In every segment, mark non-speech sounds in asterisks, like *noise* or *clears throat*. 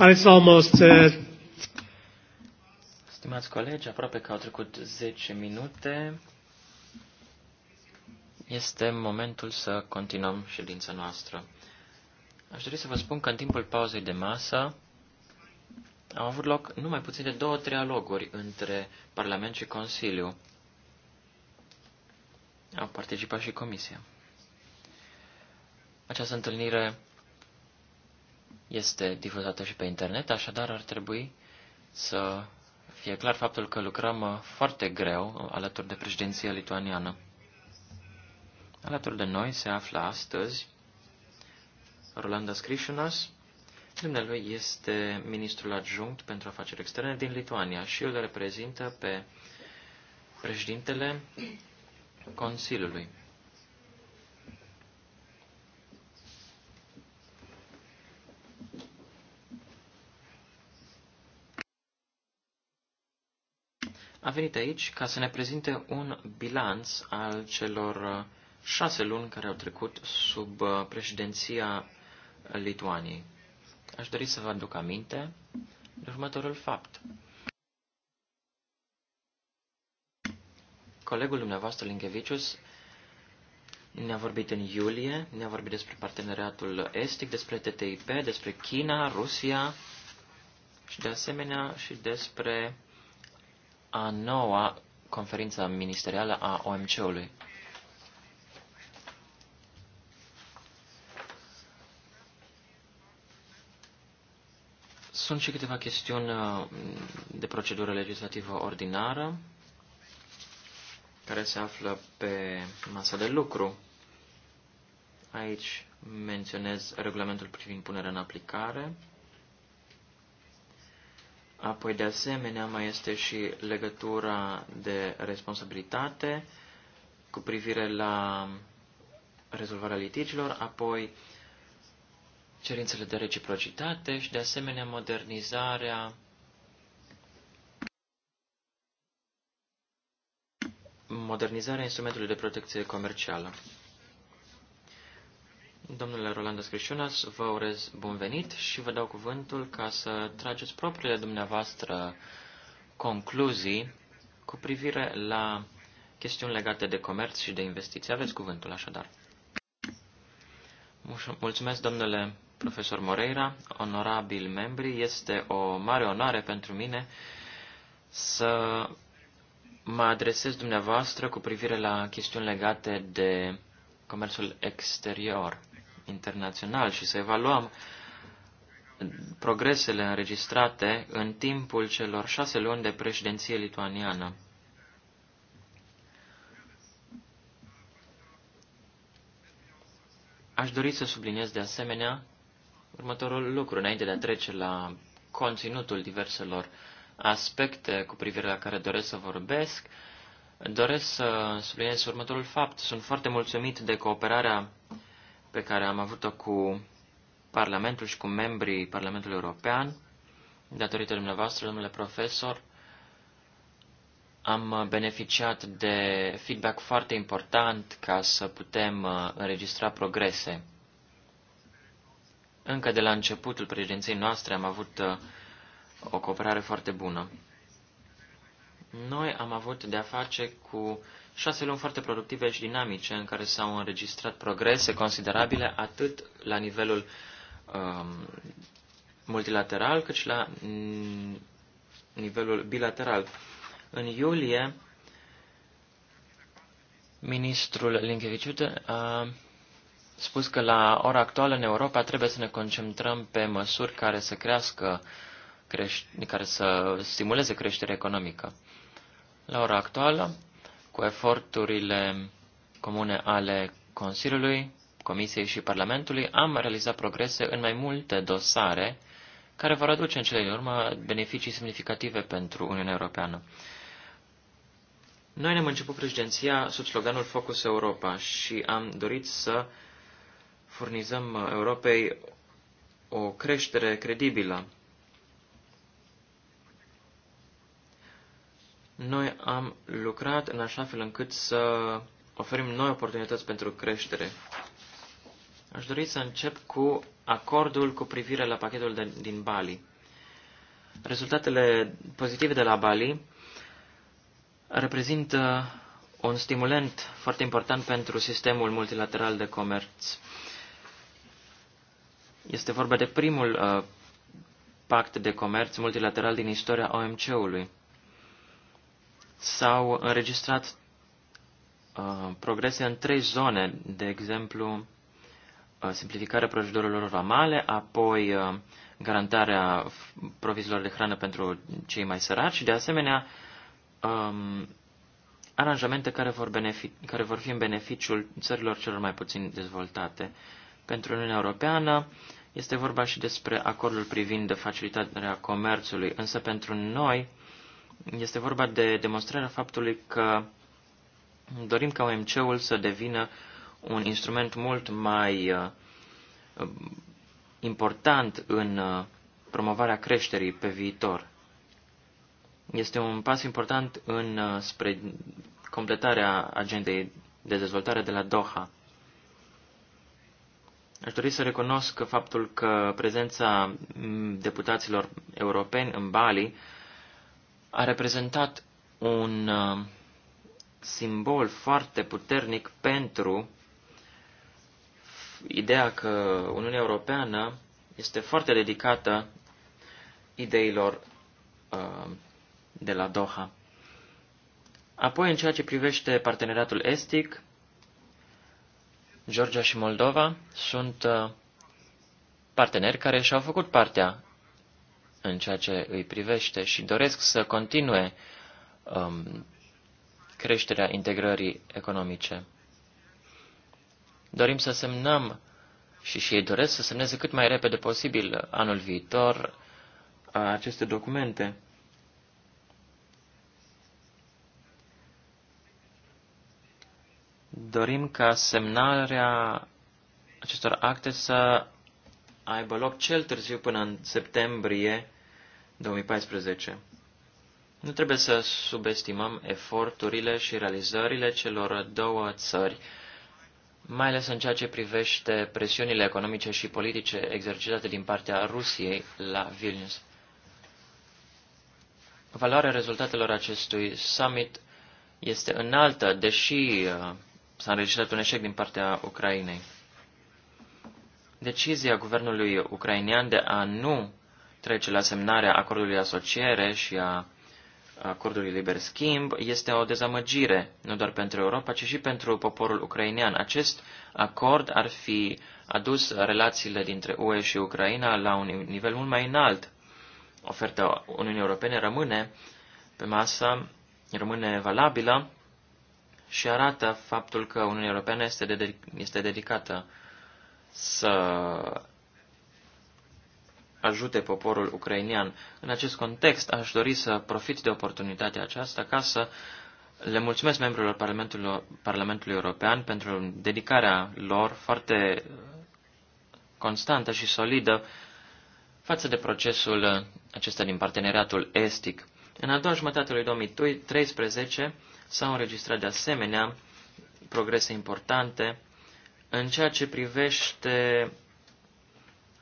And it's almost... Uh... Stimați colegi, aproape că au trecut 10 minute. Este momentul să continuăm ședința noastră. Aș dori să vă spun că în timpul pauzei de masă au avut loc numai puțin de două trialoguri între Parlament și Consiliu. Au participat și Comisia. Această întâlnire este difuzată și pe internet, așadar ar trebui să fie clar faptul că lucrăm uh, foarte greu uh, alături de președinția lituaniană. Alături de noi se află astăzi Rolandas Scrișunas, Dumnealui este ministrul adjunct pentru afaceri externe din Lituania și îl reprezintă pe președintele Consiliului. a venit aici ca să ne prezinte un bilanț al celor uh, șase luni care au trecut sub uh, președinția Lituaniei. Aș dori să vă aduc aminte de următorul fapt. Colegul dumneavoastră, Lingevicius, ne-a vorbit în iulie, ne-a vorbit despre parteneriatul estic, despre TTIP, despre China, Rusia și de asemenea și despre a noua conferință ministerială a OMC-ului. Sunt și câteva chestiuni uh, de procedură legislativă ordinară care se află pe masa de lucru. Aici menționez regulamentul privind punerea în aplicare, Apoi, de asemenea, mai este și legătura de responsabilitate cu privire la rezolvarea litigilor, apoi cerințele de reciprocitate și, de asemenea, modernizarea modernizarea instrumentului de protecție comercială. Domnule Rolando Scrișunas, vă urez bun venit și vă dau cuvântul ca să trageți propriile dumneavoastră concluzii cu privire la chestiuni legate de comerț și de investiții. Aveți cuvântul, așadar. Mulțumesc, domnule profesor Moreira, onorabil membri. Este o mare onoare pentru mine să mă adresez dumneavoastră cu privire la chestiuni legate de comerțul exterior internațional și să evaluăm progresele înregistrate în timpul celor șase luni de președinție lituaniană. Aș dori să subliniez de asemenea următorul lucru, înainte de a trece la conținutul diverselor aspecte cu privire la care doresc să vorbesc, doresc să subliniez următorul fapt. Sunt foarte mulțumit de cooperarea pe care am avut-o cu Parlamentul și cu membrii Parlamentului European, datorită dumneavoastră, domnule profesor, am beneficiat de feedback foarte important ca să putem uh, înregistra progrese. Încă de la începutul președinției noastre am avut uh, o cooperare foarte bună. Noi am avut de-a face cu șase luni foarte productive și dinamice în care s-au înregistrat progrese considerabile atât la nivelul um, multilateral cât și la mm, nivelul bilateral. În iulie, ministrul Linkeviciute a spus că la ora actuală în Europa trebuie să ne concentrăm pe măsuri care să crească, creș- care să stimuleze creșterea economică. La ora actuală, cu eforturile comune ale Consiliului, Comisiei și Parlamentului, am realizat progrese în mai multe dosare care vor aduce în cele din urmă beneficii semnificative pentru Uniunea Europeană. Noi ne-am început președinția sub sloganul Focus Europa și am dorit să furnizăm Europei o creștere credibilă. Noi am lucrat în așa fel încât să oferim noi oportunități pentru creștere. Aș dori să încep cu acordul cu privire la pachetul de, din Bali. Rezultatele pozitive de la Bali reprezintă un stimulant foarte important pentru sistemul multilateral de comerț. Este vorba de primul uh, pact de comerț multilateral din istoria OMC-ului s-au înregistrat uh, progrese în trei zone, de exemplu, uh, simplificarea procedurilor vamale, apoi uh, garantarea provizilor de hrană pentru cei mai săraci și, de asemenea, um, aranjamente care vor, care vor fi în beneficiul țărilor celor mai puțin dezvoltate. Pentru Uniunea Europeană este vorba și despre acordul privind de facilitarea comerțului, însă pentru noi este vorba de demonstrarea faptului că dorim ca OMC-ul să devină un instrument mult mai uh, important în uh, promovarea creșterii pe viitor. Este un pas important în uh, spre completarea agendei de dezvoltare de la Doha. Aș dori să recunosc faptul că prezența mm, deputaților europeni în Bali a reprezentat un uh, simbol foarte puternic pentru ideea că Uniunea Europeană este foarte dedicată ideilor uh, de la Doha. Apoi, în ceea ce privește parteneriatul estic, Georgia și Moldova sunt uh, parteneri care și-au făcut partea în ceea ce îi privește și doresc să continue um, creșterea integrării economice. Dorim să semnăm și și ei doresc să semneze cât mai repede posibil anul viitor aceste documente. Dorim ca semnarea acestor acte să aibă loc cel târziu până în septembrie 2014. Nu trebuie să subestimăm eforturile și realizările celor două țări, mai ales în ceea ce privește presiunile economice și politice exercitate din partea Rusiei la Vilnius. Valoarea rezultatelor acestui summit este înaltă, deși uh, s-a înregistrat un eșec din partea Ucrainei. Decizia guvernului ucrainean de a nu trece la semnarea acordului de asociere și a acordului liber schimb este o dezamăgire, nu doar pentru Europa, ci și pentru poporul ucrainean. Acest acord ar fi adus relațiile dintre UE și Ucraina la un nivel mult mai înalt. Oferta Uniunii Europene rămâne pe masă, rămâne valabilă și arată faptul că Uniunea Europeană este, dedic- este dedicată să ajute poporul ucrainean. În acest context, aș dori să profit de oportunitatea aceasta ca să le mulțumesc membrilor Parlamentului, Parlamentului European pentru dedicarea lor foarte uh, constantă și solidă față de procesul uh, acesta din parteneriatul estic. În a doua jumătate a lui 2013 s-au înregistrat de asemenea progrese importante în ceea ce privește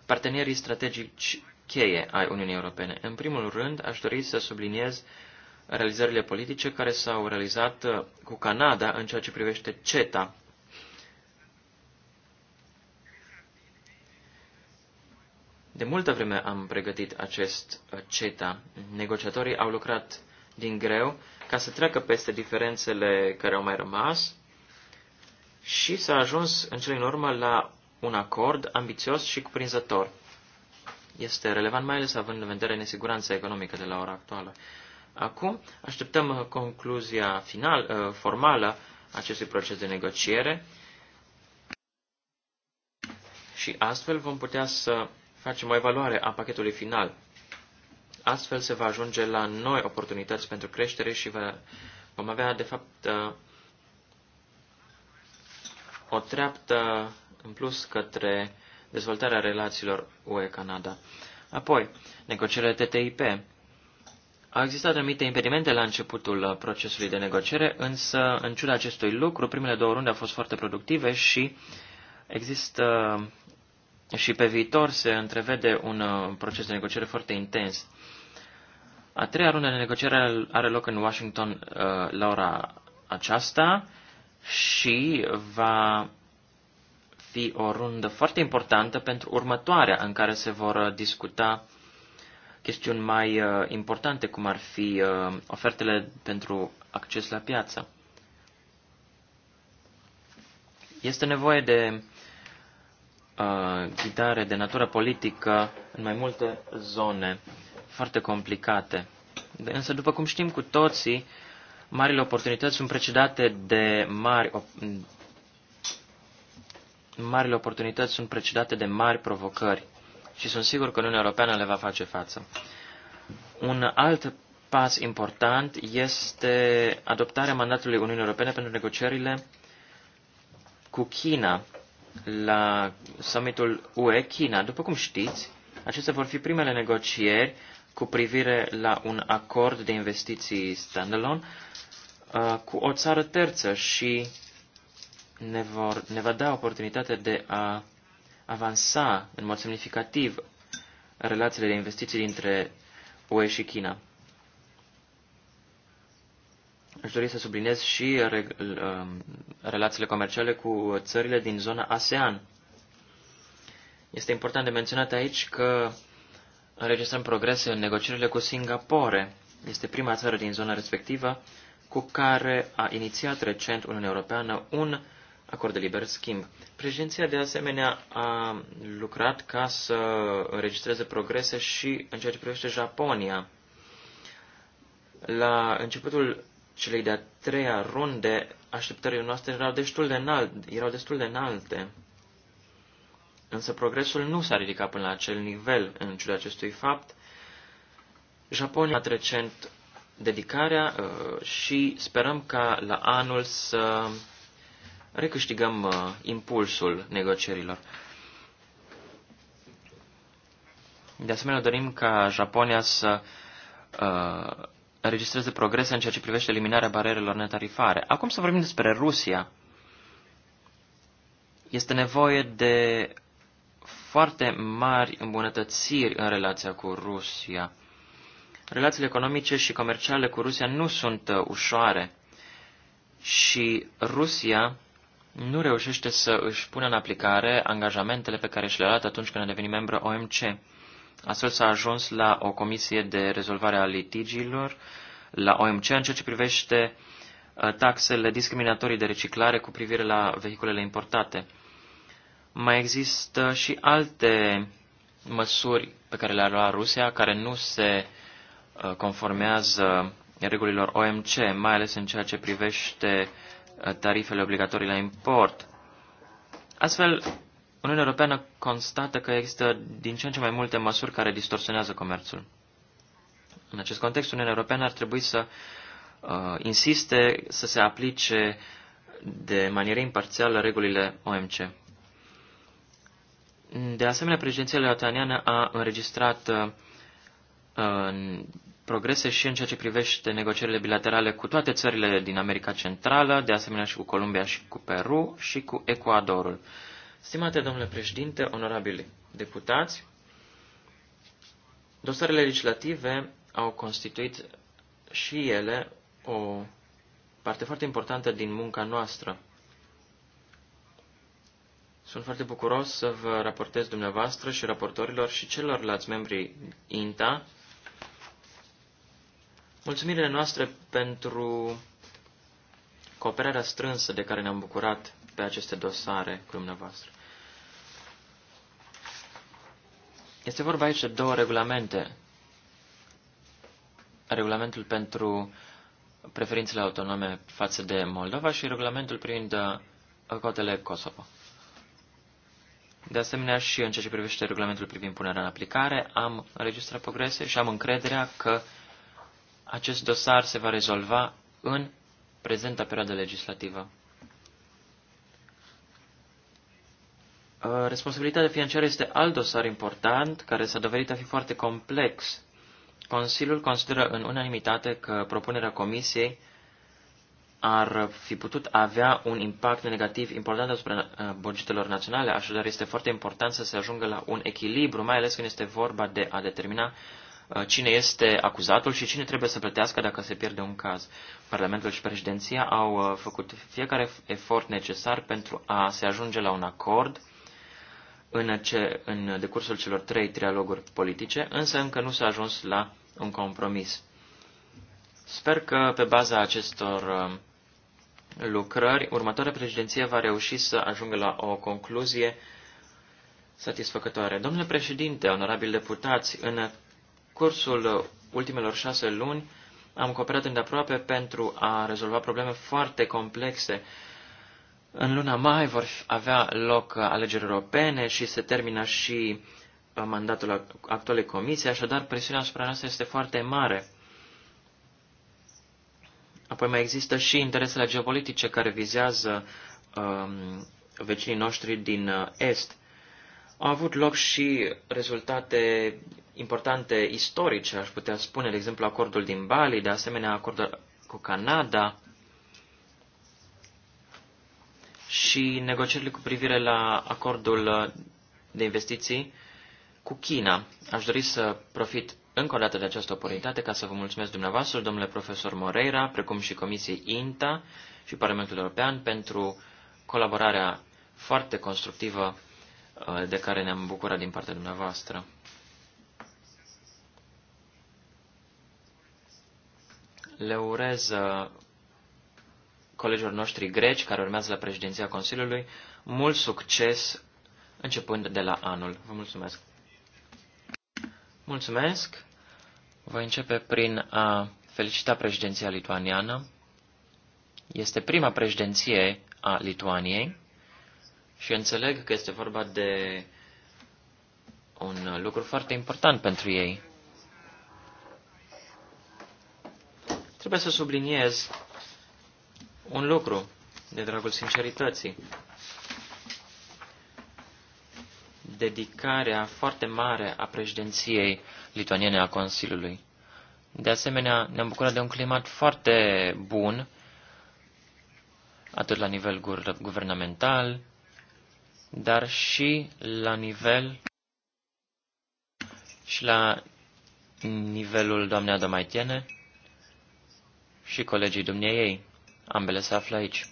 partenerii strategici cheie ai Uniunii Europene. În primul rând, aș dori să subliniez realizările politice care s-au realizat uh, cu Canada în ceea ce privește CETA. De multă vreme am pregătit acest uh, CETA. Negociatorii au lucrat din greu ca să treacă peste diferențele care au mai rămas și s-a ajuns în cele în urmă la un acord ambițios și cuprinzător. Este relevant mai ales având în vedere nesiguranța economică de la ora actuală. Acum așteptăm uh, concluzia final, uh, formală acestui proces de negociere și astfel vom putea să facem o evaluare a pachetului final. Astfel se va ajunge la noi oportunități pentru creștere și va, vom avea, de fapt, uh, o treaptă în plus către dezvoltarea relațiilor UE-Canada. Apoi, negocierile TTIP. Au existat anumite impedimente la începutul uh, procesului de negociere, însă, în ciuda acestui lucru, primele două runde au fost foarte productive și există uh, și pe viitor se întrevede un uh, proces de negociere foarte intens. A treia rundă de negociere are loc în Washington la ora aceasta și va fi o rundă foarte importantă pentru următoarea, în care se vor uh, discuta chestiuni mai uh, importante, cum ar fi uh, ofertele pentru acces la piață. Este nevoie de uh, ghidare de natură politică în mai multe zone foarte complicate. Însă, după cum știm cu toții, marile oportunități sunt precedate de mari marile oportunități sunt precedate de mari provocări și sunt sigur că Uniunea Europeană le va face față. Un alt pas important este adoptarea mandatului Uniunii Europene pentru negocierile cu China la summitul UE-China. După cum știți, acestea vor fi primele negocieri cu privire la un acord de investiții standalone uh, cu o țară terță și ne, vor, ne va da oportunitatea de a avansa în mod semnificativ relațiile de investiții dintre UE și China. Aș dori să subliniez și re, um, relațiile comerciale cu țările din zona ASEAN. Este important de menționat aici că înregistrăm progrese în negocierile cu Singapore. Este prima țară din zona respectivă cu care a inițiat recent Uniunea Europeană un acord de liber schimb. Președinția, de asemenea, a lucrat ca să înregistreze progrese și în ceea ce privește Japonia. La începutul celei de-a treia runde, așteptările noastre erau destul de, înalt, erau destul de înalte. Însă progresul nu s-a ridicat până la acel nivel. În ciuda acestui fapt, Japonia a recent dedicarea uh, și sperăm ca la anul să recâștigăm uh, impulsul negocierilor. De asemenea, dorim ca Japonia să uh, înregistreze progrese în ceea ce privește eliminarea barierelor netarifare. Acum să vorbim despre Rusia. Este nevoie de foarte mari îmbunătățiri în relația cu Rusia. Relațiile economice și comerciale cu Rusia nu sunt uh, ușoare și Rusia nu reușește să își pună în aplicare angajamentele pe care și le-a luat atunci când a devenit membră OMC. Astfel s-a ajuns la o comisie de rezolvare a litigiilor la OMC în ceea ce privește uh, taxele discriminatorii de reciclare cu privire la vehiculele importate. Mai există și alte măsuri pe care le-a luat Rusia care nu se uh, conformează regulilor OMC, mai ales în ceea ce privește uh, tarifele obligatorii la import. Astfel, Uniunea Europeană constată că există din ce în ce mai multe măsuri care distorsionează comerțul. În acest context, Uniunea Europeană ar trebui să uh, insiste să se aplice de manieră imparțială regulile OMC. De asemenea, președinția italiană a înregistrat uh, progrese și în ceea ce privește negocierile bilaterale cu toate țările din America Centrală, de asemenea și cu Columbia și cu Peru și cu Ecuadorul. Stimate domnule președinte, onorabili deputați, dosarele legislative au constituit și ele o parte foarte importantă din munca noastră. Sunt foarte bucuros să vă raportez dumneavoastră și raportorilor și celorlalți membri INTA Mulțumirile noastre pentru cooperarea strânsă de care ne-am bucurat pe aceste dosare cu dumneavoastră. Este vorba aici de două regulamente. Regulamentul pentru preferințele autonome față de Moldova și regulamentul privind uh, cotele Kosovo. De asemenea, și în ceea ce privește regulamentul privind punerea în aplicare, am înregistrat progrese și am încrederea că acest dosar se va rezolva în prezenta perioadă legislativă. Uh, responsabilitatea financiară este alt dosar important, care s-a dovedit a fi foarte complex. Consiliul consideră în unanimitate că propunerea Comisiei ar fi putut avea un impact negativ important asupra uh, bugetelor naționale, așadar este foarte important să se ajungă la un echilibru, mai ales când este vorba de a determina uh, Uh, cine este acuzatul și cine trebuie să plătească dacă se pierde un caz. Parlamentul și președinția au uh, făcut fiecare efort necesar pentru a se ajunge la un acord în, ce, în decursul celor trei trialoguri politice, însă încă nu s-a ajuns la un compromis. Sper că pe baza acestor uh, lucrări, următoarea președinție va reuși să ajungă la o concluzie satisfăcătoare. Domnule președinte, onorabili deputați, în cursul ultimelor șase luni am cooperat îndeaproape pentru a rezolva probleme foarte complexe. În luna mai vor avea loc alegeri europene și se termină și uh, mandatul actualei comisii, așadar presiunea asupra noastră este foarte mare. Apoi mai există și interesele geopolitice care vizează um, vecinii noștri din uh, Est. Au avut loc și rezultate importante istorice, aș putea spune, de exemplu, acordul din Bali, de asemenea acordul cu Canada și negocierile cu privire la acordul de investiții cu China. Aș dori să profit încă o dată de această oportunitate ca să vă mulțumesc dumneavoastră, domnule profesor Moreira, precum și Comisiei INTA și Parlamentul European pentru colaborarea foarte constructivă uh, de care ne-am bucurat din partea dumneavoastră. Le urez uh, colegilor noștri greci care urmează la președinția Consiliului mult succes începând de la anul. Vă mulțumesc! Mulțumesc! Voi începe prin a felicita președinția lituaniană. Este prima președinție a Lituaniei și înțeleg că este vorba de un lucru foarte important pentru ei. Trebuie să subliniez un lucru de dragul sincerității. Dedicarea foarte mare a președinției lituaniene a Consiliului. De asemenea, ne-am bucurat de un climat foarte bun, atât la nivel guvernamental, dar și la nivel și la nivelul doamnei Adomaitiene, și colegii dumneiei. Ambele se află aici.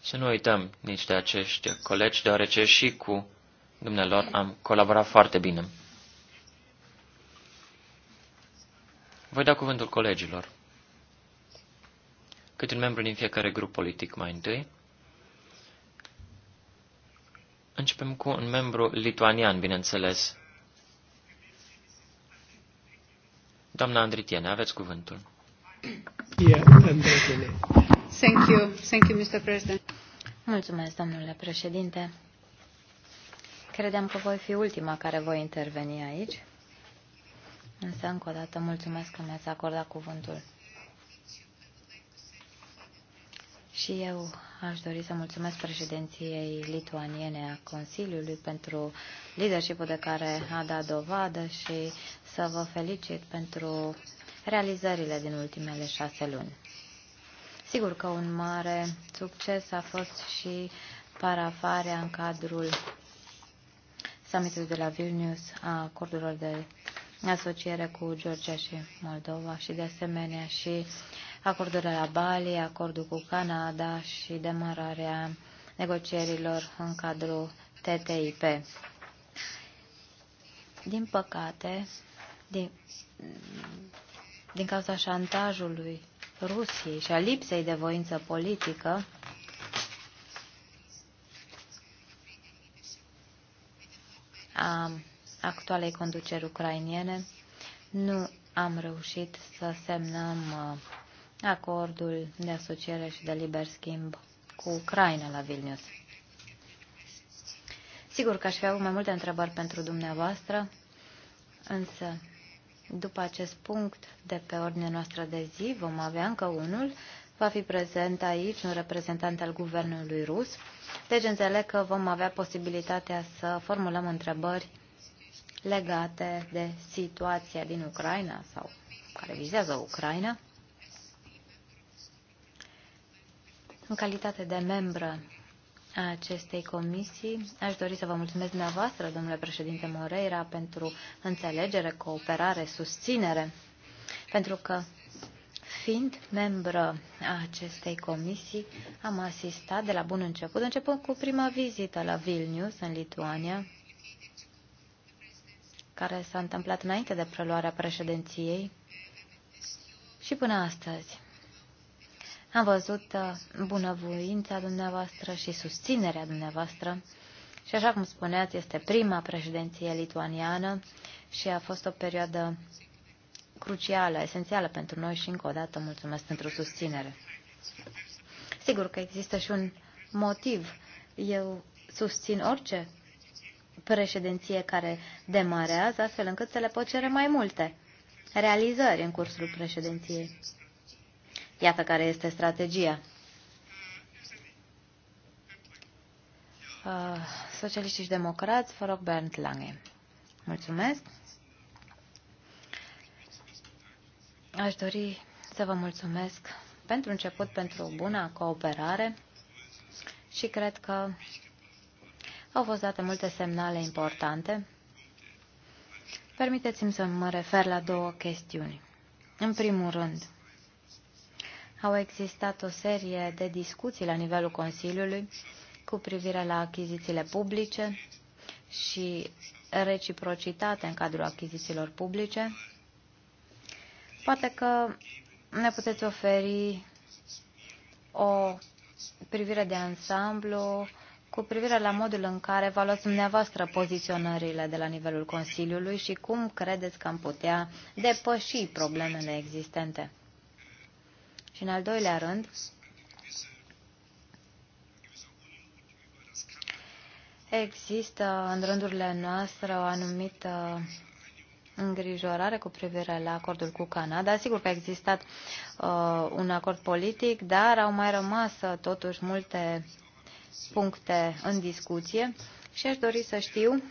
Să nu uităm nici de acești colegi, deoarece și cu dumnealor am colaborat foarte bine. Voi da cuvântul colegilor. Cât un membru din fiecare grup politic mai întâi. Începem cu un membru lituanian, bineînțeles, Doamna Andritiene, aveți cuvântul. Yeah, Thank you. Thank you, Mr. President. Mulțumesc, domnule președinte. Credeam că voi fi ultima care voi interveni aici, însă încă o dată mulțumesc că mi-ați acordat cuvântul. Și eu aș dori să mulțumesc președinției lituaniene a Consiliului pentru leadership de care a dat dovadă și să vă felicit pentru realizările din ultimele șase luni. Sigur că un mare succes a fost și parafarea în cadrul summitului de la Vilnius a acordurilor de asociere cu Georgia și Moldova și de asemenea și uh, acordul de la Bali, acordul cu Canada și demararea negocierilor în cadrul TTIP. Din păcate, din, din cauza șantajului Rusiei și a lipsei de voință politică, a actualei conduceri ucrainiene, nu am reușit să semnăm uh, acordul de asociere și de liber schimb cu Ucraina la Vilnius. Sigur că aș fi avut mai multe întrebări pentru dumneavoastră, însă după acest punct de pe ordinea noastră de zi vom avea încă unul. Va fi prezent aici un reprezentant al guvernului rus, deci înțeleg că vom avea posibilitatea să formulăm întrebări legate de situația din Ucraina sau care vizează Ucraina. În calitate de membră a acestei comisii, aș dori să vă mulțumesc dumneavoastră, domnule președinte Moreira, pentru înțelegere, cooperare, susținere, pentru că Fiind membră a acestei comisii, am asistat de la bun început, începând cu prima vizită la Vilnius, în Lituania, care s-a întâmplat înainte de preluarea președinției și până astăzi. Am văzut uh, bunăvoința dumneavoastră și susținerea dumneavoastră și așa cum spuneați, este prima președinție lituaniană și a fost o perioadă crucială, esențială pentru noi și încă o dată mulțumesc pentru susținere. Sigur că există și un motiv. Eu susțin orice președinție care demarează, astfel încât să le pot cere mai multe realizări în cursul președinției. Iată care este strategia. Uh, socialiști și democrați, vă rog Bernd Lange. Mulțumesc. Aș dori să vă mulțumesc pentru început pentru buna cooperare și cred că au fost date multe semnale importante. Permiteți-mi să mă refer la două chestiuni. În primul rând, au existat o serie de discuții la nivelul Consiliului cu privire la achizițiile publice și reciprocitate în cadrul achizițiilor publice. Poate că ne puteți oferi o privire de ansamblu cu privire la modul în care vă luați dumneavoastră poziționările de la nivelul Consiliului și cum credeți că am putea depăși problemele existente. Și în al doilea rând, există în rândurile noastre o anumită îngrijorare cu privire la acordul cu Canada. Sigur că a existat uh, un acord politic, dar au mai rămas uh, totuși multe puncte în discuție și aș dori să știu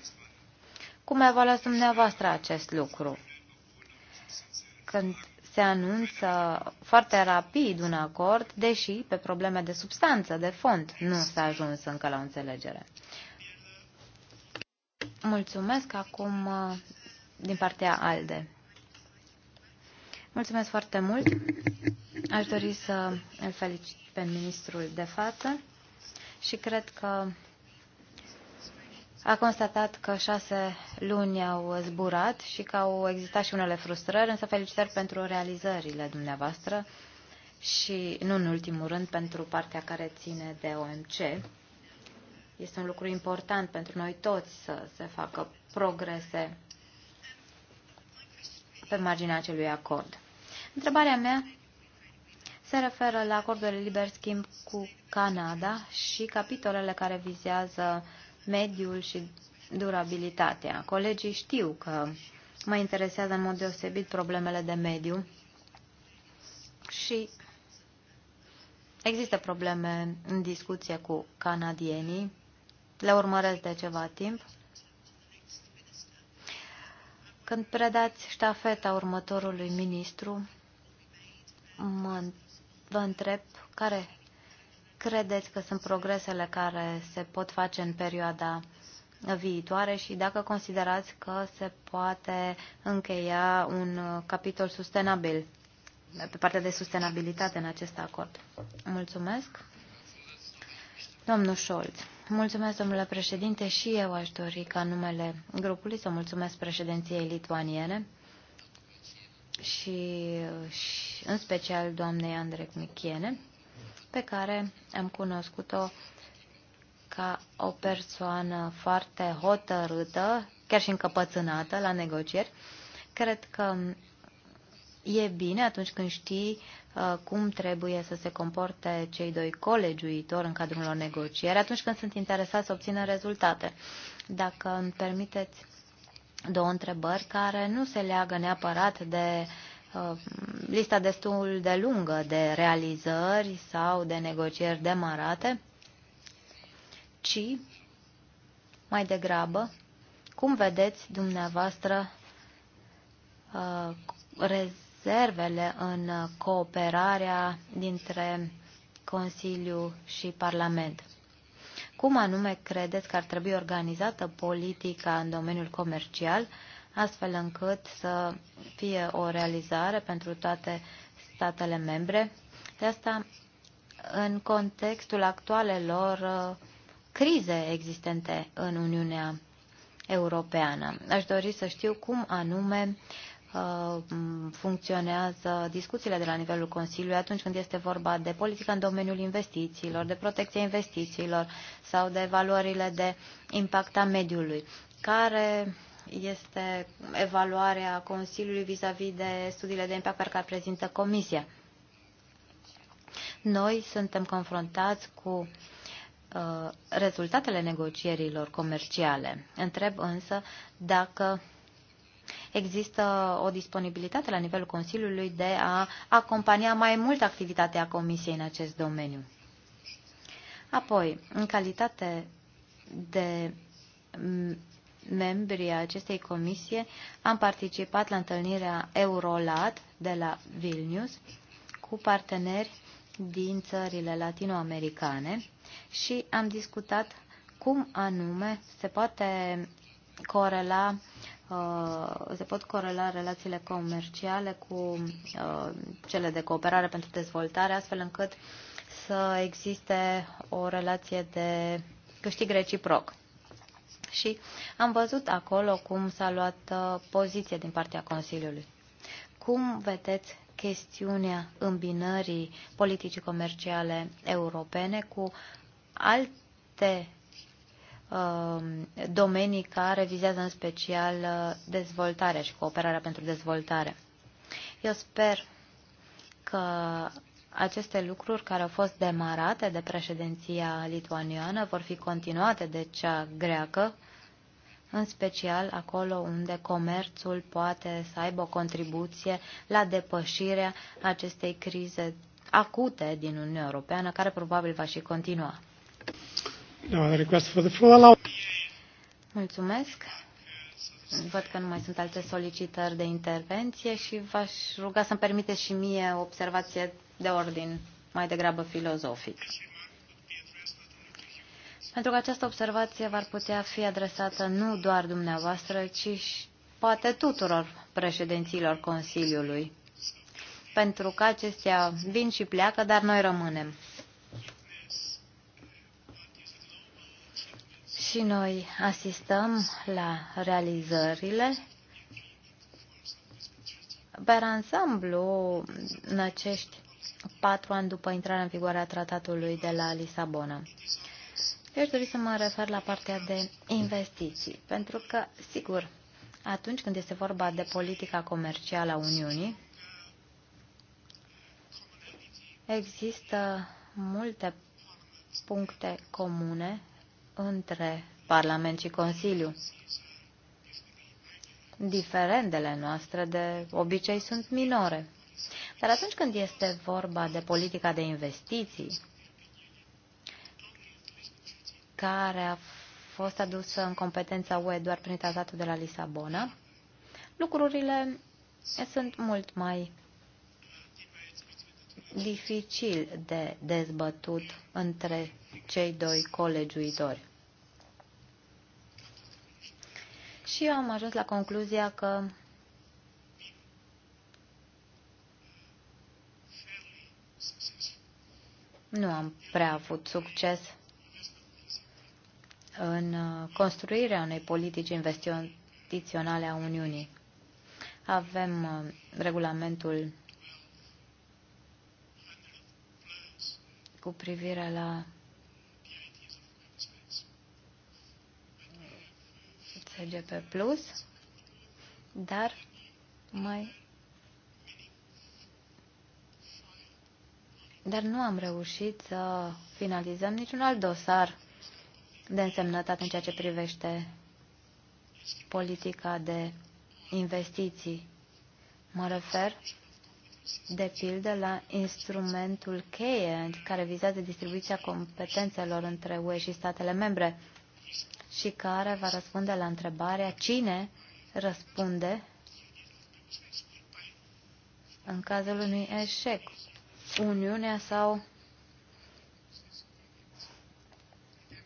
cum evaluați dumneavoastră acest lucru. Când se anunță foarte rapid un acord, deși pe probleme de substanță, de fond, nu s-a ajuns încă la o înțelegere. Mulțumesc acum uh, din partea ALDE. Mulțumesc foarte mult. Aș dori să îl felicit pe ministrul de față și cred că a constatat că șase luni au zburat și că au existat și unele frustrări, însă felicitări pentru realizările dumneavoastră și, nu în ultimul rând, pentru partea care ține de OMC. Este un lucru important pentru noi toți să se facă progrese pe marginea acelui acord. Întrebarea mea se referă la de liber schimb cu Canada și capitolele care vizează uh, mediul și durabilitatea. Colegii știu că mă interesează în mod deosebit problemele de mediu și există probleme în discuție cu canadienii. Le urmăresc de ceva timp. Când predați ștafeta următorului ministru, mă, vă întreb care credeți că sunt progresele care se pot face în perioada viitoare și dacă considerați că se poate încheia un capitol sustenabil, pe partea de sustenabilitate în acest acord. Mulțumesc. Domnul Scholz. Mulțumesc, domnule președinte, și eu aș dori ca numele grupului să mulțumesc președinției lituaniene și, și în special doamnei Andrei Michiene pe care am cunoscut-o ca o persoană foarte hotărâtă, chiar și încăpățânată la negocieri. Cred că e bine atunci când știi uh, cum trebuie să se comporte cei doi colegi uitori în cadrul unor negocieri, atunci când sunt interesați să obțină rezultate. Dacă îmi permiteți două întrebări care nu se leagă neapărat de Uh, lista destul de lungă de realizări sau de negocieri demarate, ci mai degrabă cum vedeți dumneavoastră uh, rezervele în cooperarea dintre Consiliu și Parlament. Cum anume credeți că ar trebui organizată politica în domeniul comercial astfel încât să fie o realizare pentru toate statele membre. De asta, în contextul actualelor uh, crize existente în Uniunea Europeană. Aș dori să știu cum anume uh, funcționează discuțiile de la nivelul Consiliului atunci când este vorba de politică în domeniul investițiilor, de protecția investițiilor sau de valorile de impact a mediului, care este evaluarea Consiliului vis-a-vis -vis de studiile de impact pe care prezintă Comisia. Noi suntem confruntați cu uh, rezultatele negocierilor comerciale. Întreb însă dacă există o disponibilitate la nivelul Consiliului de a acompania mai mult activitatea Comisiei în acest domeniu. Apoi, în calitate de membri acestei comisie am participat la întâlnirea Eurolat de la Vilnius cu parteneri din țările latinoamericane și am discutat cum anume se poate corela uh, se pot corela relațiile comerciale cu uh, cele de cooperare pentru dezvoltare, astfel încât să existe o relație de câștig reciproc și am văzut acolo cum s-a luat uh, poziție din partea Consiliului. Cum vedeți chestiunea îmbinării politicii comerciale europene cu alte uh, domenii care vizează în special uh, dezvoltarea și cooperarea pentru dezvoltare. Eu sper că aceste lucruri care au fost demarate de președinția lituaniană vor fi continuate de cea greacă, în special acolo unde comerțul poate să aibă o contribuție la depășirea acestei crize acute din Uniunea Europeană, care probabil va și continua. Mulțumesc. Văd că nu mai sunt alte solicitări de intervenție și v-aș ruga să-mi permiteți și mie observație de ordin mai degrabă filozofic. Pentru că această observație v-ar putea fi adresată nu doar dumneavoastră, ci și poate tuturor președinților Consiliului. Pentru că acestea vin și pleacă, dar noi rămânem. Și noi asistăm la realizările pe ansamblu în acești patru ani după intrarea în vigoare a tratatului de la Lisabona. Eu aș dori să mă refer la partea de investiții, pentru că, sigur, atunci când este vorba de politica comercială a Uniunii, există multe puncte comune între Parlament și Consiliu. Diferendele noastre de obicei sunt minore. Dar atunci când este vorba de politica de investiții, care a fost adusă în competența UE doar prin tratatul de la Lisabona, lucrurile sunt mult mai dificil de dezbătut între cei doi colegiuitori. Și eu am ajuns la concluzia că nu am prea avut succes în uh, construirea unei politici investiționale a Uniunii. Avem uh, regulamentul cu privire la CGP Plus, dar mai dar nu am reușit să finalizăm niciun alt dosar de însemnătate în ceea ce privește politica de investiții. Mă refer, de pildă, la instrumentul cheie care vizează distribuția competențelor între UE și statele membre și care va răspunde la întrebarea cine răspunde în cazul unui eșec Uniunea sau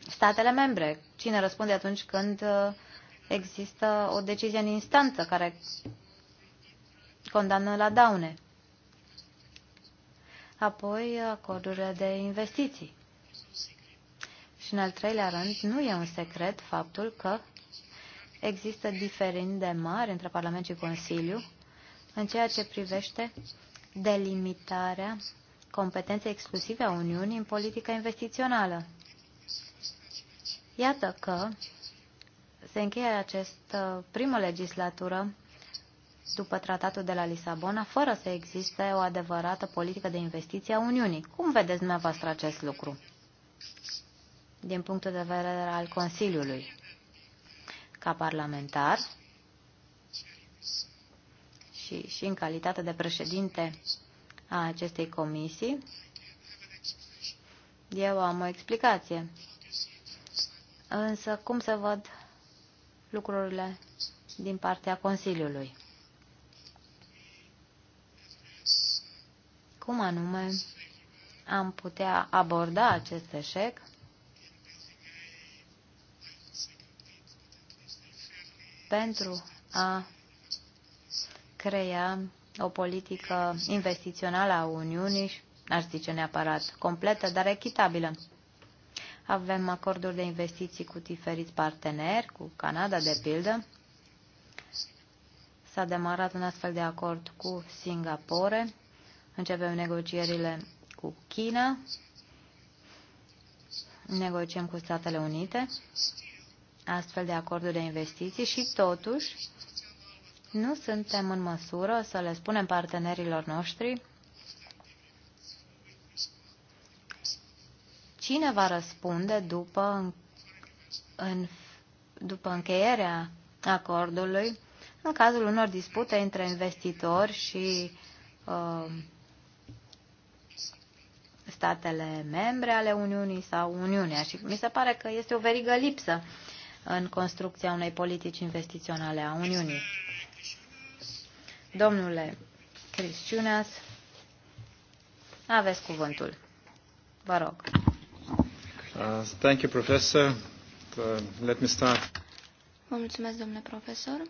statele membre? Cine răspunde atunci când uh, există o decizie în instanță care condamnă la daune? Apoi, acordurile de investiții. Și în al treilea rând, nu e un secret faptul că există diferende mari între Parlament și Consiliu în ceea ce privește delimitarea competențe exclusive a Uniunii în politică investițională. Iată că se încheie această primă legislatură după tratatul de la Lisabona, fără să existe o adevărată politică de investiție a Uniunii. Cum vedeți dumneavoastră acest lucru? Din punctul de vedere al Consiliului, ca parlamentar și, și în calitate de președinte a acestei comisii. Eu am o explicație. Însă cum să văd lucrurile din partea Consiliului? Cum anume am putea aborda acest eșec? pentru a crea o politică investițională a Uniunii, aș zice neapărat completă, dar echitabilă. Avem acorduri de investiții cu diferiți parteneri, cu Canada, de pildă. S-a demarat un astfel de acord cu Singapore. Începem negocierile cu China. Negociem cu Statele Unite astfel de acorduri de investiții și totuși nu suntem în măsură să le spunem partenerilor noștri cine va răspunde după, în, după încheierea acordului în cazul unor dispute între investitori și uh, statele membre ale Uniunii sau Uniunea. Și mi se pare că este o verigă lipsă în construcția unei politici investiționale a Uniunii. Domnule Cristiuneas, aveți cuvântul. Vă rog. Uh, thank you, Professor. Uh, let me start. Vă mulțumesc, domnule profesor.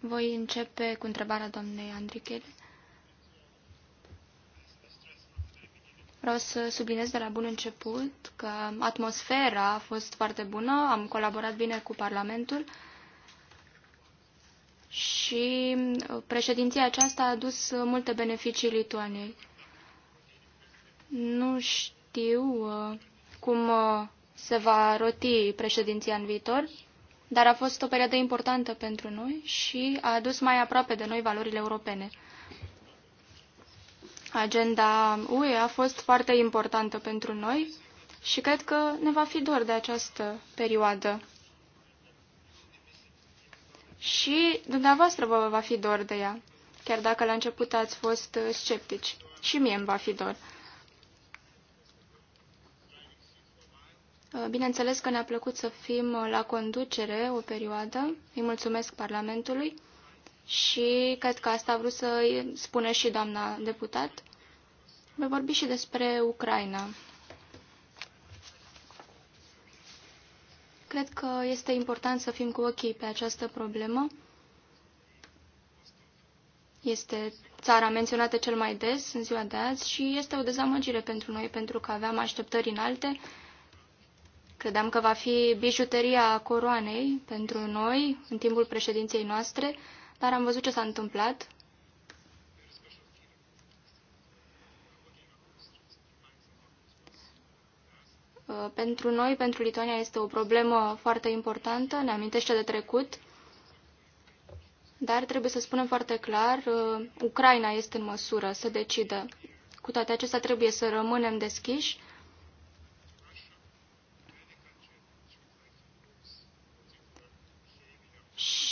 Voi începe cu întrebarea doamnei Andrichele. Vreau să subliniez de la bun început că atmosfera a fost foarte bună, am colaborat bine cu Parlamentul și uh, președinția aceasta a adus uh, multe beneficii Lituaniei. Nu știu uh, cum se va roti președinția în viitor, dar a fost o perioadă importantă pentru noi și a adus mai aproape de noi valorile europene. Agenda UE a fost foarte importantă pentru noi și cred că ne va fi dor de această perioadă și dumneavoastră vă va fi dor de ea, chiar dacă la început ați fost uh, sceptici. Și mie îmi va fi dor. Uh, bineînțeles că ne-a plăcut să fim uh, la conducere o perioadă. Îi mulțumesc Parlamentului și cred că asta a vrut să spune și doamna deputat. Vă vorbi și despre Ucraina. Cred că este important să fim cu ochii pe această problemă. Este țara menționată cel mai des în ziua de azi și este o dezamăgire pentru noi, pentru că aveam așteptări înalte. Credeam că va fi bijuteria coroanei pentru noi în timpul președinției noastre, dar am văzut ce s-a întâmplat. Uh, pentru noi, pentru Lituania, este o problemă foarte importantă, ne amintește de trecut, dar trebuie să spunem foarte clar, uh, Ucraina este în măsură să decidă. Cu toate acestea trebuie să rămânem deschiși.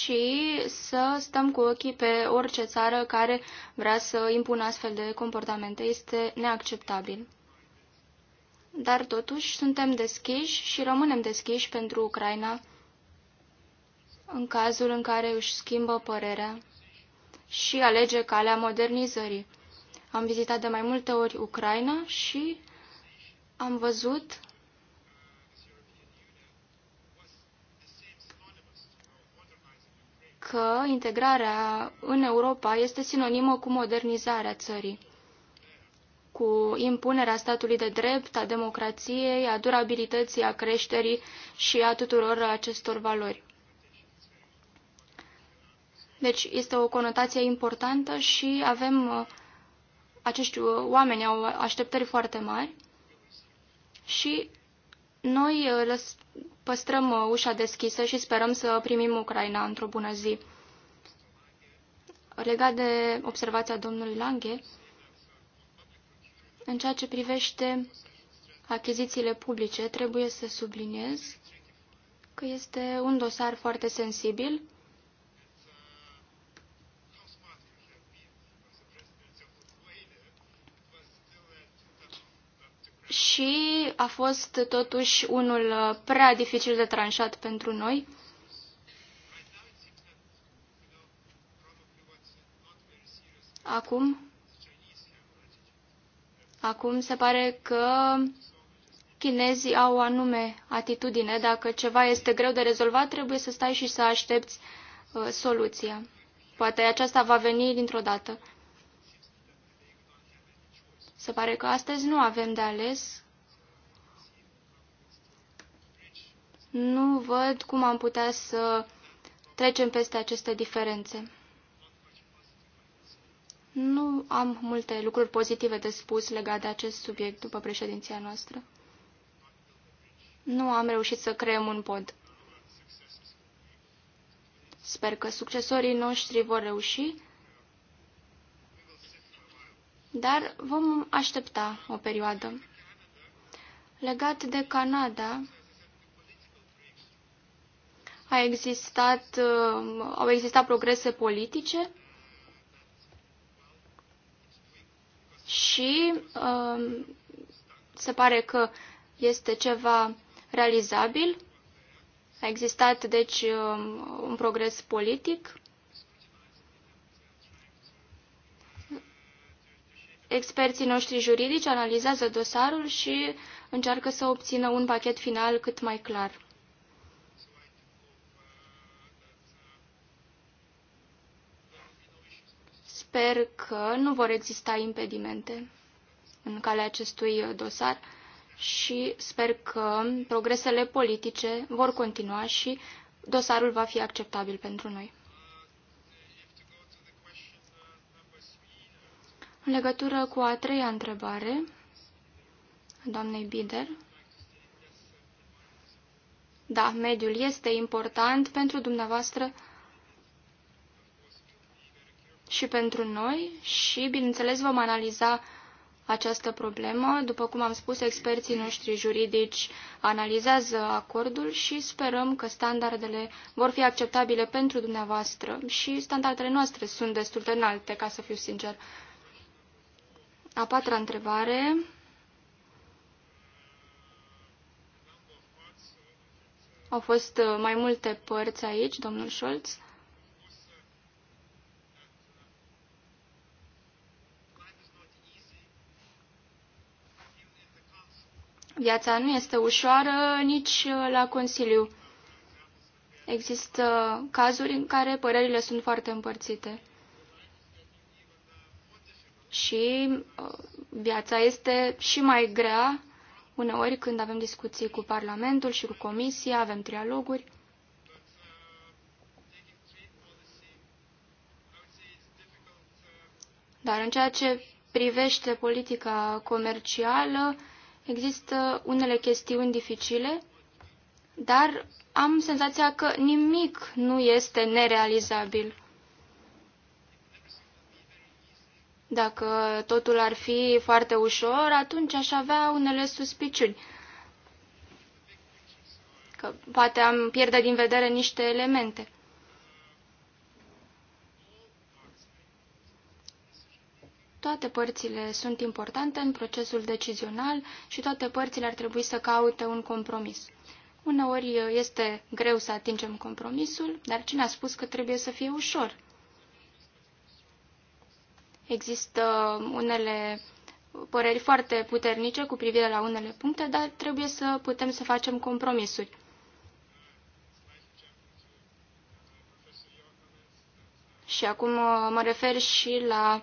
și să stăm cu ochii pe orice țară care vrea să impună astfel de comportamente. Este neacceptabil dar totuși suntem deschiși și rămânem deschiși pentru Ucraina în cazul în care își schimbă părerea și alege calea modernizării. Am vizitat de mai multe ori Ucraina și am văzut că integrarea în Europa este sinonimă cu modernizarea țării cu impunerea statului de drept, a democrației, a durabilității, a creșterii și a tuturor acestor valori. Deci este o conotație importantă și avem uh, acești uh, oameni au așteptări foarte mari și noi uh, păstrăm ușa deschisă și sperăm să primim Ucraina într-o bună zi. Legat de observația domnului Lange, în ceea ce privește achizițiile publice, trebuie să subliniez că este un dosar foarte sensibil. Și a fost totuși unul prea dificil de tranșat pentru noi. Acum Acum se pare că chinezii au anume atitudine. Dacă ceva este greu de rezolvat, trebuie să stai și să aștepți uh, soluția. Poate aceasta va veni dintr-o dată. Se pare că astăzi nu avem de ales. Nu văd cum am putea să trecem peste aceste diferențe. Nu am multe lucruri pozitive de spus legate de acest subiect după președinția noastră. Nu am reușit să creăm un pod. Sper că succesorii noștri vor reuși, dar vom aștepta o perioadă. Legat de Canada, a existat, uh, au existat progrese politice, și um, se pare că este ceva realizabil. A existat, deci, um, un progres politic. Experții noștri juridici analizează dosarul și încearcă să obțină un pachet final cât mai clar. Sper că nu vor exista impedimente în calea acestui dosar și sper că progresele politice vor continua și dosarul va fi acceptabil pentru noi. În legătură cu a treia întrebare, doamnei Bider, da, mediul este important pentru dumneavoastră și pentru noi și, bineînțeles, vom analiza această problemă. După cum am spus, experții noștri juridici analizează acordul și sperăm că standardele vor fi acceptabile pentru dumneavoastră și standardele noastre sunt destul de înalte, ca să fiu sincer. A patra întrebare. Au fost uh, mai multe părți aici, domnul Scholz. Viața nu este ușoară nici uh, la Consiliu. Există cazuri în care părerile sunt foarte împărțite. Și uh, viața este și mai grea uneori când avem discuții cu Parlamentul și cu Comisia, avem trialoguri. Dar în ceea ce privește politica comercială, Există unele chestiuni dificile, dar am senzația că nimic nu este nerealizabil. Dacă totul ar fi foarte ușor, atunci aș avea unele suspiciuni. Că poate am pierde din vedere niște elemente. Toate părțile sunt importante în procesul decizional și toate părțile ar trebui să caute un compromis. Uneori uh, este greu să atingem compromisul, dar cine a spus că trebuie să fie ușor? Există unele păreri foarte puternice cu privire la unele puncte, dar trebuie să putem să facem compromisuri. Și acum uh, mă refer și la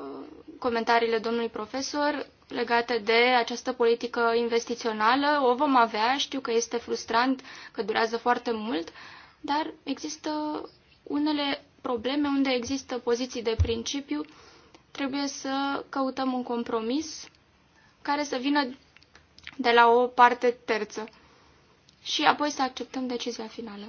Uh, comentariile domnului profesor legate de această politică investițională. O vom avea, știu că este frustrant, că durează foarte mult, dar există unele probleme unde există poziții de principiu. Trebuie să căutăm un compromis care să vină de la o parte terță și apoi să acceptăm decizia finală.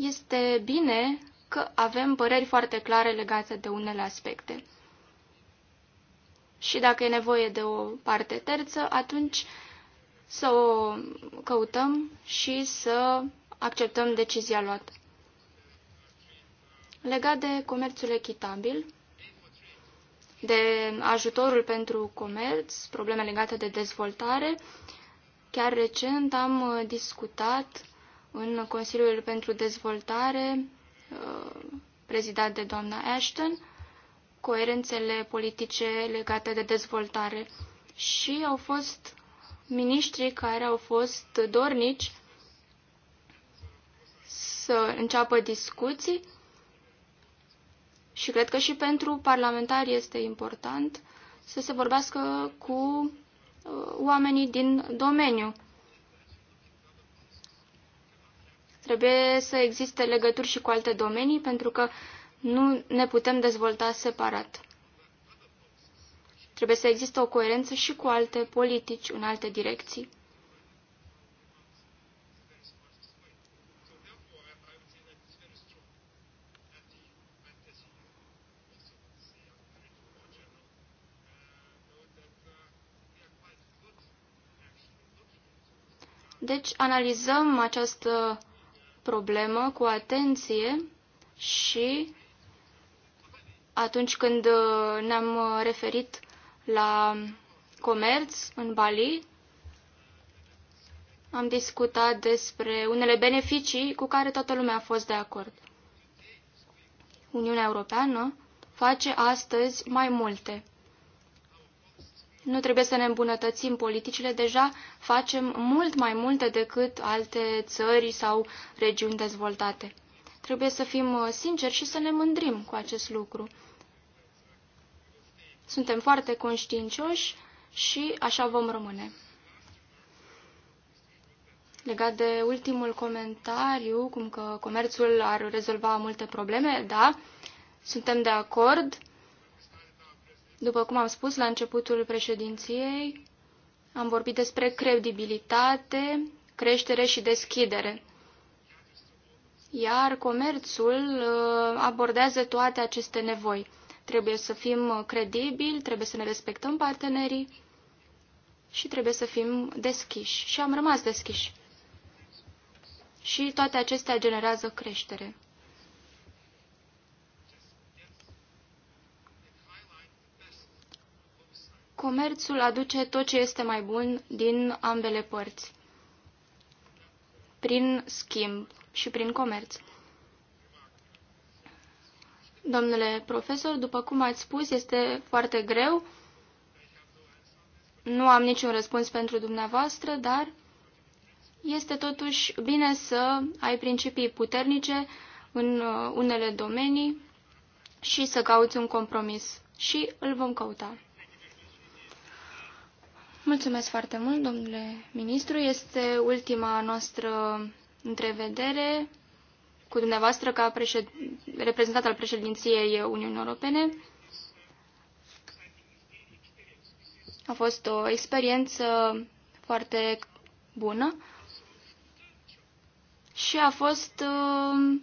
Este bine că avem păreri foarte clare legate de unele aspecte. Și dacă e nevoie de o parte terță, atunci să o căutăm și să acceptăm decizia luată. Legat de comerțul echitabil, de ajutorul pentru comerț, probleme legate de dezvoltare, chiar recent am discutat în Consiliul pentru Dezvoltare, uh, prezidat de doamna Ashton, coerențele politice legate de dezvoltare și au fost miniștri care au fost dornici să înceapă discuții și cred că și pentru parlamentari este important să se vorbească cu uh, oamenii din domeniu. Trebuie să existe legături și cu alte domenii, pentru că nu ne putem dezvolta separat. Trebuie să existe o coerență și cu alte politici în alte direcții. Deci analizăm această problemă cu atenție și atunci când uh, ne-am uh, referit la comerț în Bali, am discutat despre unele beneficii cu care toată lumea a fost de acord. Uniunea Europeană face astăzi mai multe nu trebuie să ne îmbunătățim politicile, deja facem mult mai multe decât alte țări sau regiuni dezvoltate. Trebuie să fim uh, sinceri și să ne mândrim cu acest lucru. Suntem foarte conștiincioși și așa vom rămâne. Legat de ultimul comentariu, cum că comerțul ar rezolva multe probleme, da, suntem de acord după cum am spus la începutul președinției, am vorbit despre credibilitate, creștere și deschidere. Iar comerțul uh, abordează toate aceste nevoi. Trebuie să fim credibili, trebuie să ne respectăm partenerii și trebuie să fim deschiși. Și am rămas deschiși. Și toate acestea generează creștere. Comerțul aduce tot ce este mai bun din ambele părți, prin schimb și prin comerț. Domnule profesor, după cum ați spus, este foarte greu. Nu am niciun răspuns pentru dumneavoastră, dar este totuși bine să ai principii puternice în uh, unele domenii și să cauți un compromis. Și îl vom căuta. Mulțumesc foarte mult, domnule ministru. Este ultima noastră întrevedere cu dumneavoastră ca președ... reprezentant al președinției Uniunii Europene. A fost o experiență foarte bună și a fost uh,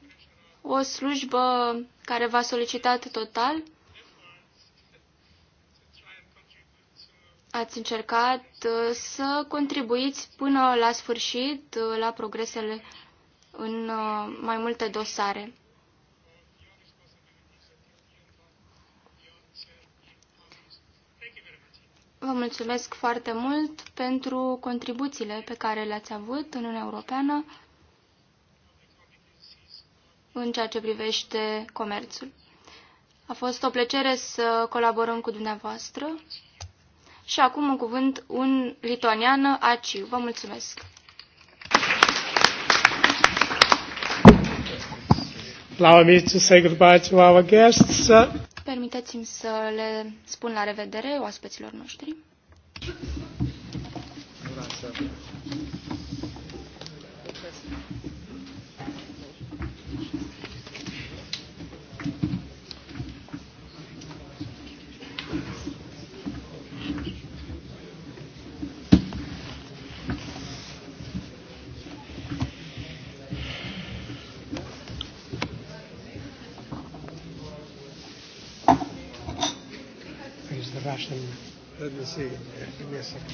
o slujbă care v-a solicitat total ați încercat uh, să contribuiți până la sfârșit uh, la progresele în uh, mai multe dosare. Vă mulțumesc foarte mult pentru contribuțiile pe care le-ați avut în Uniunea Europeană în ceea ce privește comerțul. A fost o plăcere să colaborăm cu dumneavoastră și acum un cuvânt un lituaniană, Aciu. Vă mulțumesc! Permiteți-mi să le spun la revedere oaspeților noștri. Grazie. Ashton. Let me see. Give me a second.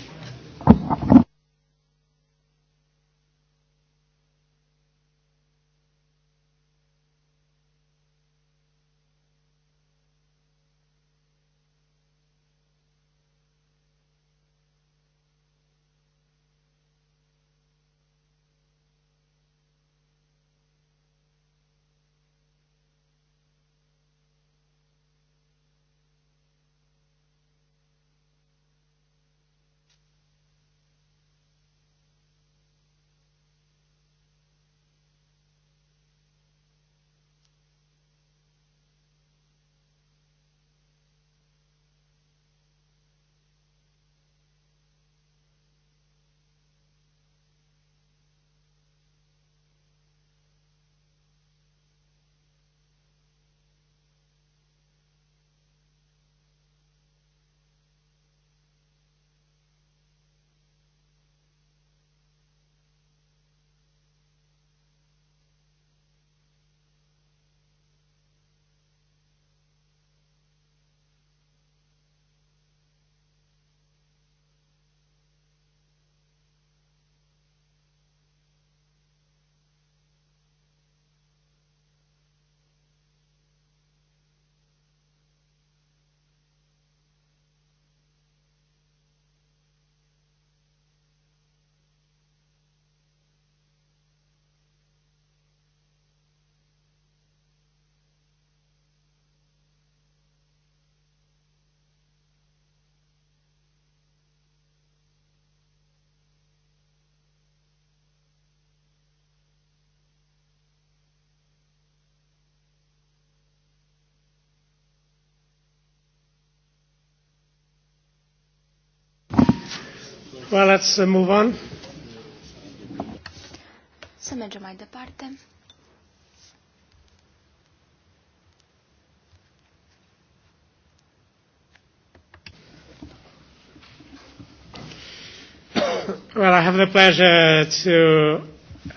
Well, let's uh, move on. Să mergem mai departe. Well, I have the pleasure to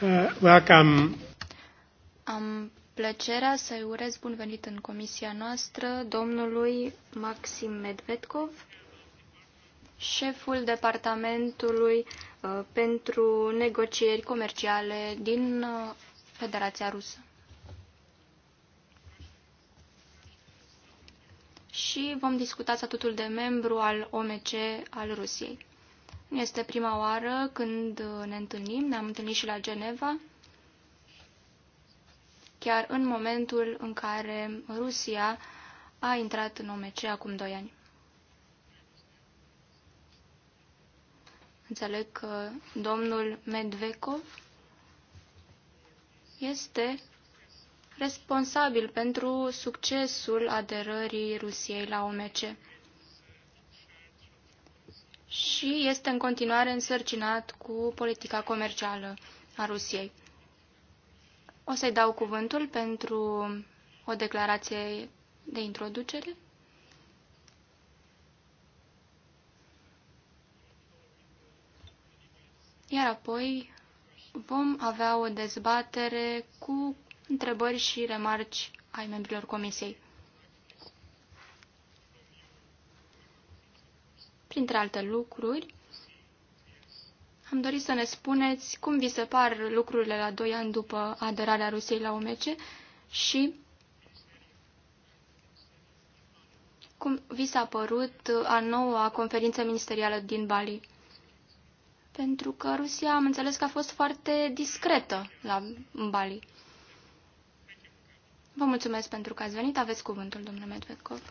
uh, welcome. Am plăcerea să-i urez bun venit în comisia noastră domnului Maxim Medvedkov, șeful departamentului uh, pentru negocieri comerciale din uh, Federația Rusă. Și vom discuta statutul de membru al OMC al Rusiei. este prima oară când uh, ne întâlnim, ne-am întâlnit și la Geneva, chiar în momentul în care Rusia a intrat în OMC acum doi ani. Înțeleg că domnul Medvecov este responsabil pentru succesul aderării Rusiei la OMC și este în continuare însărcinat cu politica comercială a Rusiei. O să-i dau cuvântul pentru o declarație de introducere. iar apoi vom avea o dezbatere cu întrebări și remarci ai membrilor comisiei. Printre alte lucruri, am dorit să ne spuneți cum vi se par lucrurile la doi ani după aderarea Rusiei la OMC și cum vi s-a părut a noua conferință ministerială din Bali pentru că Rusia am înțeles că a fost foarte discretă la Bali. Vă mulțumesc pentru că ați venit. Aveți cuvântul, domnule Medvedkov.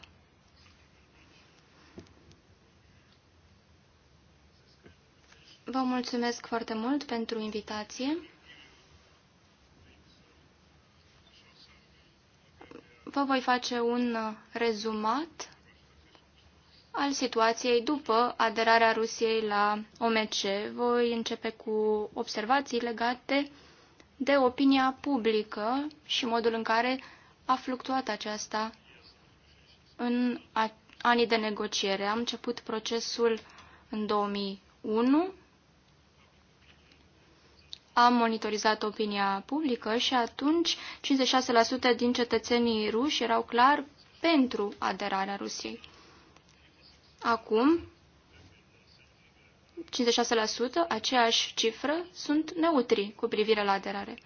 Vă mulțumesc foarte mult pentru invitație. Vă voi face un rezumat al situației după aderarea Rusiei la OMC. Voi începe cu observații legate de opinia publică și modul în care a fluctuat aceasta în anii de negociere. Am început procesul în 2001, am monitorizat opinia publică și atunci 56% din cetățenii ruși erau clar pentru aderarea Rusiei. Acum, 56%, aceeași cifră, sunt neutri cu privire la aderare.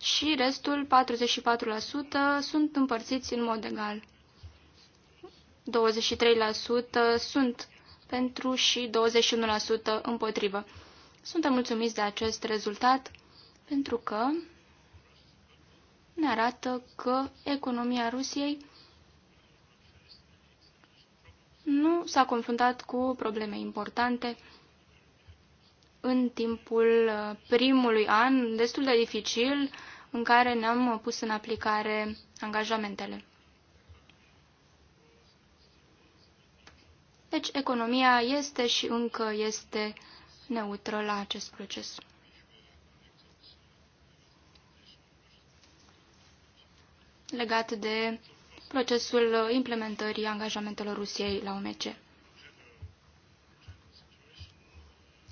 Și restul, 44%, sunt împărțiți în mod egal. 23% sunt pentru și 21% împotrivă. Suntem mulțumiți de acest rezultat pentru că ne arată că economia Rusiei nu s-a confruntat cu probleme importante în timpul uh, primului an, destul de dificil, în care ne-am uh, pus în aplicare angajamentele. Deci economia este și încă este neutră la acest proces. Legat de procesul implementării angajamentelor Rusiei la OMC.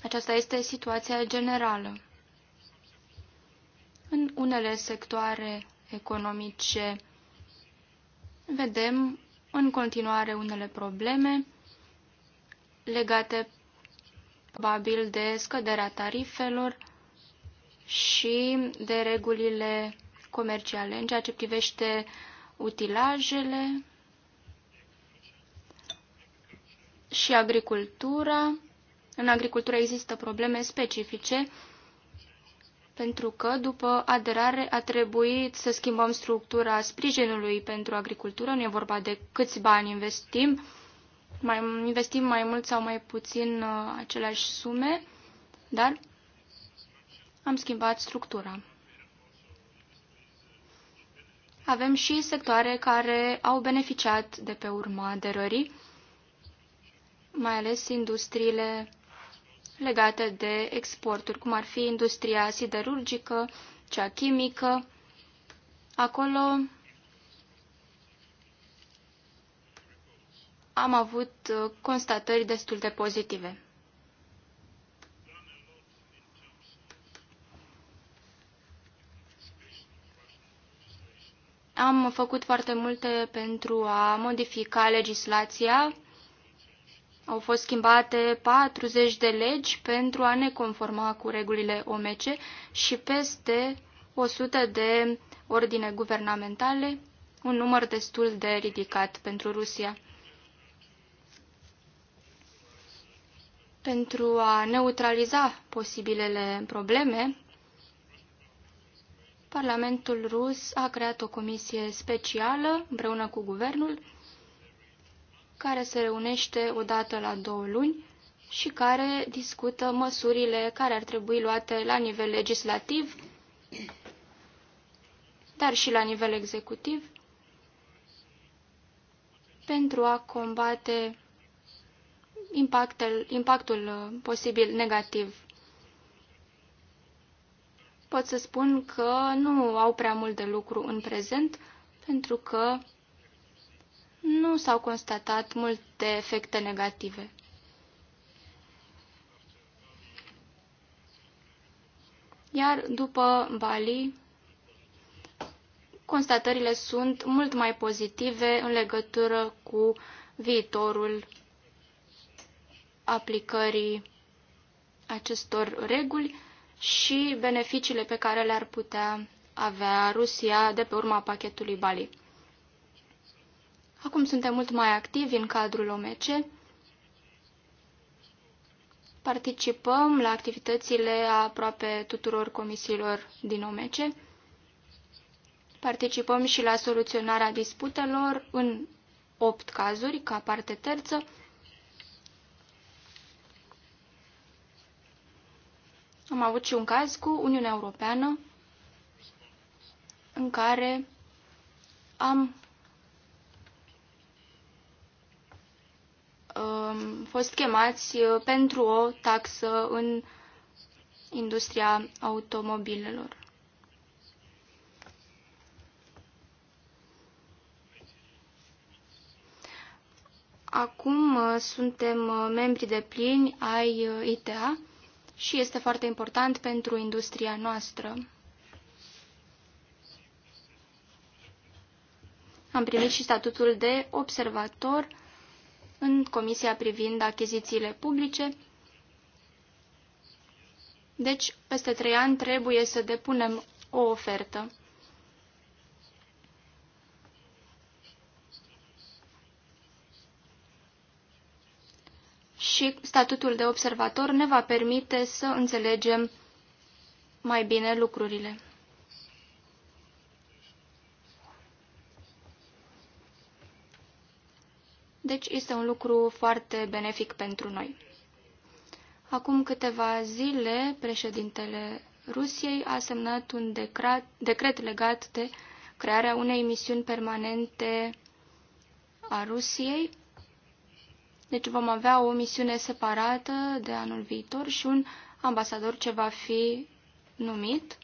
Aceasta este situația generală. În unele sectoare economice vedem în continuare unele probleme legate probabil de scăderea tarifelor și de regulile comerciale în ceea ce privește uh, utilajele și agricultura. În agricultură există probleme specifice pentru că după aderare a trebuit să schimbăm structura sprijinului pentru agricultură. Nu e vorba de câți bani investim, mai investim mai mult sau mai puțin uh, aceleași sume, dar am schimbat structura avem și sectoare care au beneficiat de pe urma aderării, mai ales industriile legate de exporturi, cum ar fi industria siderurgică, cea chimică. Acolo am avut uh, constatări destul de pozitive. Am făcut foarte multe pentru a modifica legislația. Au fost schimbate 40 de legi pentru a ne conforma cu regulile OMC și peste 100 de ordine guvernamentale, un număr destul de ridicat pentru Rusia. Pentru a neutraliza posibilele probleme, Parlamentul rus a creat o comisie specială împreună cu guvernul care se reunește o dată la două luni și care discută măsurile care ar trebui luate la nivel legislativ, dar și la nivel executiv, pentru a combate impactul, impactul uh, posibil negativ pot să spun că nu au prea mult de lucru în prezent, pentru că nu s-au constatat multe efecte negative. Iar după Bali, constatările sunt mult mai pozitive în legătură cu viitorul aplicării acestor reguli și beneficiile pe care le-ar putea avea Rusia de pe urma pachetului Bali. Acum suntem mult mai activi în cadrul OMC. Participăm la activitățile aproape tuturor comisiilor din OMC. Participăm și la soluționarea disputelor în 8 cazuri ca parte terță. Am avut și un caz cu Uniunea Europeană în care am um, fost chemați uh, pentru o taxă în industria automobilelor. Acum uh, suntem uh, membri de plini ai ITA și este foarte important pentru industria noastră. Am primit și statutul de observator în Comisia privind achizițiile publice. Deci, peste trei ani trebuie să depunem o ofertă. și statutul de observator ne va permite să înțelegem mai bine lucrurile. Deci este un lucru foarte benefic pentru noi. Acum câteva zile, președintele Rusiei a semnat un decret, decret legat de crearea unei misiuni permanente a Rusiei deci vom avea o misiune separată de anul viitor și un ambasador ce va fi numit.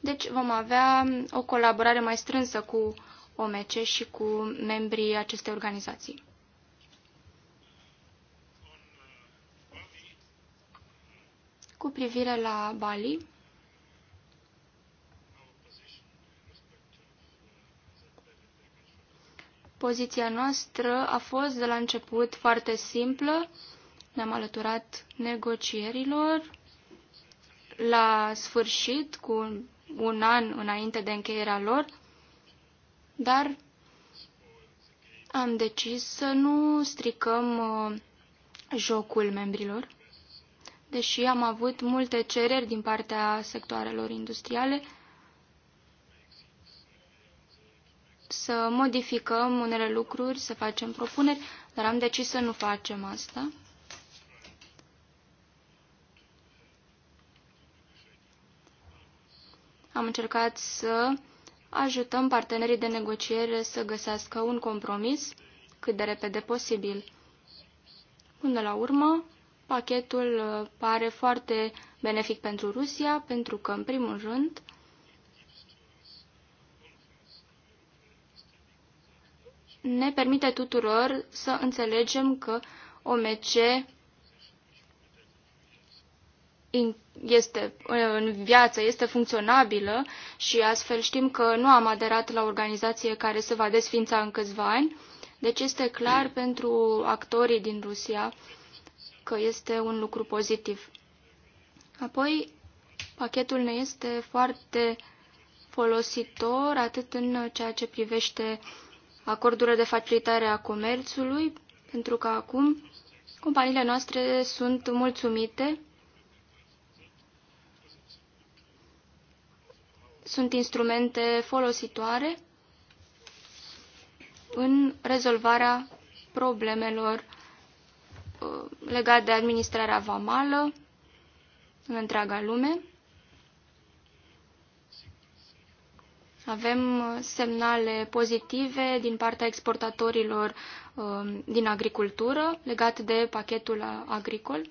Deci vom avea o colaborare mai strânsă cu OMC și cu membrii acestei organizații. Cu privire la Bali, Poziția noastră a fost de la început foarte simplă. Ne-am alăturat negocierilor. La sfârșit, cu un an înainte de încheierea lor, dar am decis să nu stricăm uh, jocul membrilor. Deși am avut multe cereri din partea sectoarelor industriale, să modificăm unele lucruri, să facem propuneri, dar am decis să nu facem asta. Am încercat să ajutăm partenerii de negociere să găsească un compromis cât de repede posibil. Până la urmă, pachetul pare foarte benefic pentru Rusia, pentru că, în primul rând, ne permite tuturor să înțelegem că OMC este în viață, este funcționabilă și astfel știm că nu am aderat la o organizație care se va desfința în câțiva ani. Deci este clar pentru actorii din Rusia că este un lucru pozitiv. Apoi, pachetul ne este foarte folositor atât în ceea ce privește uh, acordurile de facilitare a comerțului, pentru că acum companiile noastre sunt mulțumite, sunt instrumente folositoare în rezolvarea problemelor uh, legate de administrarea vamală în întreaga lume. Avem uh, semnale pozitive din partea exportatorilor um, din agricultură legat de pachetul agricol.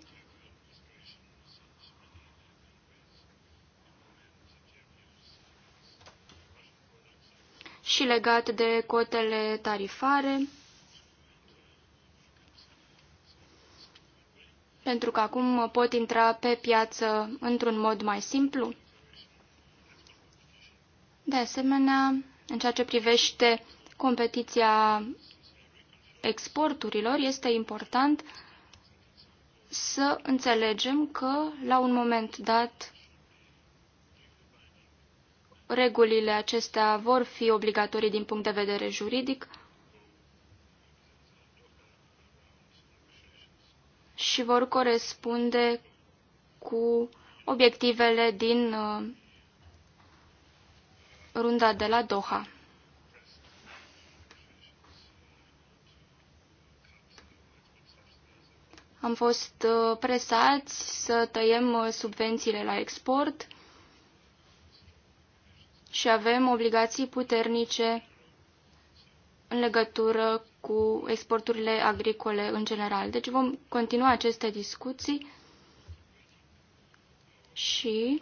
și legat de cotele tarifare. pentru că acum pot intra pe piață într-un mod mai simplu. De asemenea, în ceea ce privește competiția exporturilor, este important să înțelegem că, la un moment dat, regulile acestea vor fi obligatorii din punct de vedere juridic și vor corespunde cu obiectivele din uh, runda de la Doha. Am fost uh, presați să tăiem uh, subvențiile la export și avem obligații puternice în legătură cu exporturile agricole în general. Deci vom continua aceste discuții și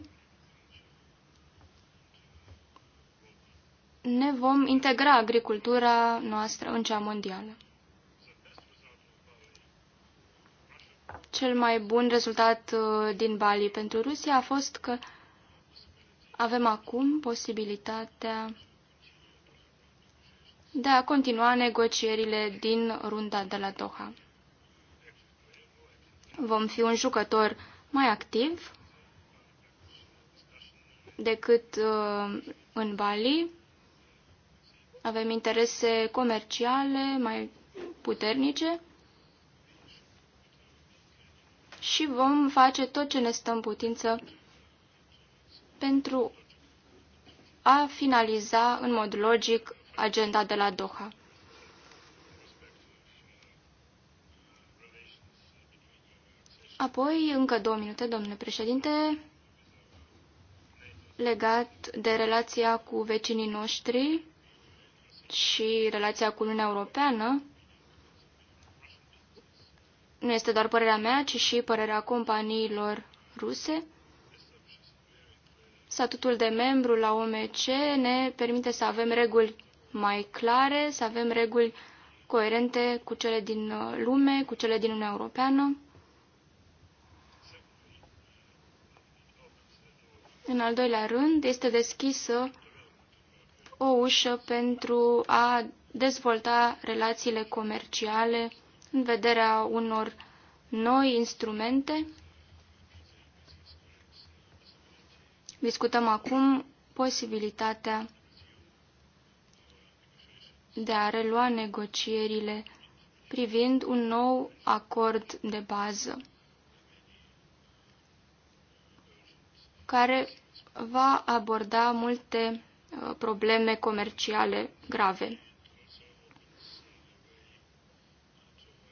ne vom integra agricultura noastră în cea mondială. Cel mai bun rezultat uh, din Bali pentru Rusia a fost că avem acum posibilitatea de a continua negocierile din runda de la Doha. Vom fi un jucător mai activ decât uh, în Bali avem interese comerciale mai puternice și vom face tot ce ne stă în putință pentru a finaliza în mod logic agenda de la Doha. Apoi, încă două minute, domnule președinte, legat de relația cu vecinii noștri și relația cu Uniunea Europeană, nu este doar părerea mea, ci și părerea companiilor ruse. Statutul de membru la OMC ne permite să avem reguli mai clare, să avem reguli coerente cu cele din lume, cu cele din Uniunea Europeană. În al doilea rând, este deschisă o ușă pentru a dezvolta relațiile comerciale în vederea unor noi instrumente. Discutăm acum posibilitatea de a relua negocierile privind un nou acord de bază care va aborda multe Uh, probleme comerciale grave.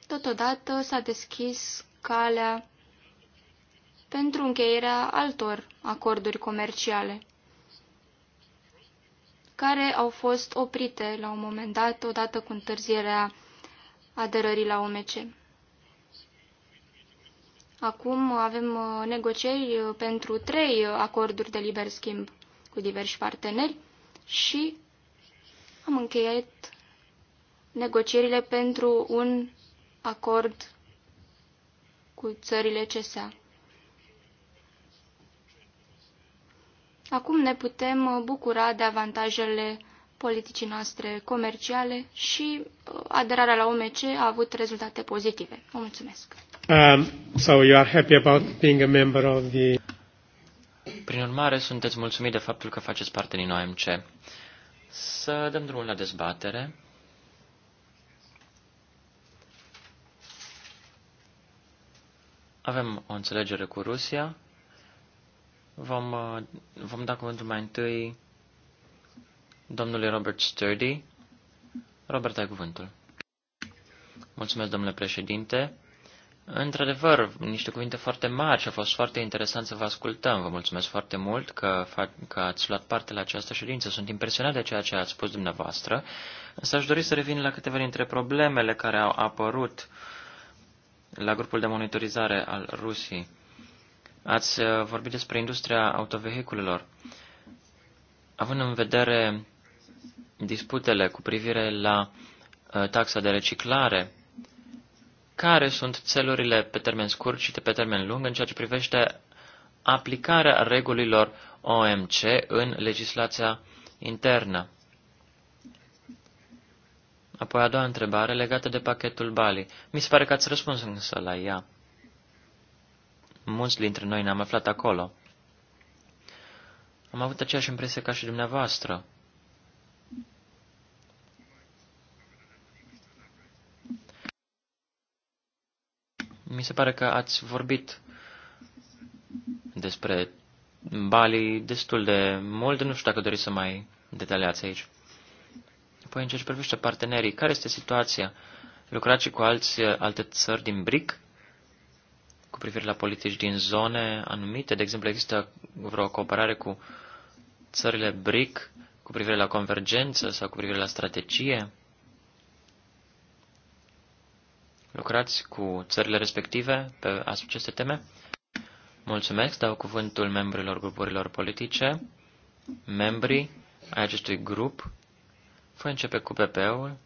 Totodată s-a deschis calea pentru încheierea altor acorduri comerciale, care au fost oprite la un moment dat, odată cu întârzierea aderării la OMC. Acum avem uh, negocieri uh, pentru trei acorduri de liber schimb cu diversi parteneri și am încheiat negocierile pentru un acord cu țările CSA. Acum ne putem bucura de avantajele politicii noastre comerciale și uh, aderarea la OMC a avut rezultate pozitive. Vă mulțumesc. Um, so you are happy about being a member of the... Prin urmare, sunteți mulțumit de faptul că faceți parte din OMC să dăm drumul la dezbatere. Avem o înțelegere cu Rusia. Vom, uh, vom da cuvântul mai întâi domnului Robert Sturdy. Robert, ai cuvântul. Mulțumesc, domnule președinte. Într-adevăr, niște cuvinte foarte mari și a fost foarte interesant să vă ascultăm. Vă mulțumesc foarte mult că, că ați luat parte la această ședință. Sunt impresionat de ceea ce ați spus dumneavoastră, însă aș dori să revin la câteva dintre problemele care au apărut la grupul de monitorizare al Rusiei. Ați uh, vorbit despre industria autovehiculelor. Având în vedere disputele cu privire la uh, taxa de reciclare care sunt țelurile pe termen scurt și pe termen lung în ceea ce privește aplicarea regulilor OMC în legislația internă. Apoi a doua întrebare legată de pachetul Bali. Mi se pare că ați răspuns însă la ea. Mulți dintre noi ne-am aflat acolo. Am avut aceeași impresie ca și dumneavoastră. Mi se pare că ați vorbit despre Bali destul de mult, nu știu dacă doriți să mai detaliați aici. Apoi, în ce privește partenerii, care este situația? Lucrați și cu alți, alte țări din BRIC cu privire la politici din zone anumite? De exemplu, există vreo cooperare cu țările BRIC cu privire la convergență sau cu privire la strategie? Lucrați cu țările respective pe aceste teme? Mulțumesc, dau cuvântul membrilor grupurilor politice, membrii ai acestui grup. Voi începe cu PP-ul.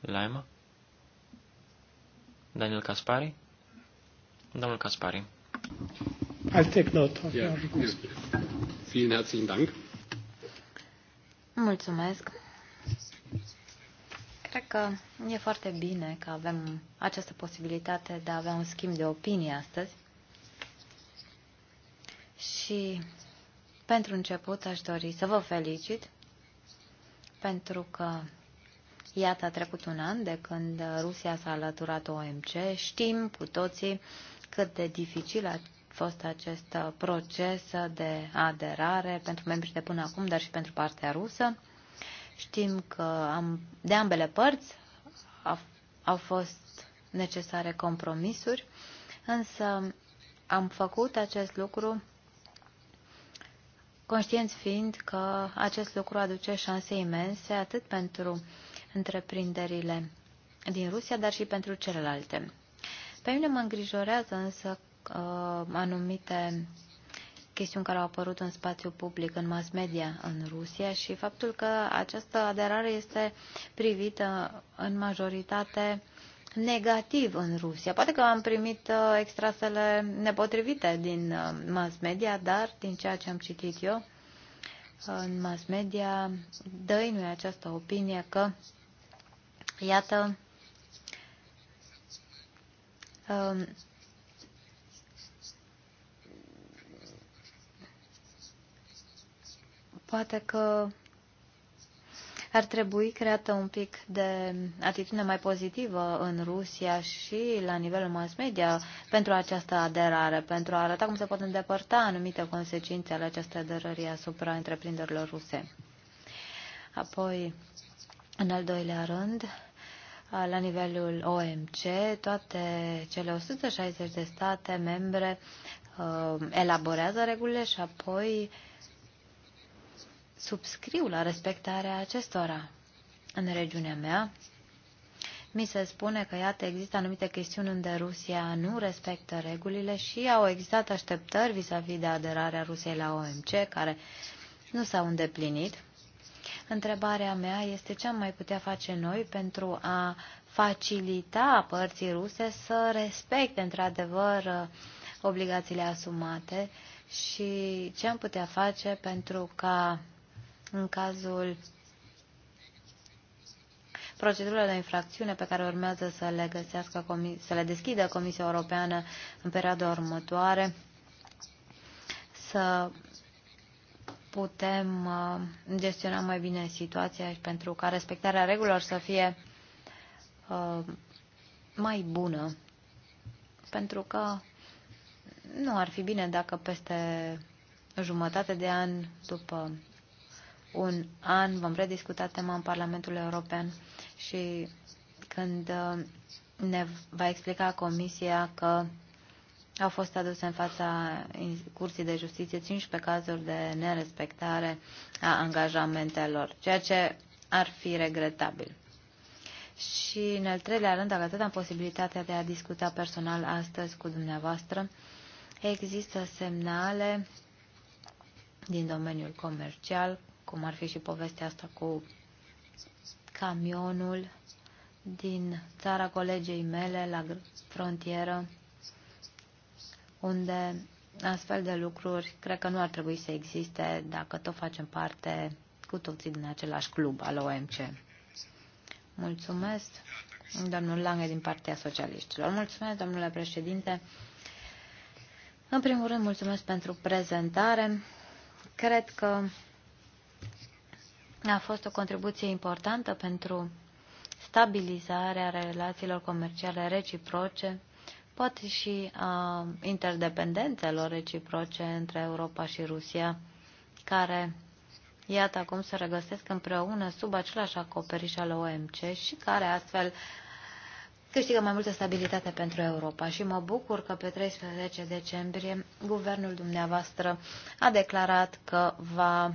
Laima? Daniel Caspari? Domnul Caspari. I'll take note of yeah. Vielen herzlichen Dank. Mulțumesc. Cred că e foarte bine că avem această posibilitate de a avea un schimb de opinie astăzi. Și pentru început aș dori să vă felicit pentru că iată a trecut un an de când Rusia s-a alăturat OMC. Știm cu toții cât de dificil a fost acest proces de aderare pentru membrii de până acum, dar și pentru partea rusă. Știm că am, de ambele părți a au fost necesare compromisuri, însă am făcut acest lucru conștienți fiind că acest lucru aduce șanse imense atât pentru întreprinderile din Rusia, dar și pentru celelalte. Pe mine mă îngrijorează însă uh, anumite chestiuni care au apărut în spațiu public, în mass media în Rusia și faptul că această aderare este privită în majoritate negativ în Rusia. Poate că am primit uh, extrasele nepotrivite din uh, mass media, dar din ceea ce am citit eu uh, în mass media, dăinuie această opinie că, iată, um, Poate că ar trebui creată un pic de atitudine mai pozitivă în Rusia și la nivelul mass media pentru această aderare, pentru a arăta cum se pot îndepărta anumite consecințe ale acestei aderări asupra întreprinderilor ruse. Apoi, în al doilea rând, la nivelul OMC, toate cele 160 de state membre uh, elaborează regulile și apoi uh, subscriu la respectarea acestora. În regiunea mea, mi se spune că, iată, există anumite chestiuni unde Rusia nu respectă regulile și au existat așteptări vis-a-vis -vis de aderarea Rusiei la OMC, care nu s-au îndeplinit. Întrebarea mea este ce am mai putea face noi pentru a facilita părții ruse să respecte într-adevăr obligațiile asumate și ce am putea face pentru ca în cazul procedurilor de infracțiune pe care urmează să le, găsească, să le deschidă Comisia Europeană în perioada următoare, să putem uh, gestiona mai bine situația și pentru ca respectarea regulilor să fie uh, mai bună. Pentru că nu ar fi bine dacă peste jumătate de an după un an vom rediscuta tema în Parlamentul European și când uh, ne va explica Comisia că au fost aduse în fața Curții de Justiție 15 cazuri de nerespectare a angajamentelor, ceea ce ar fi regretabil. Și, în al treilea rând, dacă atât am posibilitatea de a discuta personal astăzi cu dumneavoastră, există semnale din domeniul comercial cum ar fi și povestea asta cu camionul din țara colegei mele la frontieră, unde astfel de lucruri cred că nu ar trebui să existe dacă tot facem parte cu toții din același club al OMC. Mulțumesc, domnul Lange, din partea socialiștilor. Mulțumesc, domnule președinte. În primul rând, mulțumesc pentru prezentare. Cred că a fost o contribuție importantă pentru stabilizarea relațiilor comerciale reciproce, poate și a interdependențelor reciproce între Europa și Rusia, care, iată, acum se regăsesc împreună sub același acoperiș al OMC și care astfel câștigă mai multă stabilitate pentru Europa și mă bucur că pe 13 decembrie guvernul dumneavoastră a declarat că va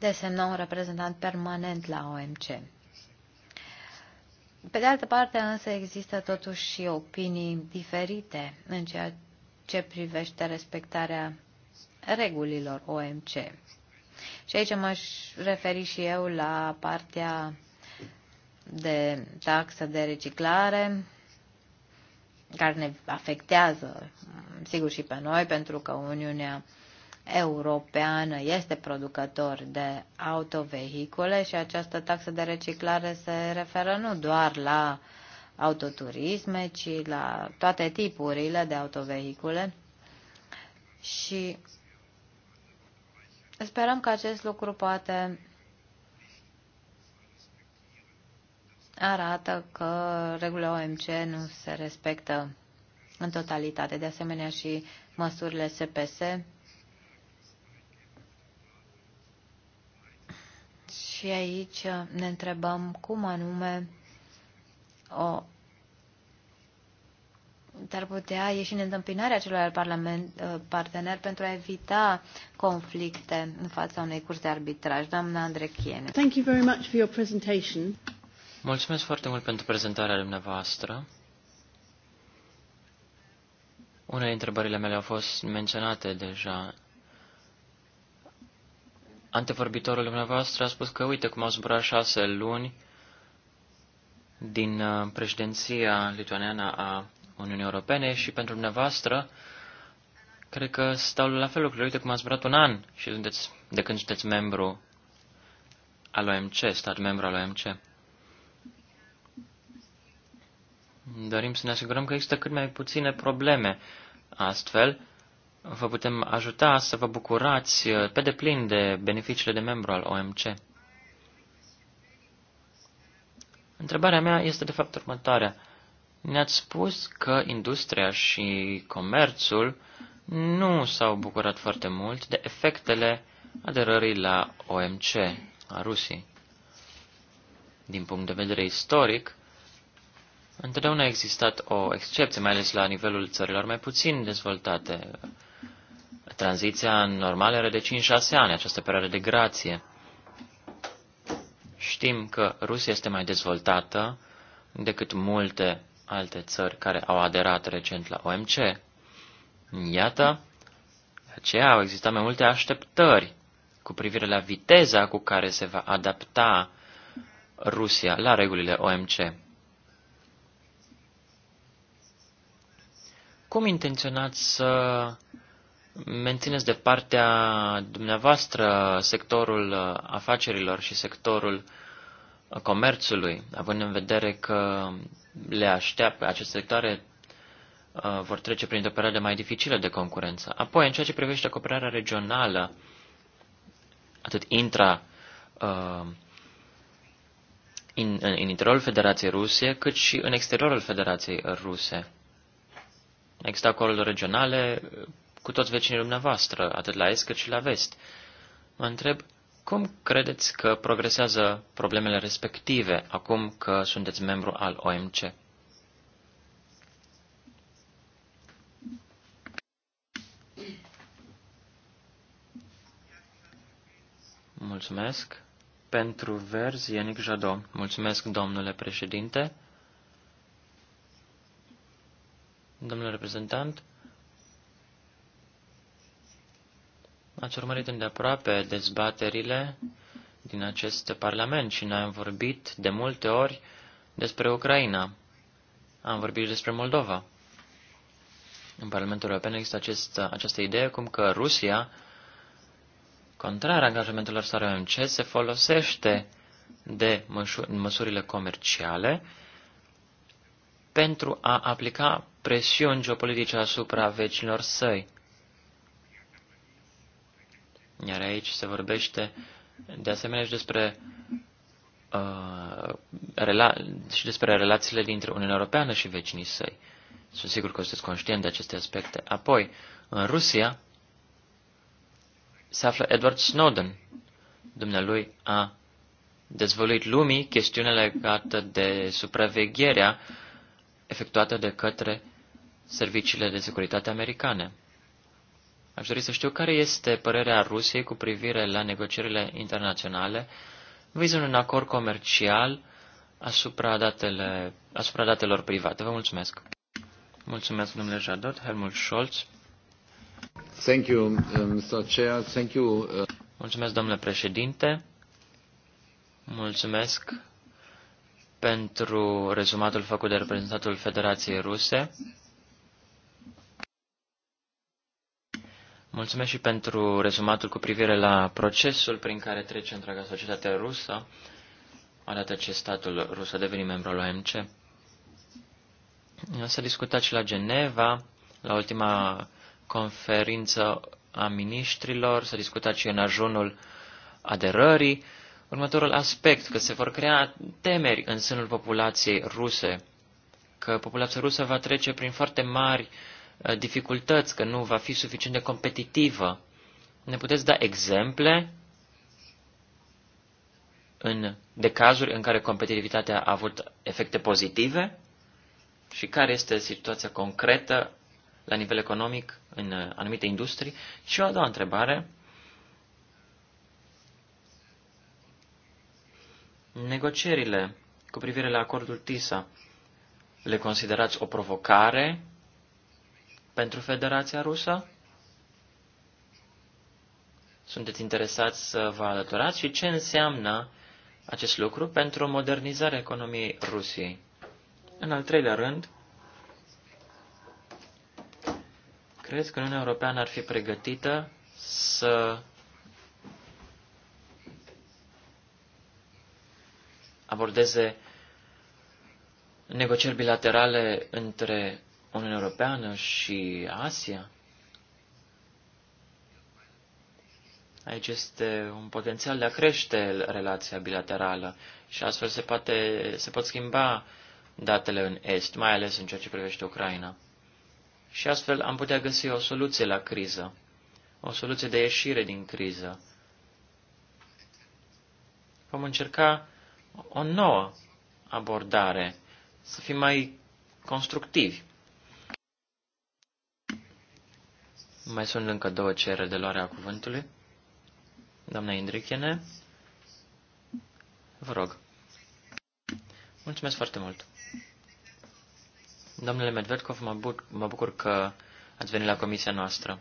desemna un reprezentant permanent la OMC. Pe de altă parte, însă, există totuși și opinii diferite în ceea ce privește respectarea regulilor OMC. Și aici m-aș referi și eu la partea de taxă de reciclare, care ne afectează, sigur, și pe noi, pentru că Uniunea europeană este producător de autovehicule și această taxă de reciclare se referă nu doar la autoturisme, ci la toate tipurile de autovehicule. Și sperăm că acest lucru poate arată că regulile OMC nu se respectă în totalitate. De asemenea și măsurile SPS Și aici uh, ne întrebăm cum anume o dar putea ieși în întâmpinarea celor parlament, uh, partener pentru a evita conflicte în fața unei curse de arbitraj. Doamna Andrechiene. Thank you very much for your presentation. Mulțumesc foarte mult pentru prezentarea dumneavoastră. Unele dintre întrebările mele au fost menționate deja Antevorbitorul dumneavoastră a spus că uite cum au zburat șase luni din uh, președinția lituaneană a Uniunii Europene și pentru dumneavoastră cred că stau la fel lucrurile. Uite cum a zburat un an și sunteți, de când sunteți membru al OMC, stat membru al OMC. Dorim să ne asigurăm că există cât mai puține probleme. Astfel, vă putem ajuta să vă bucurați uh, pe deplin de beneficiile de membru al OMC. Întrebarea mea este de fapt următoarea. Ne-ați spus că industria și comerțul nu s-au bucurat foarte mult de efectele aderării la OMC a Rusiei. Din punct de vedere istoric, întotdeauna a existat o excepție, mai ales la nivelul țărilor mai puțin dezvoltate, tranziția normală era de 5-6 ani, această perioadă de grație. Știm că Rusia este mai dezvoltată decât multe alte țări care au aderat recent la OMC. Iată, aceea au existat mai multe așteptări cu privire la viteza cu care se va adapta Rusia la regulile OMC. Cum intenționați să mențineți de partea dumneavoastră sectorul uh, afacerilor și sectorul uh, comerțului, având în vedere că le așteaptă, aceste sectoare uh, vor trece prin o perioadă mai dificilă de concurență. Apoi, în ceea ce privește cooperarea regională, atât intra uh, in, în interiorul Federației Ruse, cât și în exteriorul Federației Ruse. Există acolo regionale cu toți vecinii dumneavoastră, atât la est cât și la vest. Mă întreb, cum credeți că progresează problemele respective acum că sunteți membru al OMC? Mulțumesc. Pentru vers, Ianic Jadot. Mulțumesc, domnule președinte. Domnule reprezentant, Ați urmărit îndeaproape dezbaterile din acest parlament și noi am vorbit de multe ori despre Ucraina. Am vorbit și despre Moldova. În Parlamentul European există acest, această idee cum că Rusia, contrar angajamentelor sale OMC, se folosește de măsurile comerciale pentru a aplica presiuni geopolitice asupra vecinilor săi. Iar aici se vorbește de asemenea și despre, uh, rela- și despre relațiile dintre Uniunea Europeană și vecinii săi. Sunt sigur că sunteți conștient de aceste aspecte. Apoi, în Rusia se află Edward Snowden. Dumnealui a dezvăluit lumii chestiunea legată de supravegherea efectuată de către serviciile de securitate americane. Aș dori să știu care este părerea Rusiei cu privire la negocierile internaționale, vizând un acord comercial asupra, datele, asupra datelor private. Vă mulțumesc. Mulțumesc, domnule Jadot. Helmut Scholz. Thank you, um, Mr. Chair. Thank you. Uh, mulțumesc, domnule președinte. Mulțumesc pentru rezumatul făcut de reprezentantul Federației Ruse. Mulțumesc și pentru rezumatul cu privire la procesul prin care trece întreaga societate rusă, odată ce statul rus a devenit membru al OMC. S-a discutat și la Geneva, la ultima conferință a ministrilor, s-a discutat și în ajunul aderării. Următorul aspect, că se vor crea temeri în sânul populației ruse, că populația rusă va trece prin foarte mari uh, Uh, dificultăți, că nu va fi suficient de competitivă. Ne puteți da exemple în, de cazuri în care competitivitatea a avut efecte pozitive și care este situația concretă la nivel economic în uh, anumite industrii? Și o a doua întrebare, negocierile cu privire la acordul TISA, le considerați o provocare pentru Federația Rusă? Sunteți interesați să vă alăturați și ce înseamnă acest lucru pentru modernizarea economiei Rusiei? În al treilea rând, crezi că Uniunea Europeană ar fi pregătită să abordeze negocieri bilaterale între Uniunea Europeană și Asia, aici este un potențial de a crește relația bilaterală și astfel se, poate, se pot schimba datele în Est, mai ales în ceea ce privește Ucraina. Și astfel am putea găsi o soluție la criză, o soluție de ieșire din criză. Vom încerca o nouă abordare, să fim mai constructivi. Mai sunt încă două cereri de luare a cuvântului. Doamna Indrichene, vă rog. Mulțumesc foarte mult. Domnule Medvedkov, mă, buc mă bucur că ați venit la comisia noastră.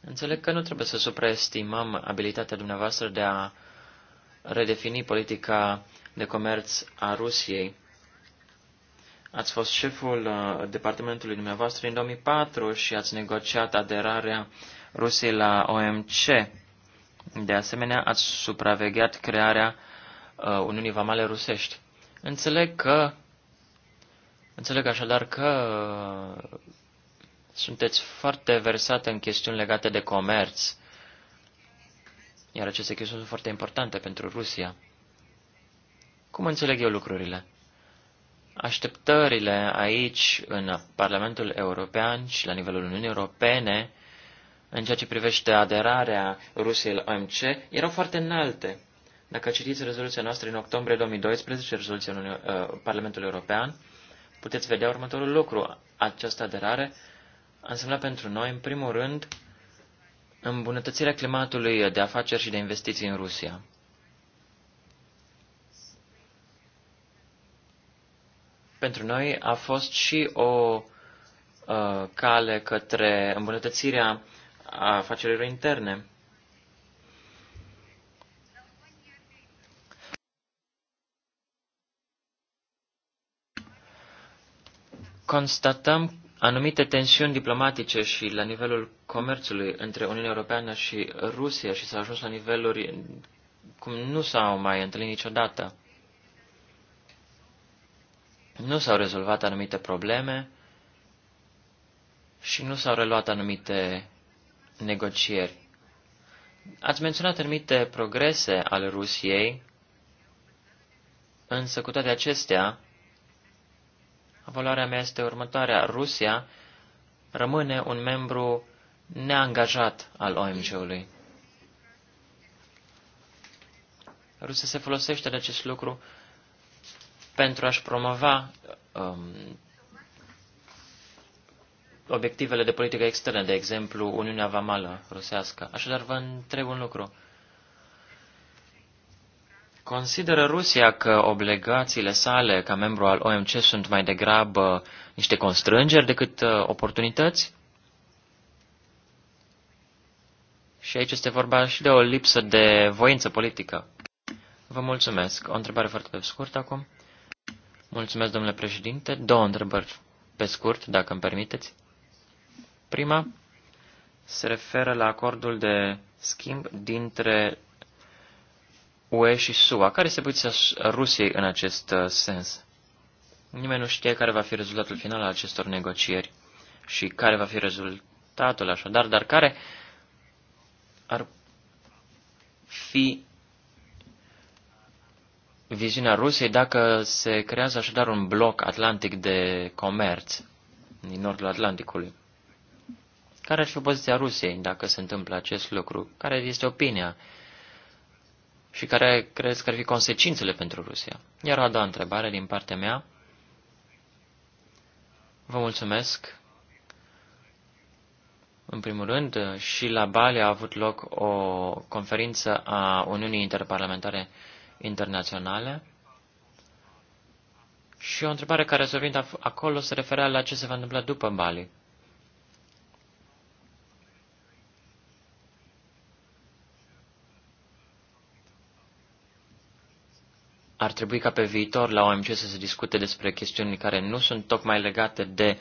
Înțeleg că nu trebuie să supraestimăm abilitatea dumneavoastră de a redefini politica de comerț a Rusiei Ați fost șeful uh, departamentului dumneavoastră în 2004 și ați negociat aderarea Rusiei la OMC. De asemenea, ați supravegheat crearea uh, Uniunii Vamale Rusești. Înțeleg că Înțeleg așadar că uh, sunteți foarte versate în chestiuni legate de comerț, iar aceste chestiuni sunt foarte importante pentru Rusia. Cum înțeleg eu lucrurile? Așteptările aici, în Parlamentul European și la nivelul Uniunii Europene, în ceea ce privește aderarea Rusiei la OMC, erau foarte înalte. Dacă citiți rezoluția noastră în octombrie 2012, rezoluția Uniunii, uh, Parlamentului European, puteți vedea următorul lucru. Această aderare a însemnat pentru noi, în primul rând, îmbunătățirea climatului de afaceri și de investiții în Rusia. pentru noi a fost și o uh, cale către îmbunătățirea afacerilor interne. Constatăm anumite tensiuni diplomatice și la nivelul comerțului între Uniunea Europeană și Rusia și s-a ajuns la niveluri cum nu s-au mai întâlnit niciodată nu s-au rezolvat anumite probleme și nu s-au reluat anumite negocieri. Ați menționat anumite progrese ale Rusiei, însă cu toate acestea, valoarea mea este următoarea. Rusia rămâne un membru neangajat al OMG-ului. Rusia se folosește de acest lucru pentru a-și promova um, obiectivele de politică externă, de exemplu Uniunea Vamală rusească. Așadar, vă întreb un lucru. Consideră Rusia că obligațiile sale ca membru al OMC sunt mai degrabă niște constrângeri decât uh, oportunități? Și aici este vorba și de o lipsă de voință politică. Vă mulțumesc. O întrebare foarte scurtă acum. Mulțumesc, domnule președinte. Două întrebări, pe scurt, dacă îmi permiteți. Prima se referă la acordul de schimb dintre UE și SUA. Care este poziția Rusiei în acest uh, sens? Nimeni nu știe care va fi rezultatul final al acestor negocieri și care va fi rezultatul așadar, dar care ar fi viziunea Rusiei dacă se creează așadar un bloc atlantic de comerț din nordul Atlanticului. Care ar fi poziția Rusiei dacă se întâmplă acest lucru? Care este opinia? Și care crezi că ar fi consecințele pentru Rusia? Iar o a doua întrebare din partea mea. Vă mulțumesc. În primul rând, și la Bali a avut loc o conferință a Uniunii Interparlamentare internaționale. Și o întrebare care s-a venit acolo se referea la ce se va întâmpla după Bali. Ar trebui ca pe viitor la OMC să se discute despre chestiuni care nu sunt tocmai legate de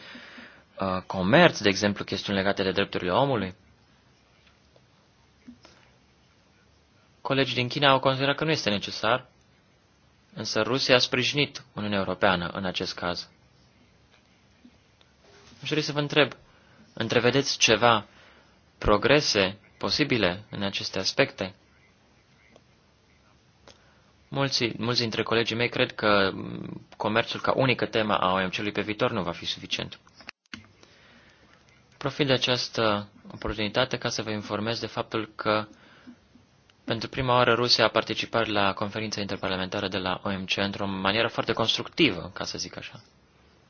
uh, comerț, de exemplu chestiuni legate de drepturile omului. Colegii din China au considerat că nu este necesar, însă Rusia a sprijinit Uniunea Europeană în acest caz. Aș dori să vă întreb, întrevedeți ceva progrese posibile în aceste aspecte? Mulți, mulți dintre colegii mei cred că comerțul ca unică temă a OMC-ului pe viitor nu va fi suficient. Profit de această oportunitate ca să vă informez de faptul că pentru prima oară Rusia a participat la conferința interparlamentară de la OMC într-o manieră foarte constructivă, ca să zic așa.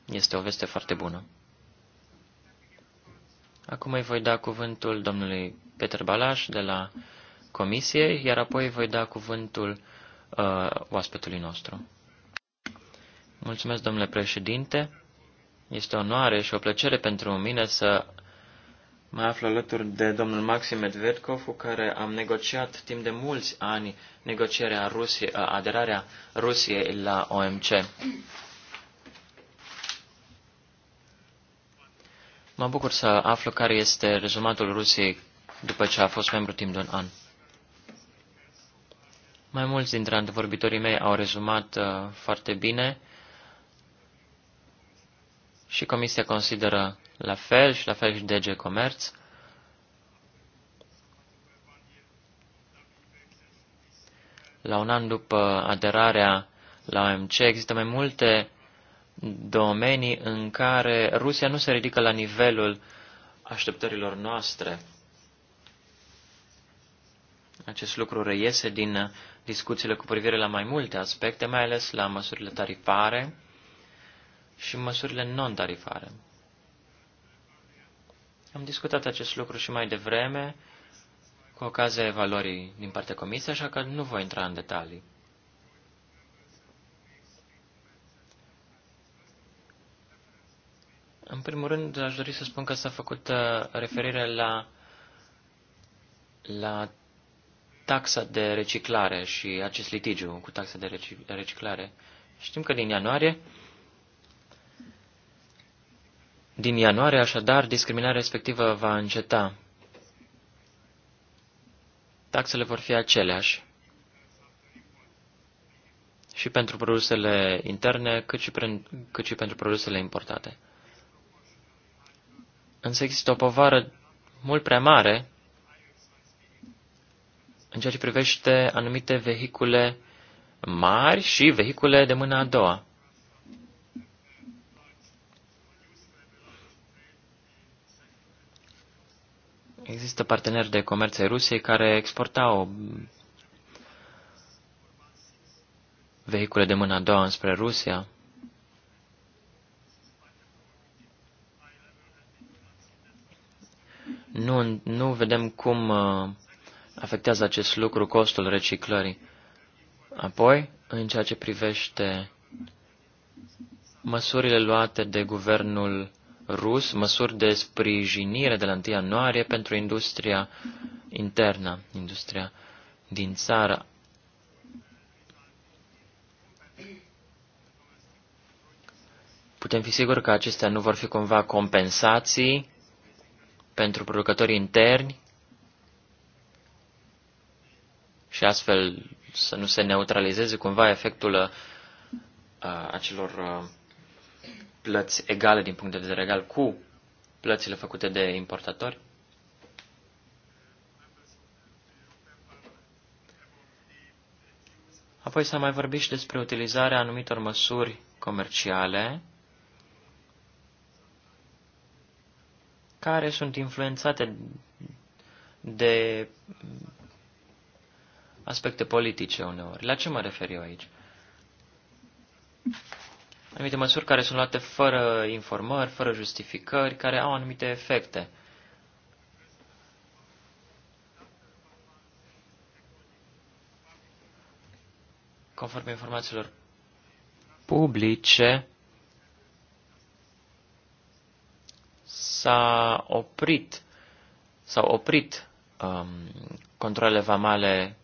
Este o veste foarte bună. Acum îi voi da cuvântul domnului Peter Balaș de la Comisie, iar apoi voi da cuvântul uh, oaspetului nostru. Mulțumesc, domnule președinte. Este o onoare și o plăcere pentru mine să Mă aflu alături de domnul Maxim Medvedkov, cu care am negociat timp de mulți ani negocierea Rusiei, aderarea Rusiei la OMC. Mă bucur să aflu care este rezumatul Rusiei după ce a fost membru timp de un an. Mai mulți dintre antevorbitorii mei au rezumat uh, foarte bine și Comisia consideră la fel și la fel și DG Comerț. La un an după aderarea la OMC există mai multe domenii în care Rusia nu se ridică la nivelul așteptărilor noastre. Acest lucru reiese din discuțiile cu privire la mai multe aspecte, mai ales la măsurile tarifare și măsurile non-tarifare. Am discutat acest lucru și mai devreme, cu ocazia evaluării din partea comisiei, așa că nu voi intra în detalii. În primul rând, aș dori să spun că s-a făcut uh, referire la, la taxa de reciclare și acest litigiu cu taxa de reciclare. Știm că din ianuarie din ianuarie, așadar, discriminarea respectivă va înceta. Taxele vor fi aceleași și pentru produsele interne, cât și, prin, cât și pentru produsele importate. Însă există o povară mult prea mare în ceea ce privește anumite vehicule mari și vehicule de mână a doua. Există parteneri de comerț ai Rusiei care exportau vehicule de mâna a doua înspre Rusia. Nu, nu vedem cum uh, afectează acest lucru costul reciclării. Apoi, în ceea ce privește măsurile luate de guvernul rus, măsuri de sprijinire de la 1 ianuarie pentru industria internă, industria din țară. Putem fi siguri că acestea nu vor fi cumva compensații pentru producătorii interni și astfel să nu se neutralizeze cumva efectul uh, acelor uh, plăți egale din punct de vedere egal cu plățile făcute de importatori? Apoi s-a mai vorbit și despre utilizarea anumitor măsuri comerciale care sunt influențate de aspecte politice uneori. La ce mă refer eu aici? anumite măsuri care sunt luate fără informări, fără justificări, care au anumite efecte. Conform informațiilor publice, s-a oprit, s-au oprit um, controlele vamale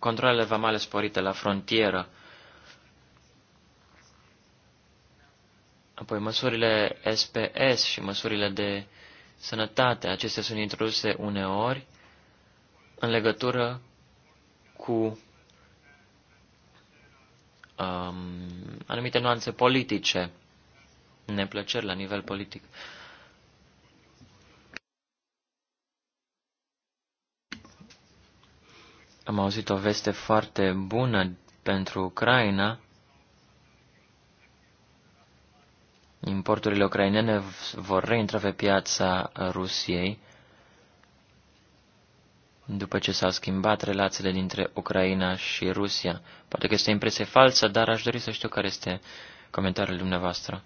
controlele vamale sporite la frontieră, apoi măsurile SPS și măsurile de sănătate, acestea sunt introduse uneori în legătură cu um, anumite nuanțe politice, neplăceri la nivel politic. Uh, Am auzit o veste foarte bună pentru Ucraina. Importurile ucrainene vor reintra pe piața Rusiei după ce s-au schimbat relațiile dintre Ucraina și Rusia. Poate că este o impresie falsă, dar aș dori să știu care este comentariul dumneavoastră.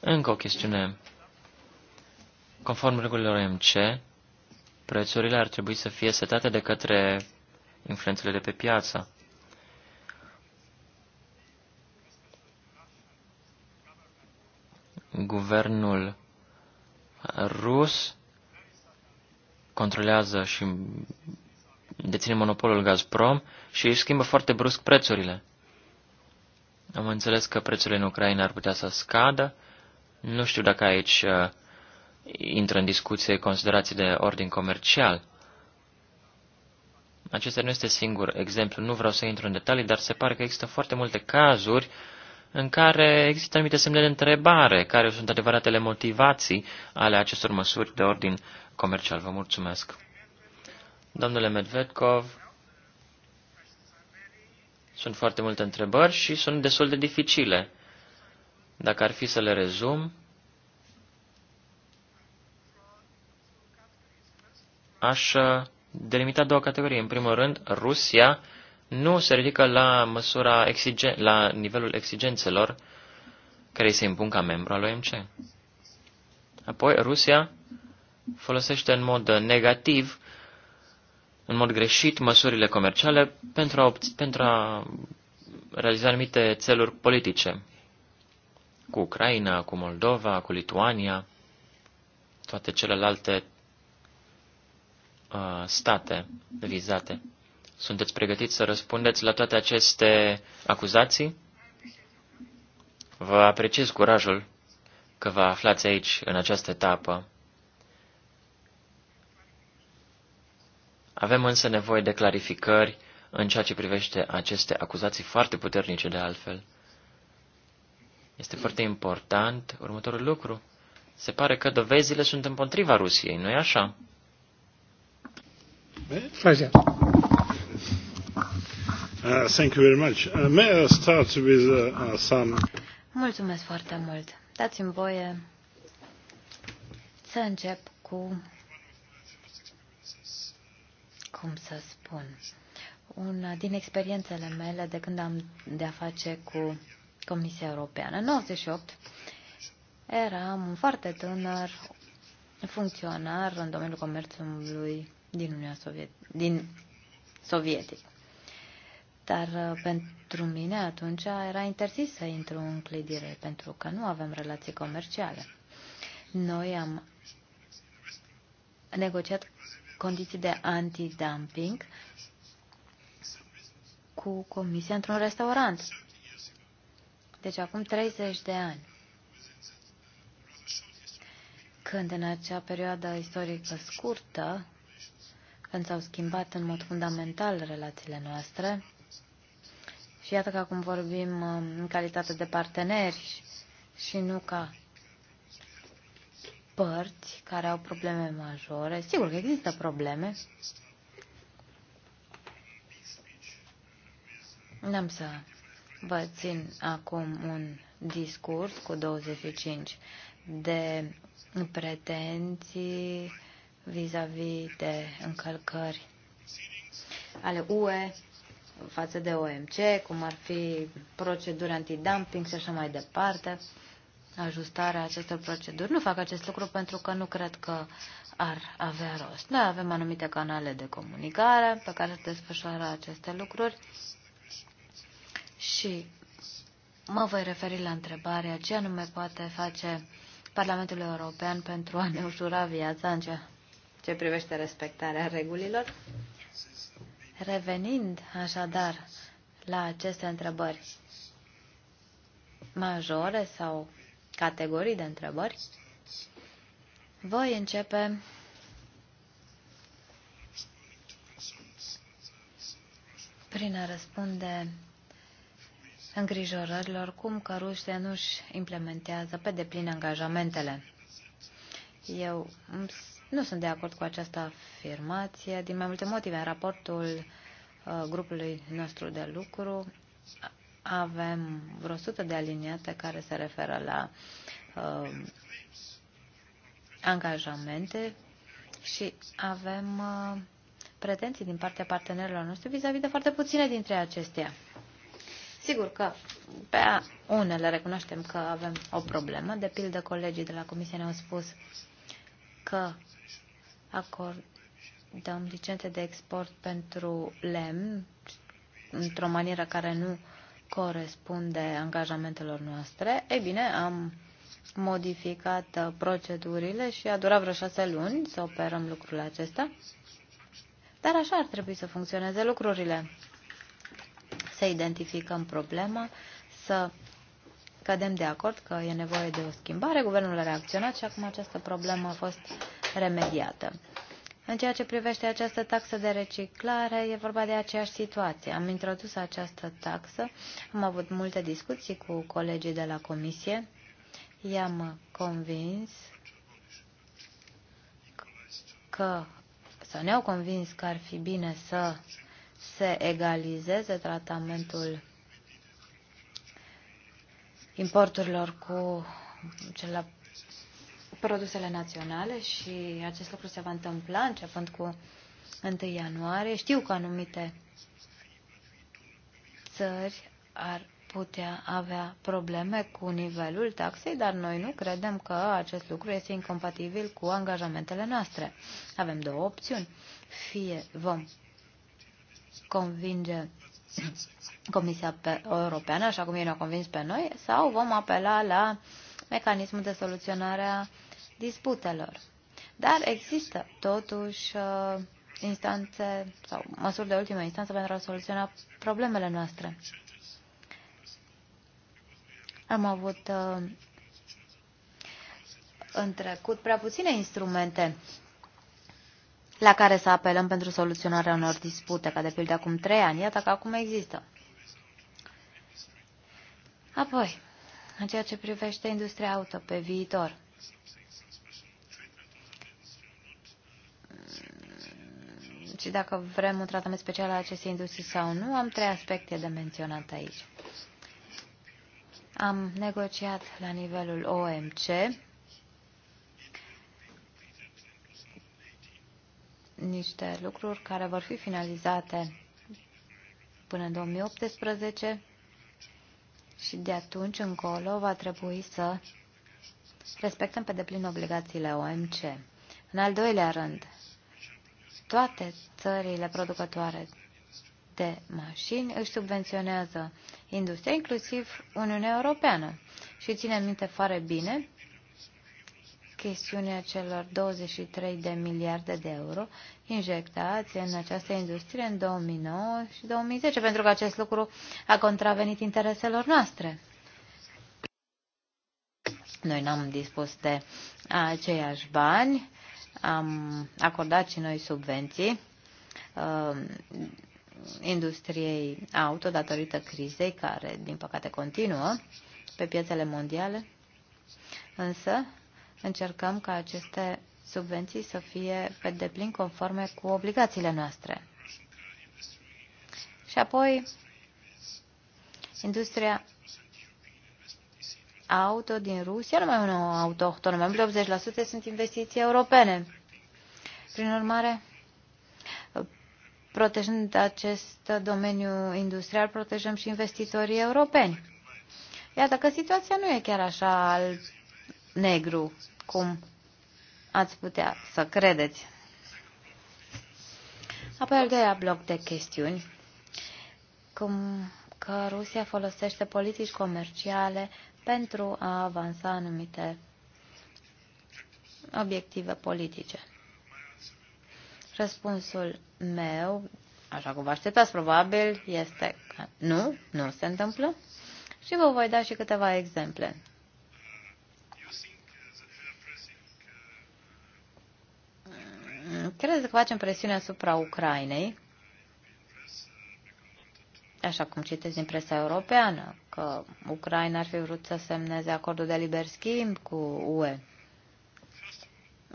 Încă o chestiune. Conform regulilor MC, prețurile ar trebui să fie setate de către influențele de pe piață. Guvernul rus controlează și deține monopolul Gazprom și își schimbă foarte brusc prețurile. Am înțeles că prețurile în Ucraina ar putea să scadă. Nu știu dacă aici uh, intră în discuție considerații de ordin comercial. Acesta nu este singur exemplu, nu vreau să intru în detalii, dar se pare că există foarte multe cazuri în care există anumite semne de întrebare, care sunt adevăratele motivații ale acestor măsuri de ordin comercial. Vă mulțumesc. Domnule Medvedkov, sunt foarte multe întrebări și sunt destul de dificile. Dacă ar fi să le rezum, aș uh, delimita două categorii. În primul rând, Rusia nu se ridică la, măsura exigen- la nivelul exigențelor care îi se impun ca membru al OMC. Apoi, Rusia folosește în mod negativ, în mod greșit, măsurile comerciale pentru a, pentru a realiza anumite țeluri politice cu Ucraina, cu Moldova, cu Lituania, toate celelalte Uh, state vizate. Sunteți pregătiți să răspundeți la toate aceste acuzații? Vă apreciez curajul că vă aflați aici, în această etapă. Avem însă nevoie de clarificări în ceea ce privește aceste acuzații foarte puternice de altfel. Este foarte important următorul lucru. Se pare că dovezile sunt împotriva Rusiei, nu-i așa? Pleasure. Uh, thank you very much. Uh, may I start with uh, uh, some... Mulțumesc foarte mult. Dați-mi voie să încep cu, cum să spun, una din experiențele mele de când am de-a face cu Comisia Europeană. În 98 eram un foarte tânăr funcționar în domeniul comerțului din Uniunea Sovietică, din Sovietic. Dar uh, pentru mine atunci era interzis să intru în clădire, pentru că nu avem relații comerciale. Noi am negociat condiții de antidumping cu comisia într-un restaurant. Deci acum 30 de ani. Când în acea perioadă istorică scurtă când s-au schimbat în mod fundamental relațiile noastre. Și iată că acum vorbim uh, în calitate de parteneri și nu ca părți care au probleme majore. Sigur că există probleme. N-am să vă țin acum un discurs cu 25 de pretenții vis-a-vis -vis de încălcări ale UE față de OMC, cum ar fi proceduri antidumping și așa mai departe, ajustarea acestor proceduri. Nu fac acest lucru pentru că nu cred că ar avea rost. Da, avem anumite canale de comunicare pe care se desfășoară aceste lucruri și mă voi referi la întrebarea ce anume poate face Parlamentul European pentru a ne ușura viața în ceea ce privește respectarea regulilor. Revenind așadar la aceste întrebări majore sau categorii de întrebări, voi începe prin a răspunde îngrijorărilor cum căruște nu-și implementează pe deplin angajamentele. Eu nu sunt de acord cu această afirmație din mai multe motive. În raportul uh, grupului nostru de lucru avem vreo sută de aliniate care se referă la uh, angajamente și avem uh, pretenții din partea partenerilor noștri vis-a-vis -vis de foarte puține dintre acestea. Sigur că pe unele recunoaștem că avem o problemă. De pildă, colegii de la Comisie ne-au spus că acordăm licențe de export pentru lemn într-o manieră care nu corespunde angajamentelor noastre, ei bine, am modificat uh, procedurile și a durat vreo șase luni să operăm lucrurile acestea. Dar așa ar trebui să funcționeze lucrurile. Să identificăm problema, să cădem de acord că e nevoie de o schimbare, guvernul a reacționat și acum această problemă a fost remediată. În ceea ce privește această taxă de reciclare, e vorba de aceeași situație. Am introdus această taxă, am avut multe discuții cu colegii de la comisie, i-am convins că, să ne-au convins că ar fi bine să se egalizeze tratamentul importurilor cu cel la produsele naționale și acest lucru se va întâmpla începând cu 1 ianuarie. Știu că anumite țări ar putea avea probleme cu nivelul taxei, dar noi nu credem că acest lucru este incompatibil cu angajamentele noastre. Avem două opțiuni. Fie vom convinge Comisia Europeană, așa cum ei ne-au convins pe noi, sau vom apela la mecanismul de soluționare a disputelor. Dar există totuși uh, instanțe sau măsuri de ultimă instanță pentru a soluționa problemele noastre. Am avut uh, în trecut prea puține instrumente la care să apelăm pentru soluționarea unor dispute, ca de pildă acum trei ani, iată că acum există. Apoi, în ceea ce privește industria auto pe viitor, Deci, dacă vrem un tratament special al acestei industrii sau nu, am trei aspecte de menționat aici. Am negociat la nivelul OMC niște lucruri care vor fi finalizate până în 2018 și de atunci încolo va trebui să respectăm pe deplin obligațiile OMC. În al doilea rând, toate țările producătoare de mașini își subvenționează industria, inclusiv Uniunea Europeană. Și ține minte foarte bine chestiunea celor 23 de miliarde de euro injectați în această industrie în 2009 și 2010, pentru că acest lucru a contravenit intereselor noastre. Noi n-am dispus de aceiași bani am acordat și noi subvenții uh, industriei auto datorită crizei care, din păcate, continuă pe piețele mondiale, însă încercăm ca aceste subvenții să fie pe deplin conforme cu obligațiile noastre. Și apoi, industria auto din Rusia, nu mai un autohton, mai mult de 80% sunt investiții europene. Prin urmare, protejând acest domeniu industrial, protejăm și investitorii europeni. Iată că situația nu e chiar așa al negru, cum ați putea să credeți. Apoi al doilea bloc de chestiuni, cum că Rusia folosește politici comerciale pentru a avansa anumite obiective politice. Răspunsul meu, așa cum vă așteptați probabil, este că nu, nu se întâmplă și vă voi da și câteva exemple. Credeți că facem presiune asupra Ucrainei așa cum citesc din presa europeană, că Ucraina ar fi vrut să semneze acordul de liber schimb cu UE.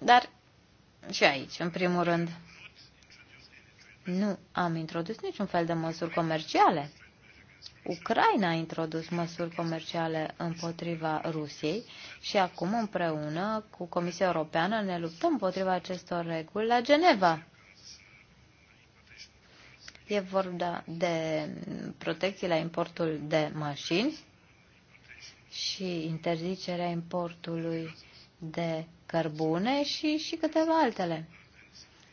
Dar și aici, în primul rând, nu am introdus niciun fel de măsuri comerciale. Ucraina a introdus măsuri comerciale împotriva Rusiei și acum împreună cu Comisia Europeană ne luptăm împotriva acestor reguli la Geneva. E vorba de protecții la importul de mașini și interzicerea importului de cărbune și, și câteva altele.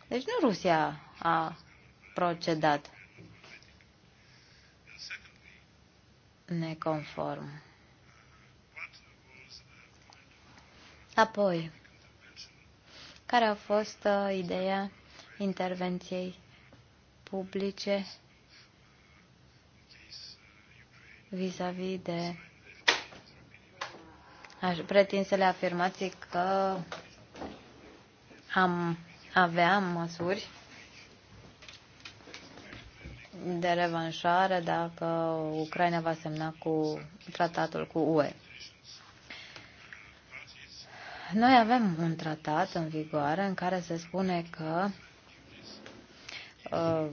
Deci nu Rusia a procedat neconform. Apoi, care a fost uh, ideea intervenției publice vis-a-vis -vis de aș, pretinsele afirmații că am avea măsuri de revanșare dacă Ucraina va semna cu tratatul cu UE. Noi avem un tratat în vigoare în care se spune că Uh,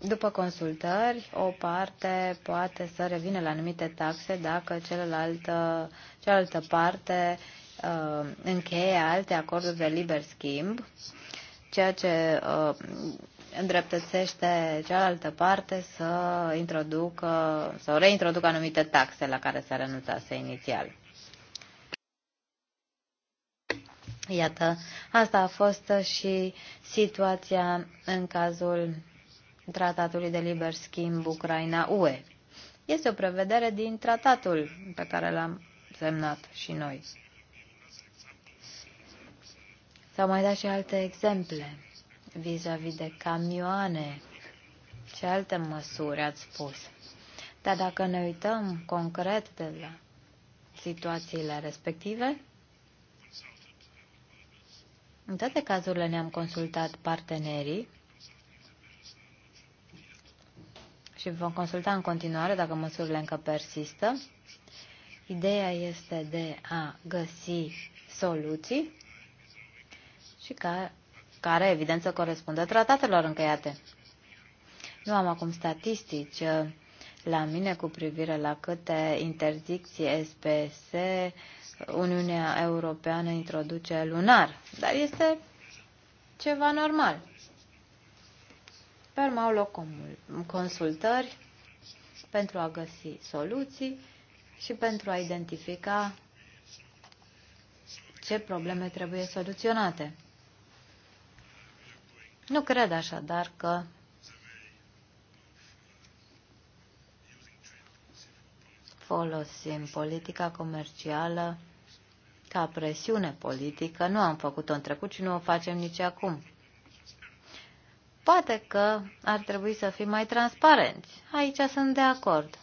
după consultări, o parte poate să revină la anumite taxe dacă celălaltă, uh, cealaltă parte uh, încheie alte acorduri de liber schimb, ceea ce îndreptățește cealaltă parte să introducă sau reintroducă anumite taxe la care s-a renunțat inițial. Iată, asta a fost și situația în cazul tratatului de liber schimb Ucraina-UE. Este o prevedere din tratatul pe care l-am semnat și noi. S-au mai dat și alte exemple vis-a-vis -vis de camioane și alte măsuri, ați spus. Dar dacă ne uităm concret de la situațiile respective, în toate cazurile ne-am consultat partenerii și vom consulta în continuare dacă măsurile încă persistă. Ideea este de a găsi soluții și ca, care, evident, să corespundă tratatelor încăiate. Nu am acum statistici uh, la mine cu privire la câte interdicții SPS Uniunea Europeană introduce lunar, dar este ceva normal. Sper au loc consultări pentru a găsi soluții și pentru a identifica ce probleme trebuie soluționate. Nu cred așadar că folosim politica comercială ca presiune politică. Nu am făcut-o în trecut și nu o facem nici acum. Poate că ar trebui să fim mai transparenți. Aici sunt de acord.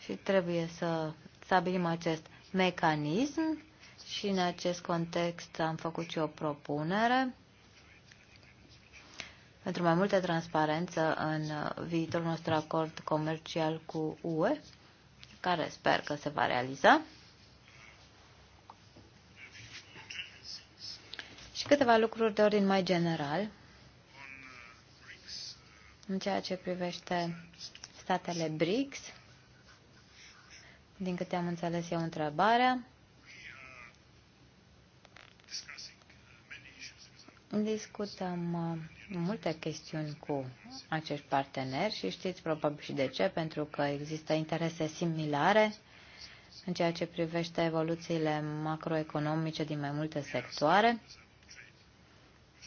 Și trebuie să stabilim acest mecanism și în acest context am făcut și o propunere pentru mai multă transparență în viitorul nostru acord comercial cu UE care sper că se va realiza. Și câteva lucruri de ordin mai general în ceea ce privește statele BRICS. Din câte am înțeles eu întrebarea, discutăm uh, multe chestiuni cu acești parteneri și știți probabil și de ce, pentru că există interese similare în ceea ce privește evoluțiile macroeconomice din mai multe sectoare.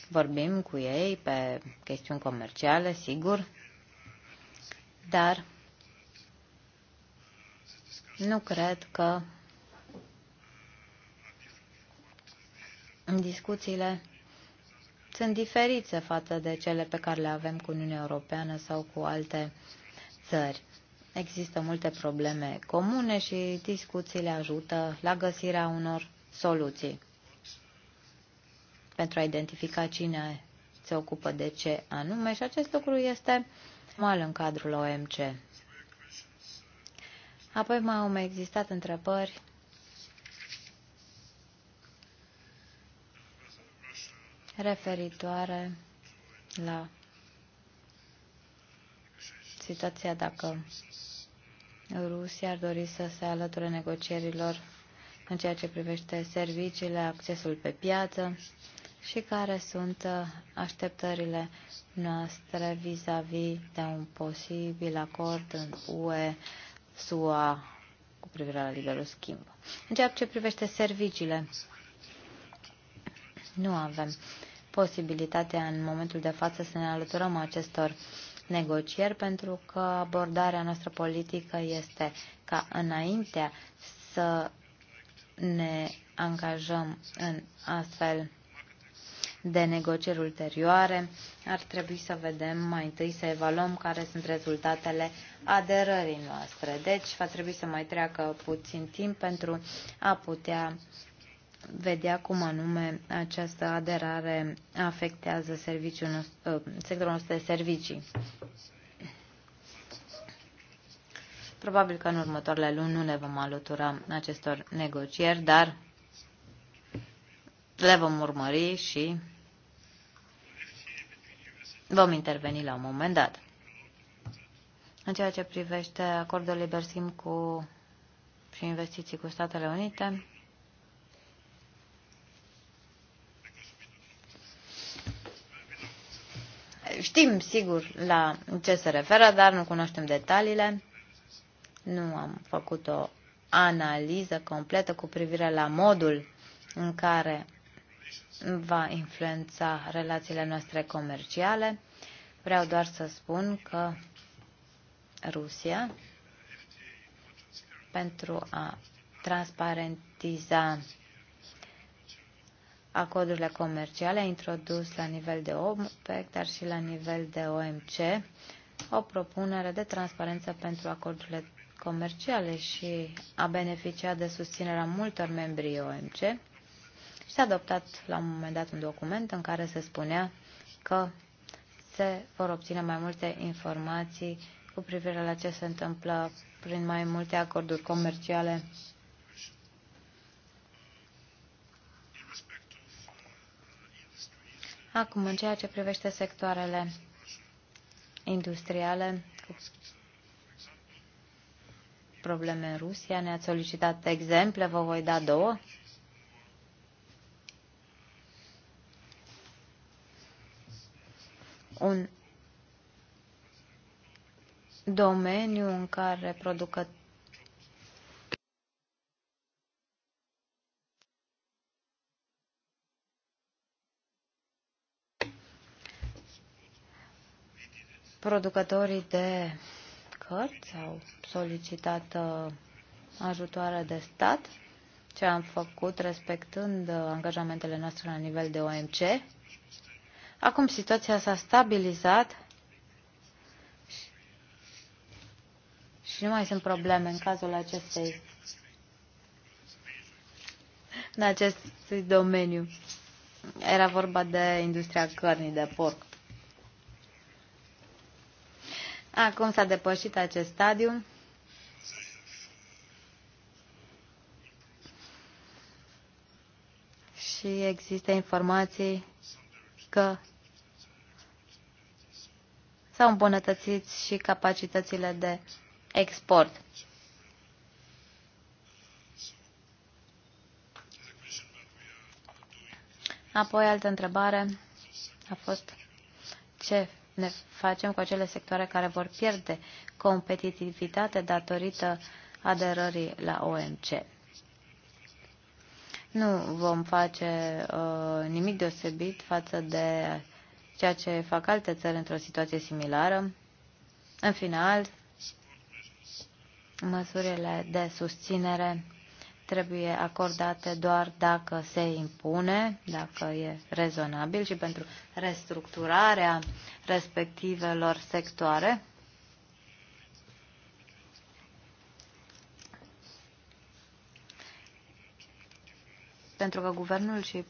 Vorbim cu ei pe chestiuni comerciale, sigur, dar nu cred că discuțiile sunt diferite față de cele pe care le avem cu Uniunea Europeană sau cu alte țări. Există multe probleme comune și discuțiile ajută la găsirea unor soluții pentru a identifica cine se ocupă de ce anume și acest lucru este mal în cadrul OMC. Apoi mai au mai existat întrebări referitoare la situația dacă Rusia ar dori să se alăture negocierilor în ceea ce privește serviciile, accesul pe piață și care sunt așteptările noastre vis-a-vis -vis de un posibil acord în UE SUA cu privire la liberul schimb. În ceea ce privește serviciile, nu avem posibilitatea în momentul de față să ne alăturăm acestor negocieri pentru că abordarea noastră politică este ca înaintea să ne angajăm în astfel de negocieri ulterioare, ar trebui să vedem mai întâi, să evaluăm care sunt rezultatele aderării noastre. Deci va trebui să mai treacă puțin timp pentru a putea vedea cum anume această aderare afectează serviciul nostru, ă, sectorul nostru de servicii. Probabil că în următoarele luni nu ne vom alătura acestor negocieri, dar le vom urmări și vom interveni la un moment dat. În ceea ce privește acordul liber schimb cu și investiții cu Statele Unite, Știm sigur la ce se referă, dar nu cunoaștem detaliile. Nu am făcut o analiză completă cu privire la modul în care va influența relațiile noastre comerciale. Vreau doar să spun că Rusia, pentru a transparentiza acordurile comerciale, a introdus la nivel de OPEC, dar și la nivel de OMC, o propunere de transparență pentru acordurile comerciale și a beneficiat de susținerea multor membrii OMC și s-a adoptat la un moment dat un document în care se spunea că se vor obține mai multe informații cu privire la ce se întâmplă prin mai multe acorduri comerciale Acum, în ceea ce privește sectoarele industriale cu probleme în Rusia, ne-ați solicitat exemple, vă voi da două. Un domeniu în care producă Producătorii de cărți au solicitat uh, ajutoare de stat, ce am făcut respectând uh, angajamentele noastre la nivel de OMC. Acum situația s-a stabilizat și nu mai sunt probleme în cazul acestei în acest domeniu. Era vorba de industria cărnii de porc. Acum s-a depășit acest stadiu. Și există informații că s-au îmbunătățit și capacitățile de export. Apoi altă întrebare a fost ce ne facem cu acele sectoare care vor pierde competitivitate datorită aderării la OMC. Nu vom face uh, nimic deosebit față de ceea ce fac alte țări într-o situație similară. În final, măsurile de susținere trebuie acordate doar dacă se impune, dacă e rezonabil și pentru restructurarea respectivelor sectoare. Pentru că guvernul și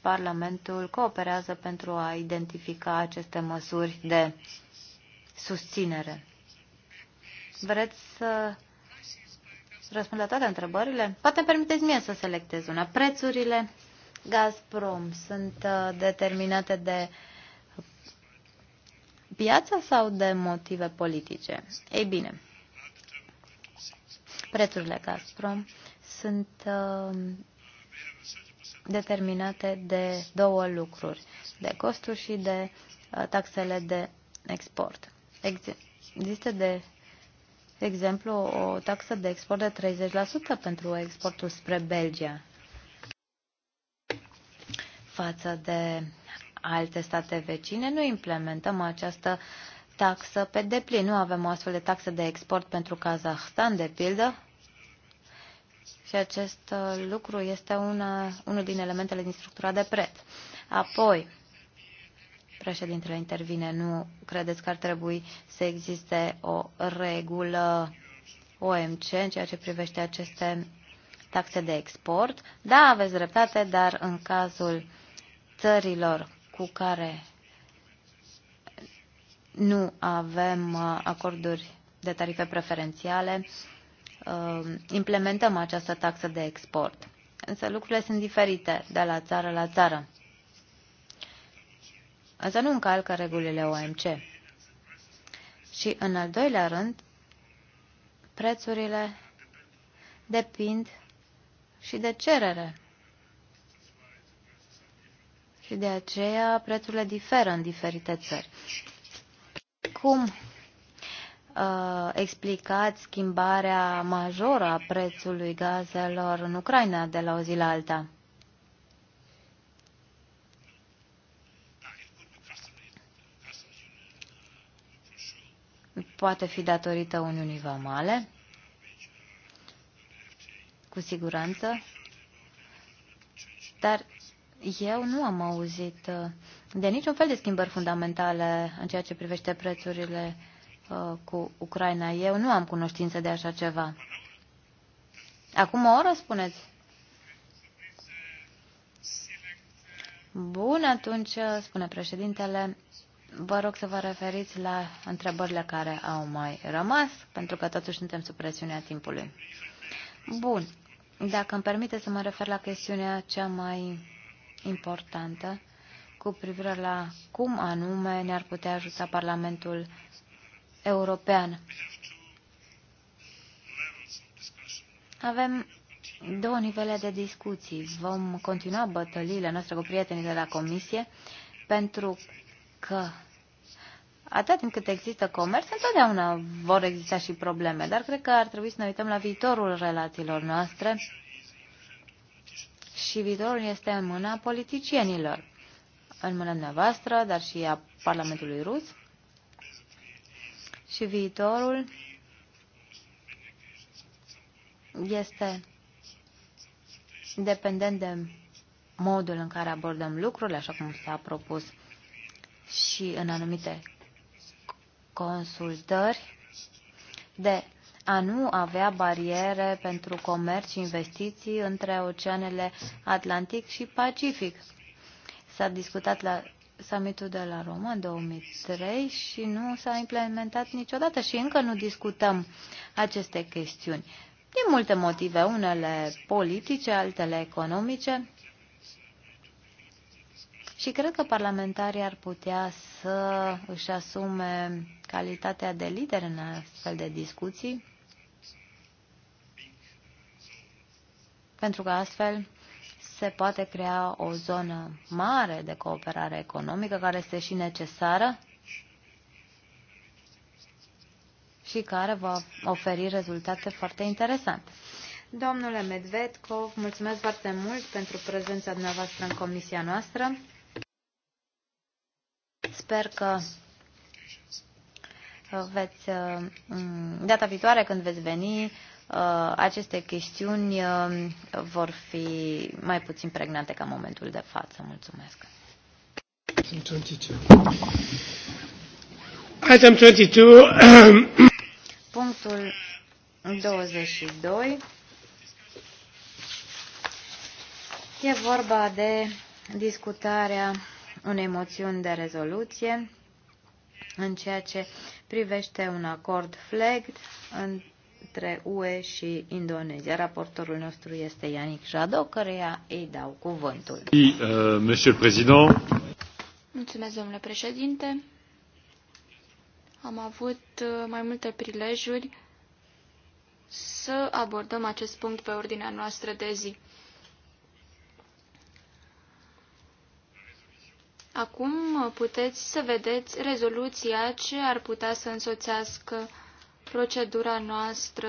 Parlamentul cooperează pentru a identifica aceste măsuri de susținere. Vreți să răspund la toate întrebările? Poate îmi permiteți mie să selectez una. Prețurile Gazprom sunt uh, determinate de piața sau de motive politice? Ei bine, prețurile Gazprom sunt uh, determinate de două lucruri, de costuri și de uh, taxele de export. Există de exemplu, o taxă de export de 30% pentru exportul spre Belgia față de alte state vecine. Nu implementăm această taxă pe deplin. Nu avem o astfel de taxă de export pentru Kazahstan, de pildă. Și acest uh, lucru este una, unul din elementele din structura de preț. Apoi, Președintele intervine. Nu credeți că ar trebui să existe o regulă OMC în ceea ce privește aceste taxe de export? Da, aveți dreptate, dar în cazul țărilor cu care nu avem uh, acorduri de tarife preferențiale, uh, implementăm această taxă de export. Însă lucrurile sunt diferite de la țară la țară. Asta nu încalcă regulile OMC. Și în al doilea rând, prețurile depind și de cerere. Și de aceea prețurile diferă în diferite țări. Cum uh, explicați schimbarea majoră a prețului gazelor în Ucraina de la o zi la alta? poate fi datorită Uniunii Vamale, cu siguranță, dar eu nu am auzit uh, de niciun fel de schimbări fundamentale în ceea ce privește prețurile uh, cu Ucraina. Eu nu am cunoștință de așa ceva. Acum o oră spuneți? Bun, atunci, uh, spune președintele, vă rog să vă referiți la întrebările care au mai rămas, pentru că totuși suntem sub presiunea timpului. Bun. Dacă îmi permite să mă refer la chestiunea cea mai importantă cu privire la cum anume ne-ar putea ajuta Parlamentul European. Avem două nivele de discuții. Vom continua bătăliile noastre cu prietenii de la Comisie pentru că atât timp cât există comerț, întotdeauna vor exista și probleme, dar cred că ar trebui să ne uităm la viitorul relațiilor noastre și viitorul este în mâna politicienilor, în mâna noastră, dar și a Parlamentului Rus și viitorul este dependent de modul în care abordăm lucrurile, așa cum s-a propus și în anumite consultări de a nu avea bariere pentru comerț și investiții între oceanele Atlantic și Pacific. S-a discutat la summitul de la Roma în 2003 și nu s-a implementat niciodată și încă nu discutăm aceste chestiuni. Din multe motive, unele politice, altele economice, și cred că parlamentarii ar putea să își asume calitatea de lider în astfel de discuții, pentru că astfel se poate crea o zonă mare de cooperare economică care este și necesară și care va oferi rezultate foarte interesante. Domnule Medvedkov, mulțumesc foarte mult pentru prezența dumneavoastră în comisia noastră. Sper că uh, veți, uh, mm, data viitoare când veți veni, uh, aceste chestiuni vor fi mai puțin pregnante ca momentul de față. Mulțumesc. 22. Item 22. *clears throat* Punctul 22. E vorba de discutarea unei moțiuni de rezoluție în ceea ce privește un acord fleg între UE și Indonezia. Raportorul nostru este Ianic Jado, căreia îi dau cuvântul. Euh, Mulțumesc, domnule președinte. Am avut uh, mai multe prilejuri să abordăm acest punct pe ordinea noastră de zi. Acum uh, puteți să vedeți rezoluția ce ar putea să însoțească procedura noastră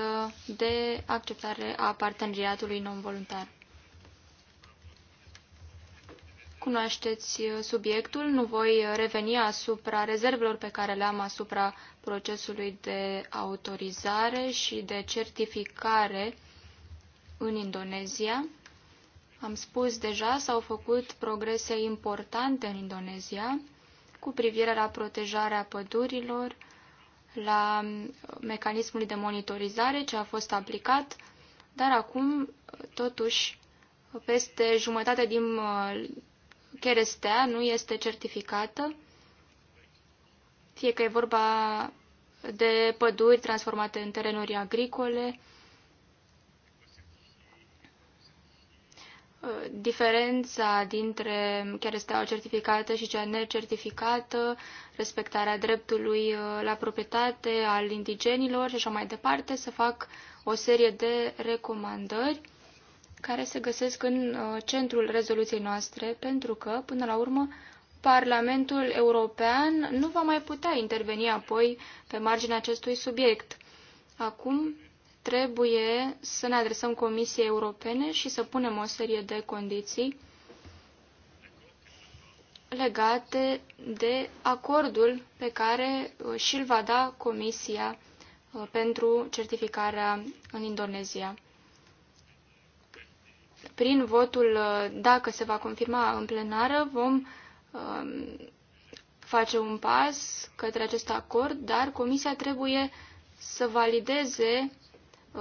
de acceptare a parteneriatului non-voluntar. Cunoașteți uh, subiectul, nu voi uh, reveni asupra rezervelor pe care le-am asupra procesului de autorizare și de certificare în Indonezia. Am spus deja, s-au făcut progrese importante în Indonezia cu privire la protejarea pădurilor, la mecanismul de monitorizare ce a fost aplicat, dar acum, totuși, peste jumătate din uh, cherestea nu este certificată, fie că e vorba de păduri transformate în terenuri agricole diferența dintre chiar steaua certificată și cea necertificată, respectarea dreptului uh, la proprietate al indigenilor și așa mai departe, să fac o serie de recomandări care se găsesc în uh, centrul rezoluției noastre, pentru că, până la urmă, Parlamentul European nu va mai putea interveni apoi pe marginea acestui subiect. Acum trebuie să ne adresăm Comisiei Europene și să punem o serie de condiții legate de acordul pe care uh, și-l va da Comisia uh, pentru certificarea în Indonezia. Prin votul, uh, dacă se va confirma în plenară, vom um, face un pas către acest acord, dar Comisia trebuie să valideze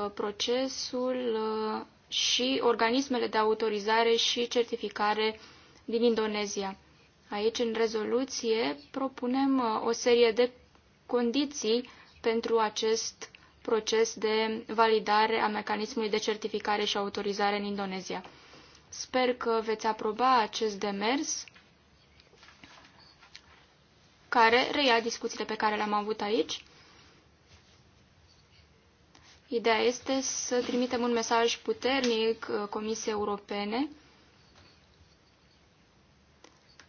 Uh, procesul uh, și organismele de autorizare și certificare din Indonezia. Aici, în rezoluție, propunem uh, o serie de condiții pentru acest proces de validare a mecanismului de certificare și autorizare în Indonezia. Sper că veți aproba acest demers care reia discuțiile pe care le-am avut aici Ideea este să trimitem un mesaj puternic uh, Comisiei Europene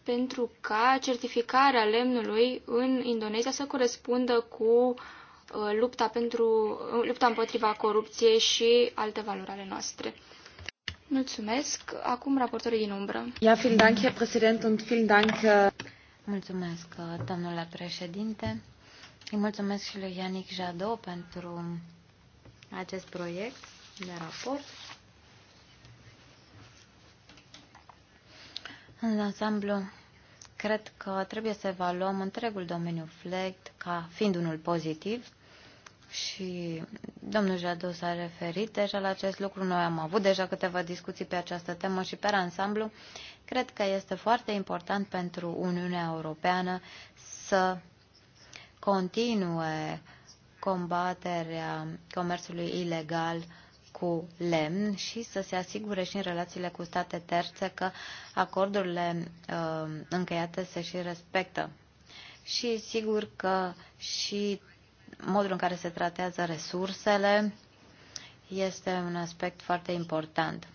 pentru ca certificarea lemnului în Indonezia să corespundă cu uh, lupta, pentru, uh, lupta împotriva corupției și alte valori ale noastre. Mulțumesc. Acum raportorul din umbră. Ja, vielen Dank, Herr Präsident, und vielen Dank. Äh, mulțumesc, domnule președinte. Îi mulțumesc și lui Ianic Jadot pentru acest proiect de raport. În ansamblu, cred că trebuie să evaluăm întregul domeniu FLECT ca fiind unul pozitiv și domnul Jadu s-a referit deja la acest lucru. Noi am avut deja câteva discuții pe această temă și pe ansamblu cred că este foarte important pentru Uniunea Europeană să continue combaterea comerțului ilegal cu lemn și să se asigure și în relațiile cu state terțe că acordurile uh, încheiate se și respectă. Și sigur că și modul în care se tratează resursele este un aspect foarte important.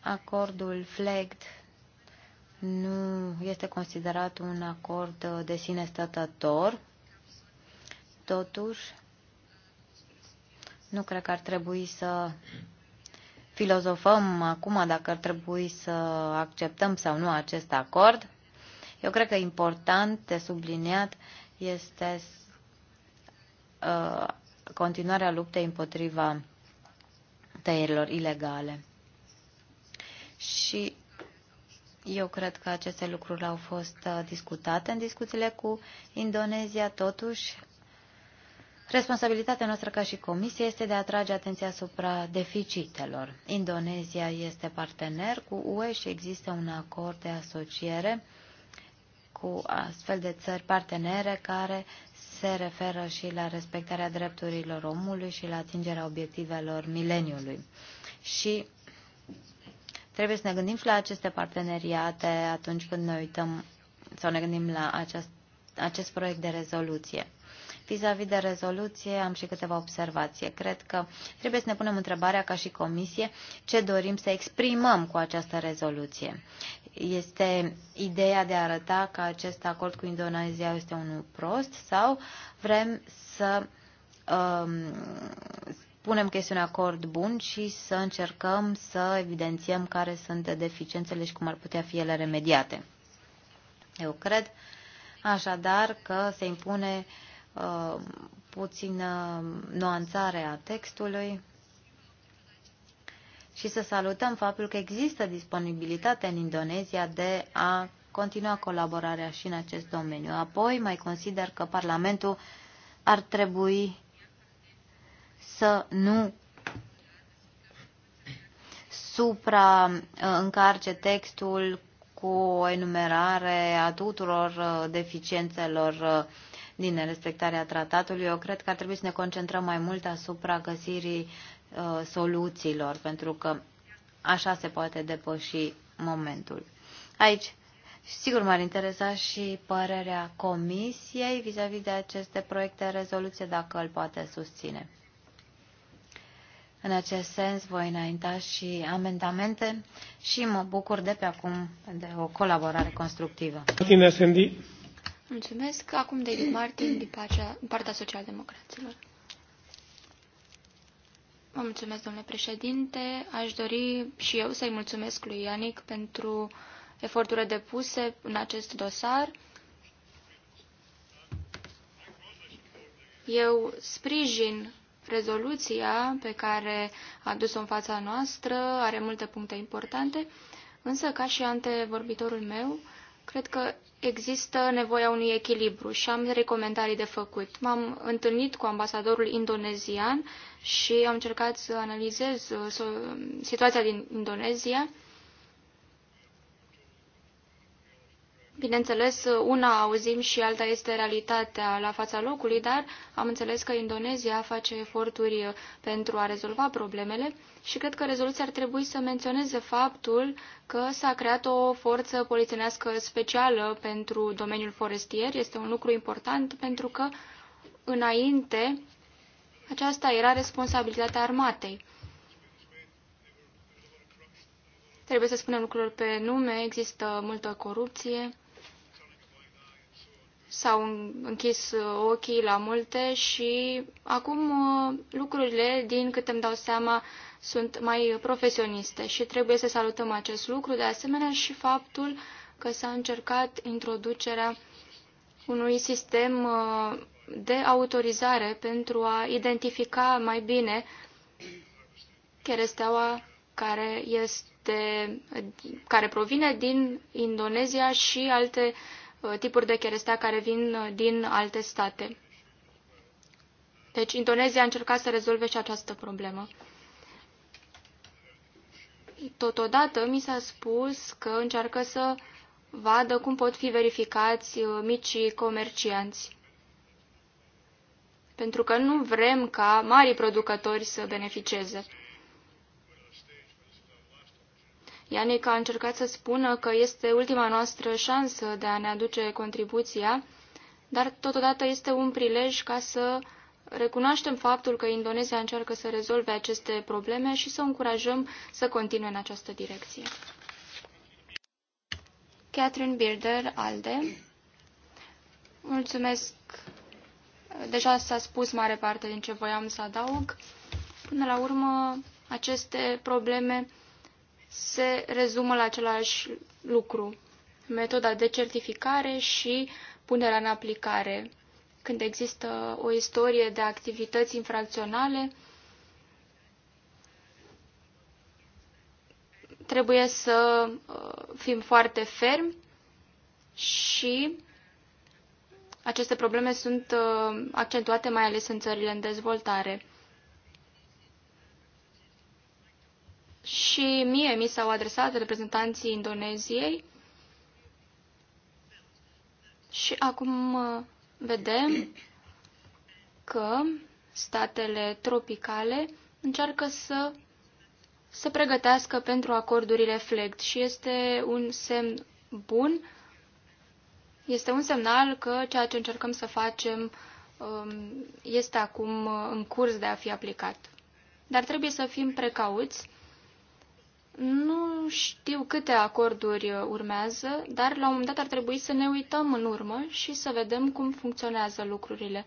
Acordul FLEGT nu este considerat un acord de sine stătător. Totuși, nu cred că ar trebui să filozofăm acum dacă ar trebui să acceptăm sau nu acest acord. Eu cred că important de subliniat este uh, continuarea luptei împotriva tăierilor ilegale. Și eu cred că aceste lucruri au fost uh, discutate în discuțiile cu Indonezia, totuși Responsabilitatea noastră ca și Comisie este de a atrage atenția asupra deficitelor. Indonezia este partener cu UE și există un acord de asociere cu astfel de țări partenere care se referă și la respectarea drepturilor omului și la atingerea obiectivelor mileniului. Și Trebuie să ne gândim și la aceste parteneriate atunci când ne uităm sau ne gândim la acest, acest proiect de rezoluție. Vis-a-vis -vis de rezoluție am și câteva observații. Cred că trebuie să ne punem întrebarea ca și comisie ce dorim să exprimăm cu această rezoluție. Este ideea de a arăta că acest acord cu Indonezia este unul prost sau vrem să um, punem chestiunea acord bun și să încercăm să evidențiem care sunt deficiențele și cum ar putea fi ele remediate. Eu cred așadar că se impune uh, puțină nuanțare a textului și să salutăm faptul că există disponibilitate în Indonezia de a continua colaborarea și în acest domeniu. Apoi mai consider că Parlamentul ar trebui să nu uh, încarce textul cu o enumerare a tuturor uh, deficiențelor uh, din respectarea tratatului. Eu cred că ar trebui să ne concentrăm mai mult asupra găsirii soluțiilor, pentru că așa se poate depăși momentul. Aici, sigur, m-ar interesa și părerea Comisiei vis-a-vis -vis de aceste proiecte de rezoluție, dacă îl poate susține. În acest sens voi înainta și amendamente și mă bucur de pe acum de o colaborare constructivă. Mulțumesc. Acum David Martin din partea, partea Social-Democraților. Vă mulțumesc, domnule președinte. Aș dori și eu să-i mulțumesc lui Ianic pentru eforturile depuse în acest dosar. Eu sprijin Rezoluția pe care a dus-o în fața noastră are multe puncte importante, însă, ca și antevorbitorul meu, cred că există nevoia unui echilibru și am recomandări de făcut. M-am întâlnit cu ambasadorul indonezian și am încercat să analizez uh, situația din Indonezia Bineînțeles, una auzim și alta este realitatea la fața locului, dar am înțeles că Indonezia face eforturi pentru a rezolva problemele și cred că rezoluția ar trebui să menționeze faptul că s-a creat o forță polițienească specială pentru domeniul forestier. Este un lucru important pentru că înainte aceasta era responsabilitatea armatei. Trebuie să spunem lucrurile pe nume, există multă corupție s-au închis uh, ochii la multe și acum uh, lucrurile, din câte îmi dau seama, sunt mai profesioniste și trebuie să salutăm acest lucru, de asemenea și faptul că s-a încercat introducerea unui sistem uh, de autorizare pentru a identifica mai bine cheresteaua care, este, care provine din Indonezia și alte uh, Uh, tipuri de cherestea care vin uh, din alte state. Deci Indonezia a încercat să rezolve și această problemă. Totodată mi s-a spus că încearcă să vadă cum pot fi verificați uh, micii comercianți. Pentru că nu vrem ca mari producători să beneficieze. Ianic a încercat să spună că este ultima noastră șansă de a ne aduce contribuția, dar totodată este un prilej ca să recunoaștem faptul că Indonezia încearcă să rezolve aceste probleme și să o încurajăm să continue în această direcție. Catherine Birder, ALDE. Mulțumesc. Deja s-a spus mare parte din ce voiam să adaug. Până la urmă, aceste probleme se rezumă la același lucru. Metoda de certificare și punerea în aplicare. Când există o istorie de activități infracționale, trebuie să uh, fim foarte fermi și aceste probleme sunt uh, accentuate mai ales în țările în dezvoltare. și mie mi s-au adresat reprezentanții Indoneziei și acum uh, vedem că statele tropicale încearcă să se pregătească pentru acordurile FLECT și este un semn bun, este un semnal că ceea ce încercăm să facem um, este acum uh, în curs de a fi aplicat. Dar trebuie să fim precauți nu știu câte acorduri urmează, dar la un moment dat ar trebui să ne uităm în urmă și să vedem cum funcționează lucrurile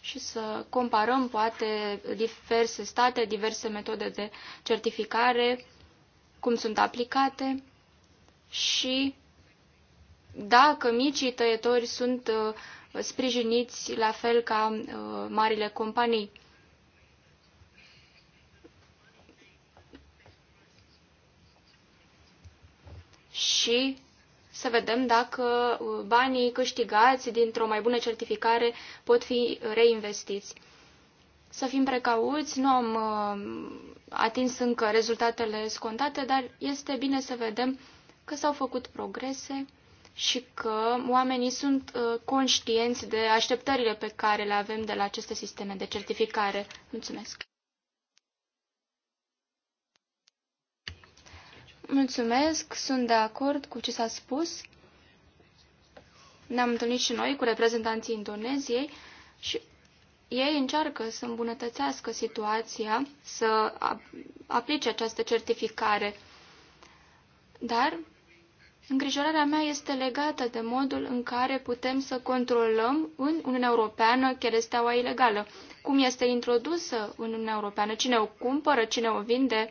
și să comparăm poate diverse state, diverse metode de certificare, cum sunt aplicate și dacă micii tăietori sunt uh, sprijiniți la fel ca uh, marile companii. și să vedem dacă uh, banii câștigați dintr-o mai bună certificare pot fi reinvestiți. Să fim precauți, nu am uh, atins încă rezultatele scontate, dar este bine să vedem că s-au făcut progrese și că oamenii sunt uh, conștienți de așteptările pe care le avem de la aceste sisteme de certificare. Mulțumesc! Mulțumesc, sunt de acord cu ce s-a spus. Ne-am întâlnit și noi cu reprezentanții Indoneziei și ei încearcă să îmbunătățească situația, să aplice această certificare. Dar îngrijorarea mea este legată de modul în care putem să controlăm în Uniunea Europeană cheresteaua ilegală. Cum este introdusă în Uniunea Europeană? Cine o cumpără? Cine o vinde?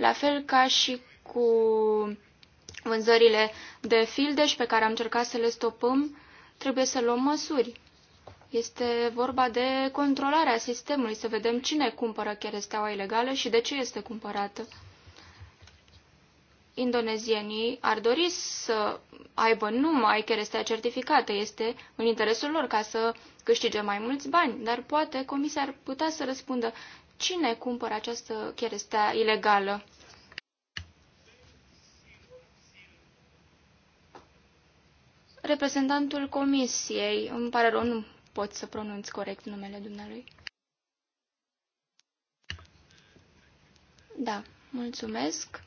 la fel ca și cu vânzările de fildeș pe care am încercat să le stopăm, trebuie să luăm măsuri. Este vorba de controlarea sistemului, să vedem cine cumpără cheresteaua ilegală și de ce este cumpărată. Indonezienii ar dori să aibă numai cherestea certificată. Este în interesul lor ca să câștige mai mulți bani, dar poate comisia ar putea să răspundă Cine cumpără această cherestea ilegală? Reprezentantul comisiei, îmi pare rău, nu pot să pronunț corect numele dumnealui. Da, mulțumesc.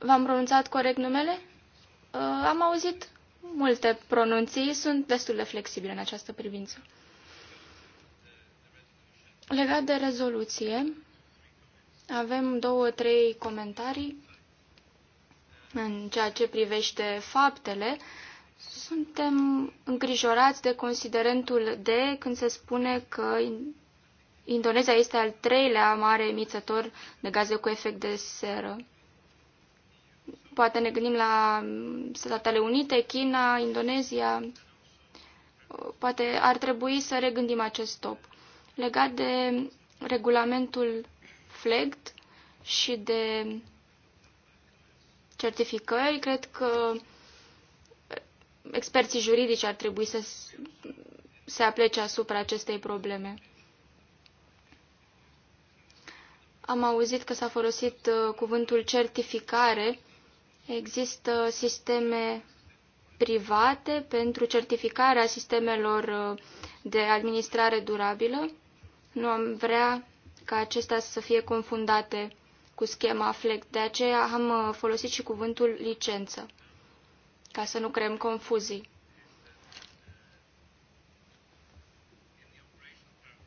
V-am pronunțat corect numele? Uh, am auzit multe pronunții, sunt destul de flexibil în această privință. Legat de rezoluție, avem două, trei comentarii în ceea ce privește faptele. Suntem îngrijorați de considerentul D când se spune că Indonezia este al treilea mare emițător de gaze cu efect de seră. Poate ne gândim la Statele Unite, China, Indonezia. Poate ar trebui să regândim acest top legat de regulamentul FLEGT și de certificări, cred că experții juridici ar trebui să se aplece asupra acestei probleme. Am auzit că s-a folosit uh, cuvântul certificare. Există sisteme private pentru certificarea sistemelor uh, de administrare durabilă nu am vrea ca acestea să fie confundate cu schema FLEC. De aceea am uh, folosit și cuvântul licență, ca să nu creăm confuzii.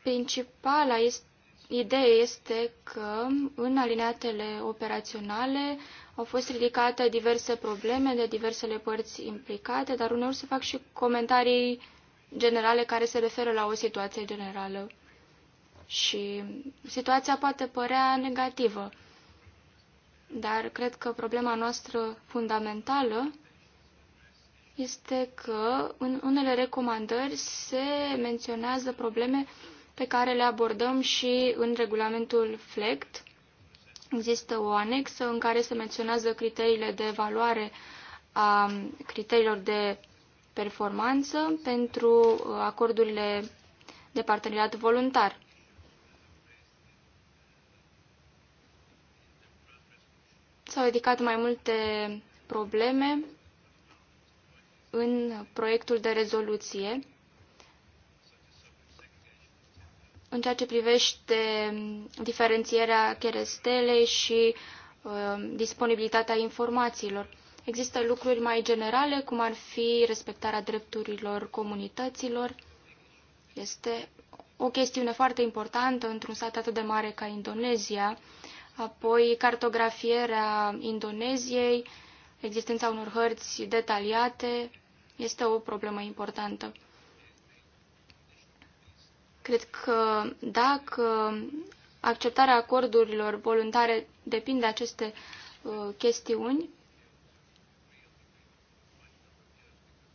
Principala este, idee este că în alineatele operaționale au fost ridicate diverse probleme de diversele părți implicate, dar uneori se fac și comentarii generale care se referă la o situație generală și situația poate părea negativă. Dar cred că problema noastră fundamentală este că în unele recomandări se menționează probleme pe care le abordăm și în regulamentul FLECT. Există o anexă în care se menționează criteriile de evaluare a criteriilor de performanță pentru acordurile de parteneriat voluntar. S-au ridicat mai multe probleme în proiectul de rezoluție în ceea ce privește diferențierea cherestelei și uh, disponibilitatea informațiilor. Există lucruri mai generale, cum ar fi respectarea drepturilor comunităților. Este o chestiune foarte importantă într-un stat atât de mare ca Indonezia, apoi cartografierea Indoneziei, existența unor hărți detaliate, este o problemă importantă. Cred că dacă acceptarea acordurilor voluntare depinde de aceste uh, chestiuni,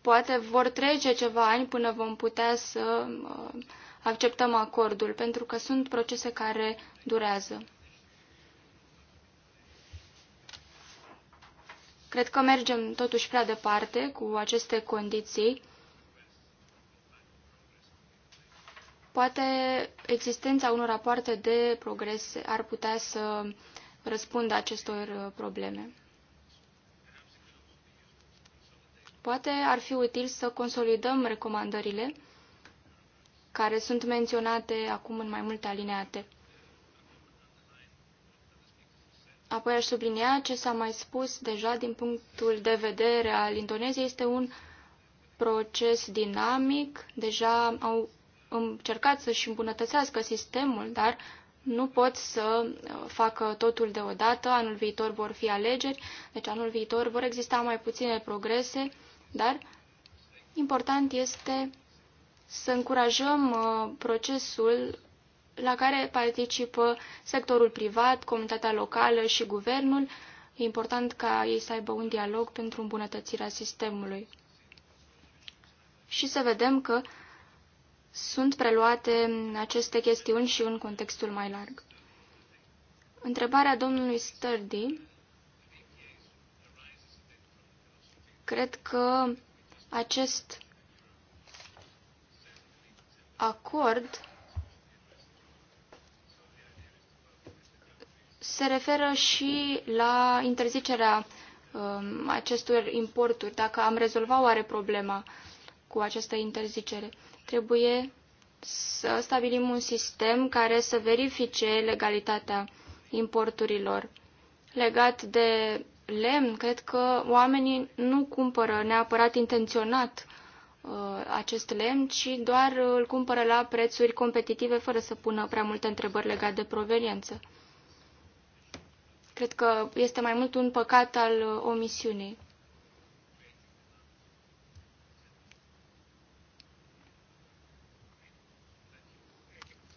poate vor trece ceva ani până vom putea să uh, acceptăm acordul, pentru că sunt procese care durează. Cred că mergem totuși prea departe cu aceste condiții. Poate existența unor rapoarte de progres ar putea să răspundă acestor probleme. Poate ar fi util să consolidăm recomandările care sunt menționate acum în mai multe alineate. Apoi aș sublinia ce s-a mai spus deja din punctul de vedere al Indoneziei. Este un proces dinamic. Deja au încercat să-și îmbunătățească sistemul, dar nu pot să uh, facă totul deodată. Anul viitor vor fi alegeri, deci anul viitor vor exista mai puține progrese, dar important este să încurajăm uh, procesul la care participă sectorul privat, comunitatea locală și guvernul. E important ca ei să aibă un dialog pentru îmbunătățirea sistemului. Și să vedem că sunt preluate aceste chestiuni și în contextul mai larg. Întrebarea domnului Sturdy cred că acest acord se referă și la interzicerea um, acestor importuri. Dacă am rezolvat oare problema cu această interzicere, trebuie să stabilim un sistem care să verifice legalitatea importurilor. Legat de lemn, cred că oamenii nu cumpără neapărat intenționat uh, acest lemn, ci doar îl cumpără la prețuri competitive fără să pună prea multe întrebări legate de proveniență. Cred că este mai mult un păcat al omisiunii.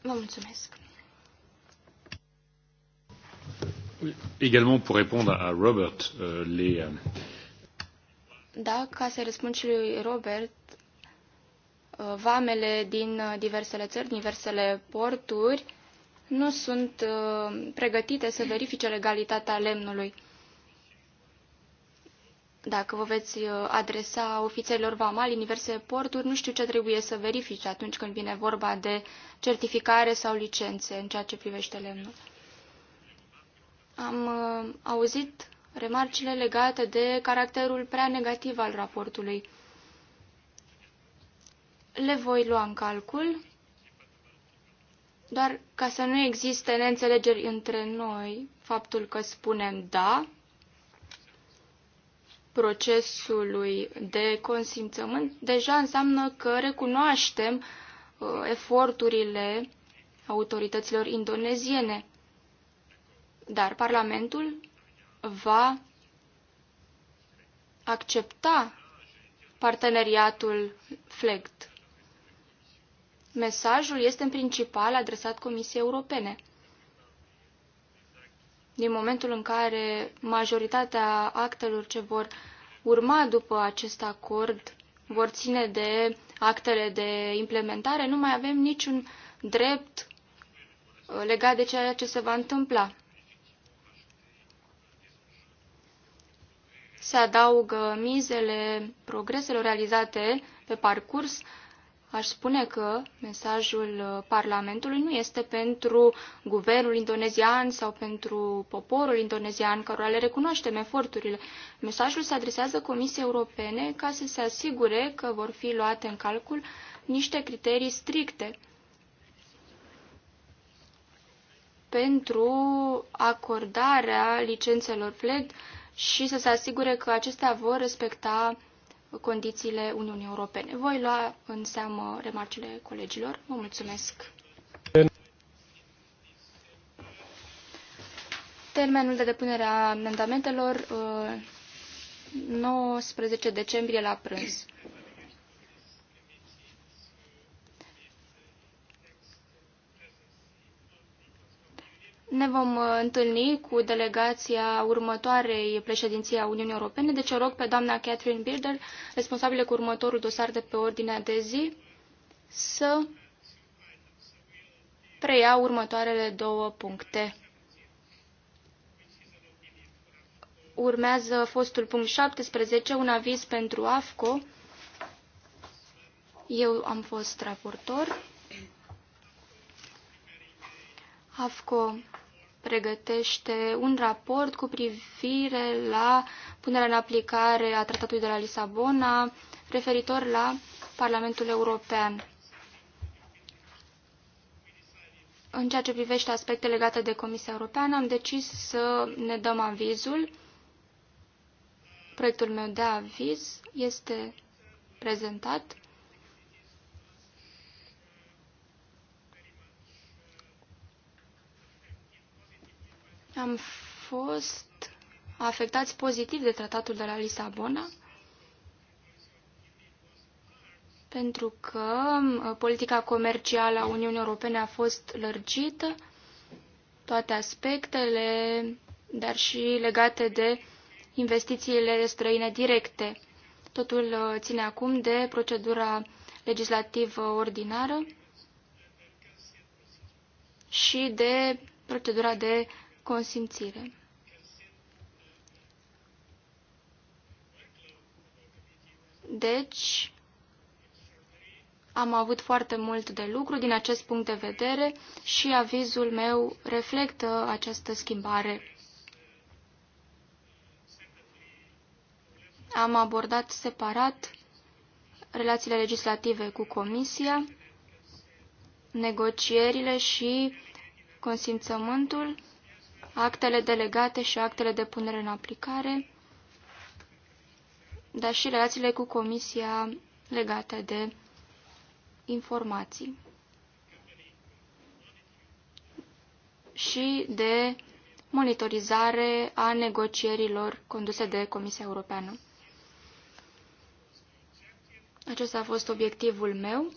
Vă mulțumesc. Également pour répondre à Robert, euh, les. Euh, da, ca să răspund și lui Robert, uh, vamele din uh, diversele țări, diversele porturi, nu sunt uh, pregătite să verifice legalitatea lemnului. Dacă vă veți uh, adresa ofițerilor vamali în diverse porturi, nu știu ce trebuie să verifice atunci când vine vorba de certificare sau licențe în ceea ce privește lemnul. Am uh, auzit remarcile legate de caracterul prea negativ al raportului. Le voi lua în calcul doar ca să nu existe neînțelegeri între noi, faptul că spunem da procesului de consimțământ deja înseamnă că recunoaștem uh, eforturile autorităților indoneziene. Dar Parlamentul va accepta parteneriatul FLECT. Mesajul este în principal adresat Comisiei Europene. Din momentul în care majoritatea actelor ce vor urma după acest acord vor ține de actele de implementare, nu mai avem niciun drept uh, legat de ceea ce se va întâmpla. Se adaugă mizele progreselor realizate pe parcurs Aș spune că mesajul uh, Parlamentului nu este pentru guvernul indonezian sau pentru poporul indonezian, care le recunoaștem eforturile. Mesajul se adresează Comisiei Europene ca să se asigure că vor fi luate în calcul niște criterii stricte pentru acordarea licențelor Fled și să se asigure că acestea vor respecta condițiile Uniunii Europene. Voi lua în seamă remarcile colegilor. Vă mulțumesc! Termenul de depunere a amendamentelor 19 uh, decembrie la prânz. Ne vom uh, întâlni cu delegația următoarei președinții a Uniunii Europene, deci o rog pe doamna Catherine Birder, responsabilă cu următorul dosar de pe ordinea de zi, să preia următoarele două puncte. Urmează fostul punct 17, un aviz pentru AFCO. Eu am fost raportor. AFCO pregătește un raport cu privire la punerea în aplicare a Tratatului de la Lisabona referitor la Parlamentul European. În ceea ce privește aspecte legate de Comisia Europeană, am decis să ne dăm avizul. Proiectul meu de aviz este prezentat Am fost afectați pozitiv de tratatul de la Lisabona, pentru că uh, politica comercială a Uniunii Europene a fost lărgită, toate aspectele, dar și legate de investițiile străine directe. Totul uh, ține acum de procedura legislativă ordinară și de procedura de consimțire. Deci, am avut foarte mult de lucru din acest punct de vedere și avizul meu reflectă această schimbare. Am abordat separat relațiile legislative cu Comisia, negocierile și consimțământul actele delegate și actele de punere în aplicare, dar și relațiile cu Comisia legate de informații și de monitorizare a negocierilor conduse de Comisia Europeană. Acesta a fost obiectivul meu.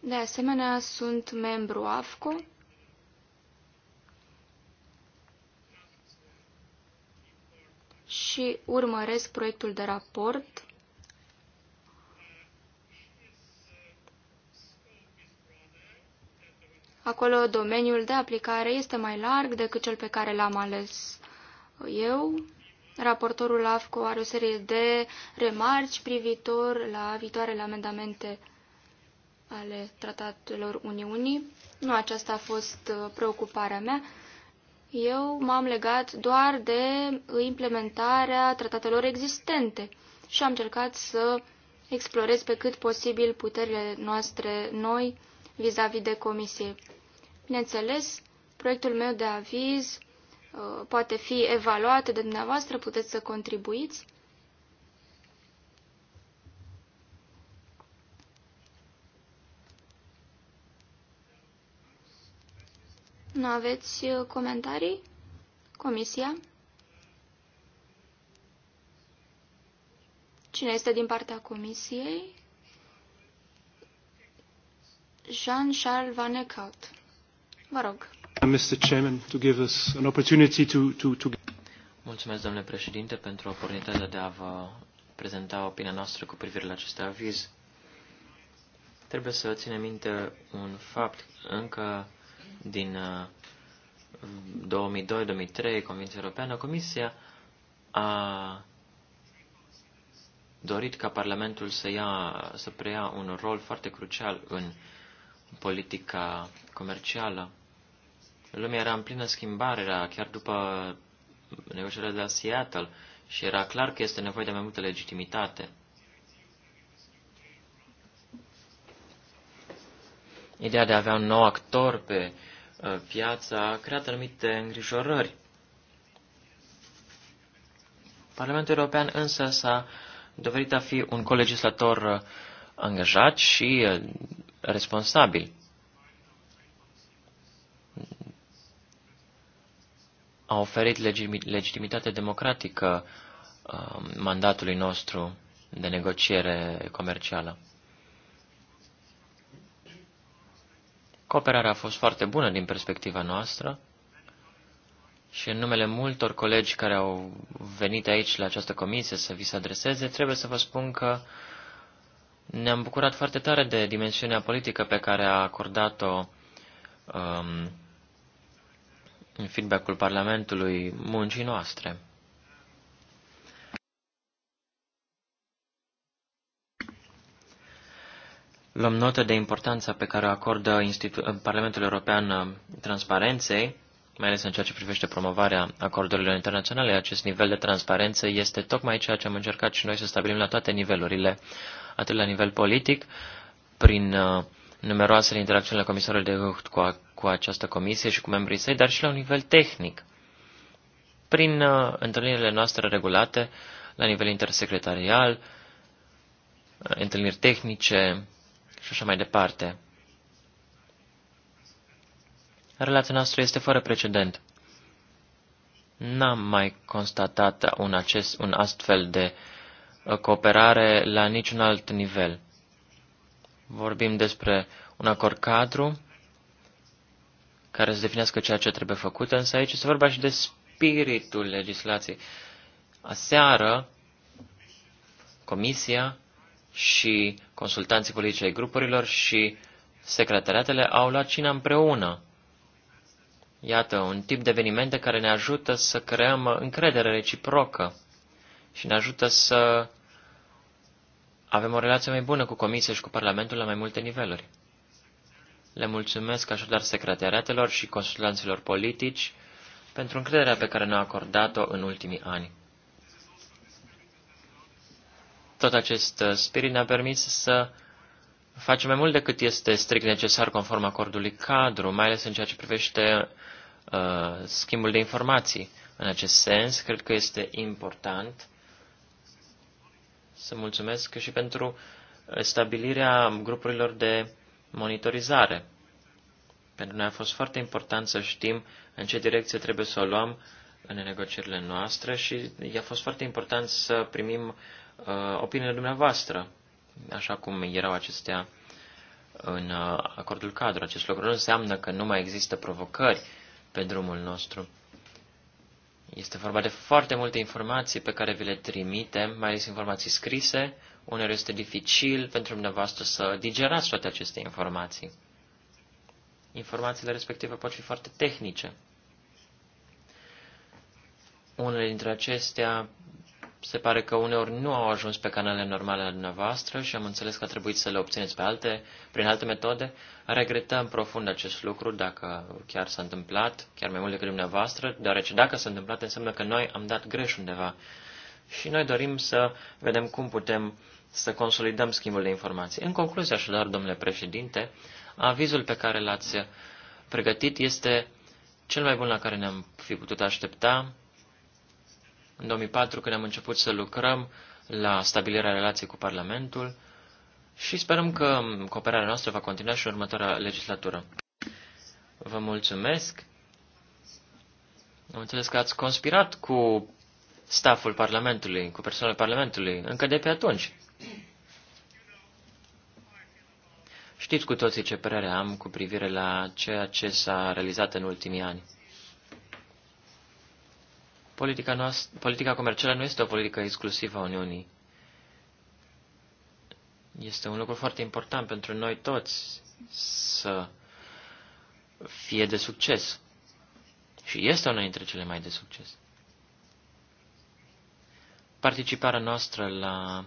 De asemenea, sunt membru AFCO și urmăresc proiectul de raport. Acolo domeniul de aplicare este mai larg decât cel pe care l-am ales eu. Raportorul AFCO are o serie de remarci privitor la viitoarele amendamente ale tratatelor Uniunii. Nu aceasta a fost uh, preocuparea mea eu m-am legat doar de implementarea tratatelor existente și am încercat să explorez pe cât posibil puterile noastre noi vis-a-vis -vis de comisie. Bineînțeles, proiectul meu de aviz uh, poate fi evaluat de dumneavoastră, puteți să contribuiți Nu aveți uh, comentarii? Comisia? Cine este din partea comisiei? Jean-Charles Van Eckhout. Vă rog. Mr. Chairman, to give us an opportunity to, to, to... Mulțumesc, domnule președinte, pentru oportunitatea de a vă prezenta opinia noastră cu privire la acest aviz. Trebuie să ținem minte un fapt. Încă din 2002-2003, uh, Convenția Europeană, Comisia a dorit ca Parlamentul să, ia, să preia un rol foarte crucial în politica comercială. Lumea era în plină schimbare, era chiar după negocierea de la Seattle și era clar că este nevoie de mai multă legitimitate. Ideea de a avea un nou actor pe uh, piață a creat anumite îngrijorări. Parlamentul European însă s-a dovedit a fi un colegislator uh, angajat și uh, responsabil. A oferit legitimitate democratică mandatului nostru de negociere comercială. Cooperarea a fost foarte bună din perspectiva noastră și în numele multor colegi care au venit aici la această comisie să vi se adreseze, trebuie să vă spun că ne-am bucurat foarte tare de dimensiunea politică pe care a acordat-o um, feedback-ul Parlamentului muncii noastre. Luăm notă de importanța pe care o acordă Institu- Parlamentul European uh, transparenței, mai ales în ceea ce privește promovarea acordurilor internaționale. Acest nivel de transparență este tocmai ceea ce am încercat și noi să stabilim la toate nivelurile, atât la nivel politic, prin uh, numeroasele interacțiuni la comisarul de Hucht cu, cu această comisie și cu membrii săi, dar și la un nivel tehnic, prin uh, întâlnirile noastre regulate la nivel intersecretarial, uh, întâlniri tehnice, și așa mai departe. Relația noastră este fără precedent. N-am mai constatat un, acest, un astfel de uh, cooperare la niciun alt nivel. Vorbim despre un acord cadru care să definească ceea ce trebuie făcut, însă aici se vorba și de spiritul legislației. Aseară, Comisia și consultanții politice ai grupurilor și secretariatele au luat cina împreună. Iată, un tip de evenimente care ne ajută să creăm încredere reciprocă și ne ajută să avem o relație mai bună cu Comisia și cu Parlamentul la mai multe niveluri. Le mulțumesc așadar secretariatelor și consultanților politici pentru încrederea pe care ne-au acordat-o în ultimii ani. Tot acest uh, spirit ne-a permis să facem mai mult decât este strict necesar conform acordului cadru, mai ales în ceea ce privește uh, schimbul de informații. În acest sens, cred că este important să mulțumesc și pentru stabilirea grupurilor de monitorizare. Pentru noi a fost foarte important să știm în ce direcție trebuie să o luăm în negocierile noastre și i-a fost foarte important să primim uh, opiniile dumneavoastră, așa cum erau acestea în uh, acordul cadru. Acest lucru nu înseamnă că nu mai există provocări pe drumul nostru. Este vorba de foarte multe informații pe care vi le trimitem, mai ales informații scrise. Uneori este dificil pentru dumneavoastră să digerați toate aceste informații. Informațiile respective pot fi foarte tehnice. Unele dintre acestea se pare că uneori nu au ajuns pe canalele normale ale dumneavoastră și am înțeles că a trebuit să le obțineți pe alte, prin alte metode. Regretăm profund acest lucru dacă chiar s-a întâmplat, chiar mai mult decât dumneavoastră, deoarece dacă s-a întâmplat înseamnă că noi am dat greș undeva. Și noi dorim să vedem cum putem să consolidăm schimbul de informații. În concluzie, așadar, domnule președinte, avizul pe care l-ați pregătit este cel mai bun la care ne-am fi putut aștepta în 2004, când am început să lucrăm la stabilirea relației cu Parlamentul și sperăm că cooperarea noastră va continua și în următoarea legislatură. Vă mulțumesc! Am înțeles că ați conspirat cu staful Parlamentului, cu persoanele Parlamentului, încă de pe atunci. Știți cu toții ce părere am cu privire la ceea ce s-a realizat în ultimii ani politica, noastră, politica comercială nu este o politică exclusivă a Uniunii. Este un lucru foarte important pentru noi toți să fie de succes. Și este una dintre cele mai de succes. Participarea noastră la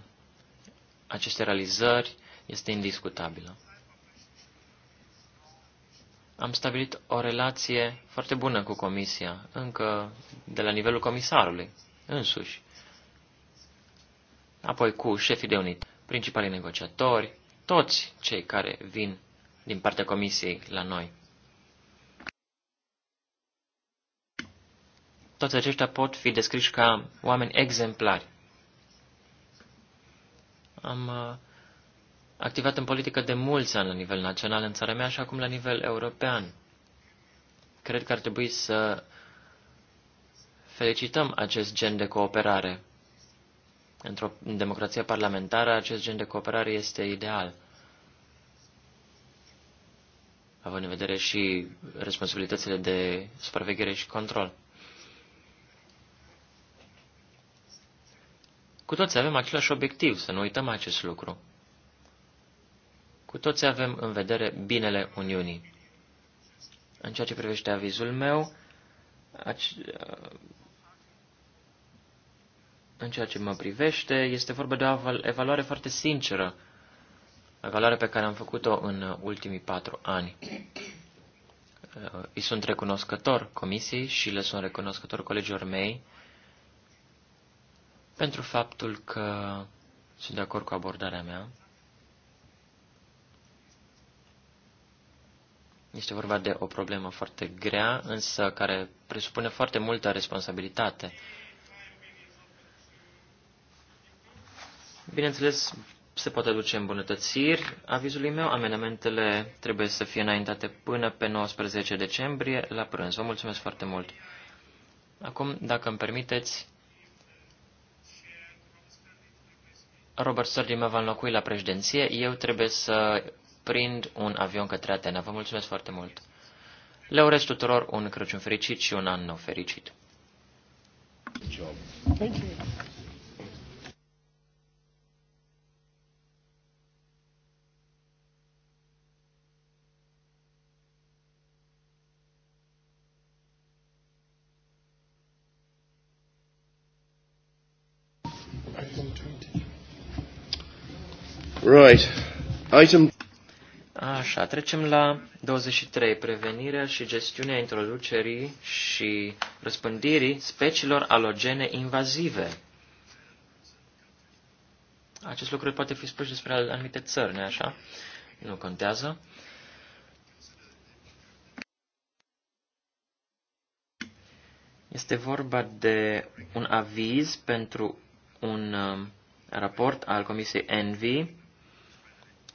aceste realizări este indiscutabilă. Am stabilit o relație foarte bună cu Comisia, încă de la nivelul comisarului însuși. Apoi cu șefii de unit, principalii negociatori, toți cei care vin din partea Comisiei la noi. Toți aceștia pot fi descriși ca oameni exemplari. Am uh, activat în politică de mulți ani la nivel național în țara mea așa acum la nivel european. Cred că ar trebui să felicităm acest gen de cooperare. Într-o democrație parlamentară, acest gen de cooperare este ideal. Având în vedere și responsabilitățile de supraveghere și control. Cu toți avem același obiectiv, să nu uităm acest lucru. Cu toți avem în vedere binele Uniunii. În ceea ce privește avizul meu, în ceea ce mă privește, este vorba de o evaluare foarte sinceră, evaluare pe care am făcut-o în ultimii patru ani. Uh, îi sunt recunoscător comisiei și le sunt recunoscător colegilor mei pentru faptul că sunt de acord cu abordarea mea Este vorba de o problemă foarte grea, însă care presupune foarte multă responsabilitate. Bineînțeles, se poate aduce îmbunătățiri. Avizului meu, amendamentele trebuie să fie înaintate până pe 19 decembrie la prânz. Vă mulțumesc foarte mult. Acum, dacă îmi permiteți, Robert Sturdy mă va înlocui la președinție. Eu trebuie să prind un avion către Atena. Vă mulțumesc foarte mult! Le urez tuturor un Crăciun fericit și un an nou fericit! Thank you. Right. Item Așa, trecem la 23. Prevenirea și gestiunea introducerii și răspândirii speciilor alogene invazive. Acest lucru poate fi spus despre anumite țări, nu așa? Nu contează. Este vorba de un aviz pentru un um, raport al Comisiei Envy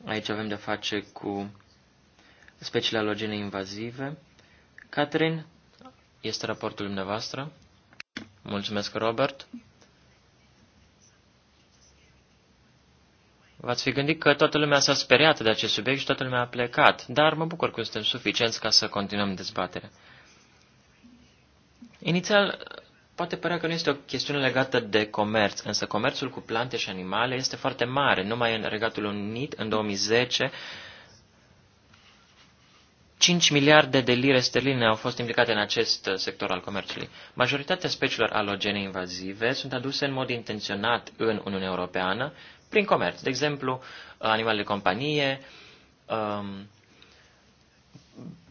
Aici avem de-a face cu speciile alogene invazive. Catherine, este raportul dumneavoastră. Mulțumesc, Robert. V-ați fi gândit că toată lumea s-a speriat de acest subiect și toată lumea a plecat, dar mă bucur că suntem suficienți ca să continuăm dezbaterea. Inițial, Poate părea că nu este o chestiune legată de comerț, însă comerțul cu plante și animale este foarte mare. Numai în Regatul Unit, în 2010, 5 miliarde de lire sterline au fost implicate în acest uh, sector al comerțului. Majoritatea speciilor alogene invazive sunt aduse în mod intenționat în Uniunea Europeană prin comerț. De exemplu, uh, animale de companie, um,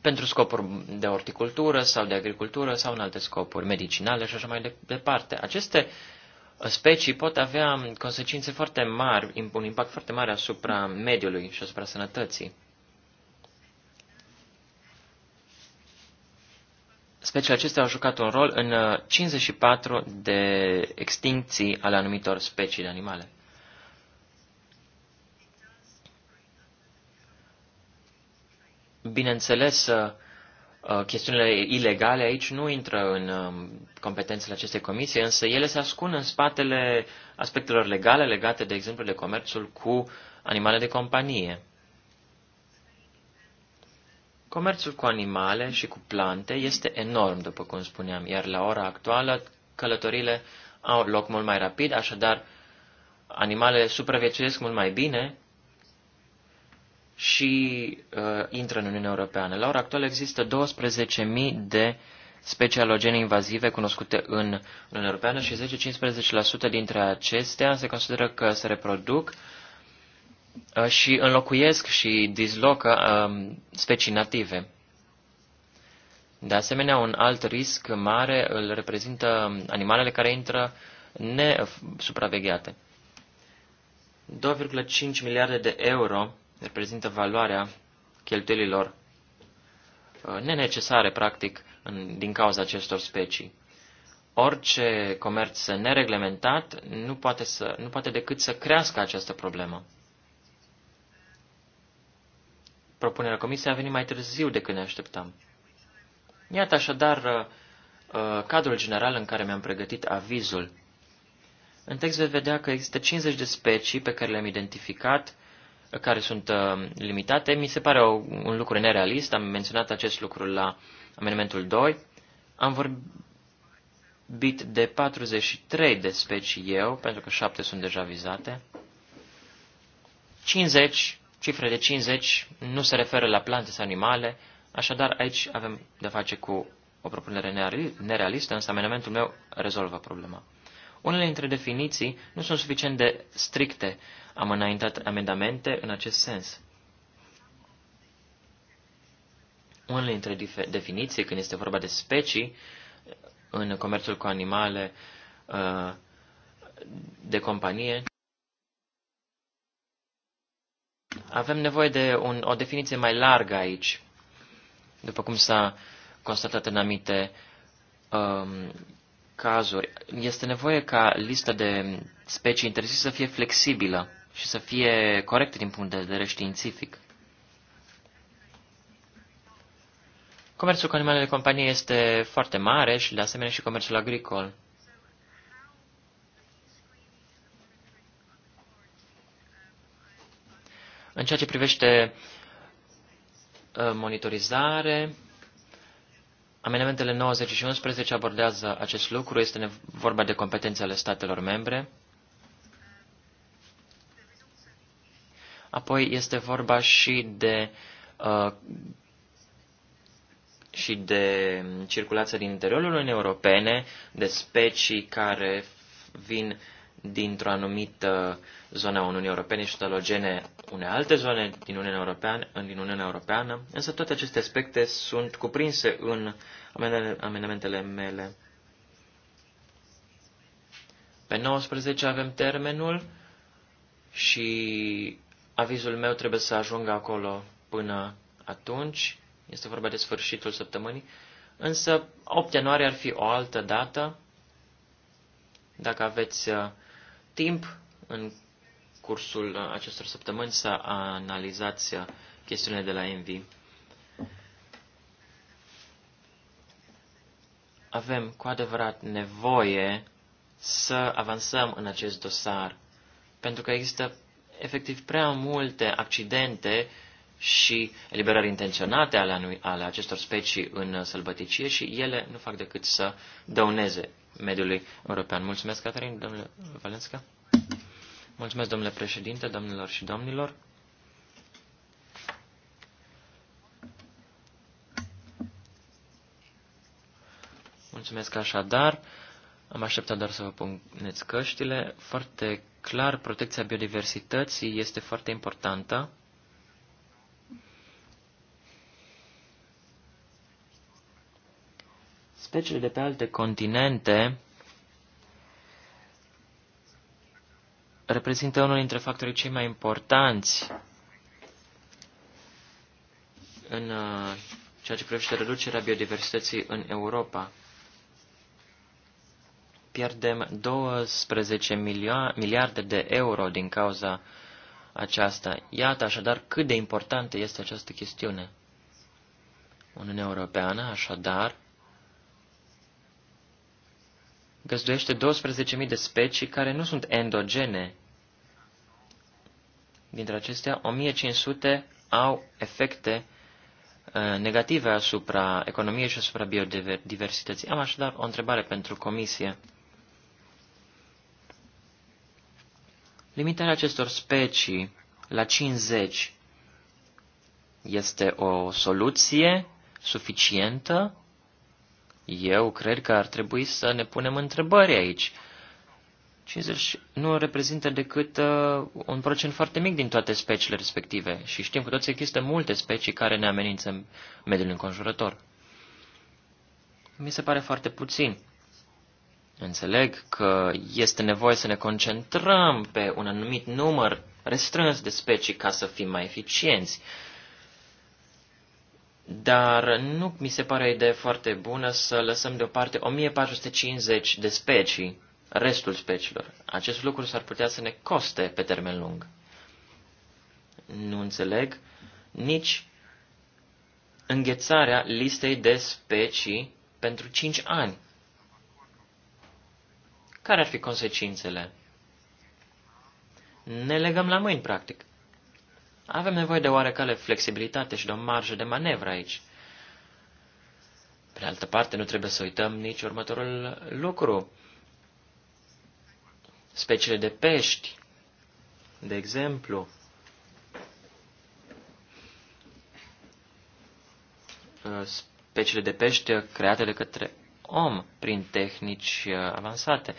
pentru scopuri de horticultură sau de agricultură sau în alte scopuri medicinale și așa mai departe. Aceste specii pot avea consecințe foarte mari, un impact foarte mare asupra mediului și asupra sănătății. Speciile acestea au jucat un rol în 54 uh, de extincții ale anumitor specii de animale. Bineînțeles, uh, uh, chestiunile ilegale aici nu intră în um, competențele acestei comisii, însă ele se ascund în spatele aspectelor legale legate, de exemplu, de comerțul cu animale de companie. Comerțul cu animale și cu plante este enorm, după cum spuneam, iar la ora actuală călătorile au loc mult mai rapid, așadar animalele supraviețuiesc mult mai bine și uh, intră în Uniunea Europeană. La ora actuală există 12.000 de specii alogene invazive cunoscute în Uniunea Europeană și 10-15% dintre acestea se consideră că se reproduc uh, și înlocuiesc și dislocă um, specii native. De asemenea, un alt risc mare îl reprezintă animalele care intră nesupravegheate. 2,5 miliarde de euro reprezintă valoarea cheltuielilor uh, nenecesare, practic, în, din cauza acestor specii. Orice comerț nereglementat nu poate, să, nu poate decât să crească această problemă. Propunerea comisiei a venit mai târziu decât ne așteptam. Iată așadar uh, uh, cadrul general în care mi-am pregătit avizul. În text veți vedea că există 50 de specii pe care le-am identificat care sunt uh, limitate. Mi se pare o, un lucru nerealist, am menționat acest lucru la amendamentul 2. Am vorbit de 43 de specii eu, pentru că 7 sunt deja vizate. 50, cifre de 50 nu se referă la plante sau animale, așadar aici avem de face cu o propunere nerealistă, însă amendamentul meu rezolvă problema. Unele dintre definiții nu sunt suficient de stricte, am înaintat amendamente în acest sens. Unele dintre definiții, când este vorba de specii, în comerțul cu animale uh, de companie, avem nevoie de un, o definiție mai largă aici, după cum s-a constatat în anumite um, cazuri. Este nevoie ca lista de specii interzise să fie flexibilă și să fie corecte din punct de vedere științific. Comerțul cu animalele de companie este foarte mare și, de asemenea, și comerțul agricol. În ceea ce privește ă, monitorizare, amendamentele 90 și 11 abordează acest lucru. Este vorba de competențele statelor membre. Apoi este vorba și de uh, și de circulația din interiorul Uniunii Europene, de specii care vin dintr-o anumită zonă a Uniunii Europene și sunt unei alte zone din Uniunea, Europeană, din Uniunea Europeană, însă toate aceste aspecte sunt cuprinse în amendamentele mele. Pe 19 avem termenul și Avizul meu trebuie să ajungă acolo până atunci, este vorba de sfârșitul săptămânii, însă 8 ianuarie ar fi o altă dată. Dacă aveți uh, timp în cursul uh, acestor săptămâni să analizați uh, chestiunile de la Envy. Avem cu adevărat nevoie să avansăm în acest dosar, pentru că există efectiv prea multe accidente și eliberări intenționate ale, anui, ale acestor specii în sălbăticie și ele nu fac decât să dăuneze mediului european. Mulțumesc, Caterin, domnule Valenska. Mulțumesc, domnule președinte, domnilor și domnilor. Mulțumesc așadar. Am așteptat doar să vă puneți căștile. Foarte clar, protecția biodiversității este foarte importantă. Speciile de pe alte continente reprezintă unul dintre factorii cei mai importanți în uh, ceea ce privește reducerea biodiversității în Europa pierdem 12 miliarde de euro din cauza aceasta. Iată așadar cât de importantă este această chestiune. Uniunea Europeană, așadar, găzduiește 12.000 de specii care nu sunt endogene. Dintre acestea, 1.500 au efecte uh, negative asupra economiei și asupra biodiversității. Am așadar o întrebare pentru Comisie. Limitarea acestor specii la 50 este o soluție suficientă? Eu cred că ar trebui să ne punem întrebări aici. 50 nu reprezintă decât uh, un procent foarte mic din toate speciile respective și știm că toți există multe specii care ne amenință mediul înconjurător. Mi se pare foarte puțin. Înțeleg că este nevoie să ne concentrăm pe un anumit număr restrâns de specii ca să fim mai eficienți. Dar nu mi se pare o idee foarte bună să lăsăm deoparte 1450 de specii, restul speciilor. Acest lucru s-ar putea să ne coste pe termen lung. Nu înțeleg nici înghețarea listei de specii pentru 5 ani. Care ar fi consecințele? Ne legăm la mâini, practic. Avem nevoie de oarecare flexibilitate și de o marjă de manevră aici. Pe altă parte, nu trebuie să uităm nici următorul lucru. Speciile de pești, de exemplu, speciile de pești create de către om prin tehnici uh, avansate,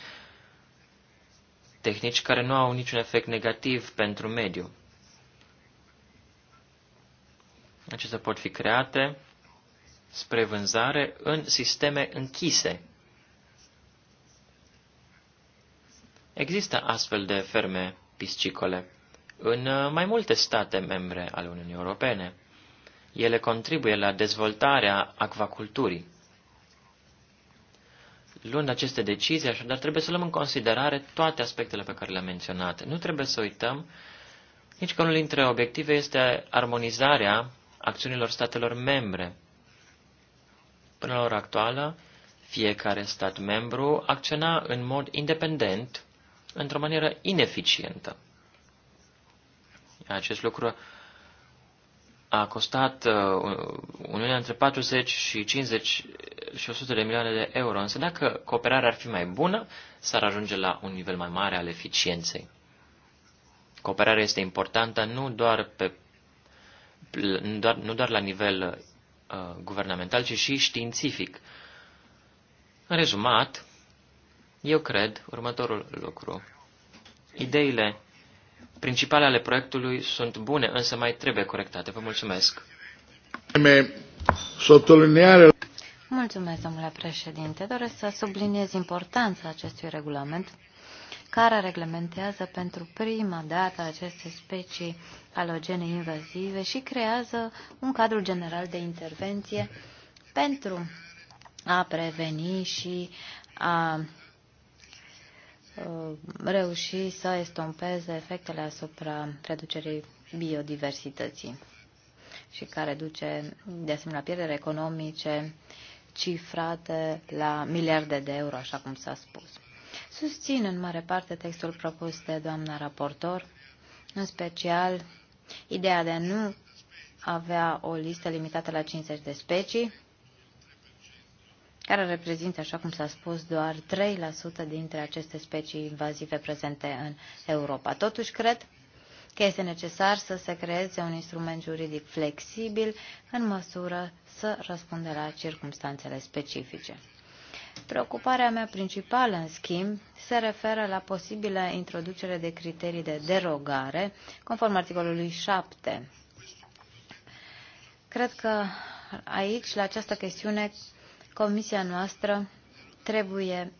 tehnici care nu au niciun efect negativ pentru mediu. Acestea pot fi create spre vânzare în sisteme închise. Există astfel de ferme piscicole în uh, mai multe state membre ale Uniunii Europene. Ele contribuie la dezvoltarea acvaculturii luând aceste decizii, așadar trebuie să luăm în considerare toate aspectele pe care le-am menționat. Nu trebuie să uităm nici că unul dintre obiective este armonizarea acțiunilor statelor membre. Până la ora actuală, fiecare stat membru acționa în mod independent, într-o manieră ineficientă. Acest lucru a costat uh, Uniunea între 40 și 50 și 100 de milioane de euro, însă dacă cooperarea ar fi mai bună, s-ar ajunge la un nivel mai mare al eficienței. Cooperarea este importantă nu doar, pe, nu doar, nu doar la nivel uh, guvernamental, ci și științific. În rezumat, eu cred următorul lucru. Ideile principale ale proiectului sunt bune, însă mai trebuie corectate. Vă mulțumesc. Mulțumesc, domnule președinte. Doresc să subliniez importanța acestui regulament care reglementează pentru prima dată aceste specii alogene invazive și creează un cadru general de intervenție pentru a preveni și a Uh, reuși să estompeze efectele asupra reducerii biodiversității și care duce de asemenea pierderi economice cifrate la miliarde de euro, așa cum s-a spus. Susțin în mare parte textul propus de doamna raportor, în special ideea de a nu avea o listă limitată la 50 de specii, care reprezintă, așa cum s-a spus, doar 3% dintre aceste specii invazive prezente în Europa. Totuși, cred că este necesar să se creeze un instrument juridic flexibil în măsură să răspundă la circumstanțele specifice. Preocuparea mea principală, în schimb, se referă la posibilă introducere de criterii de derogare, conform articolului 7. Cred că aici, la această chestiune, Comisia noastră trebuie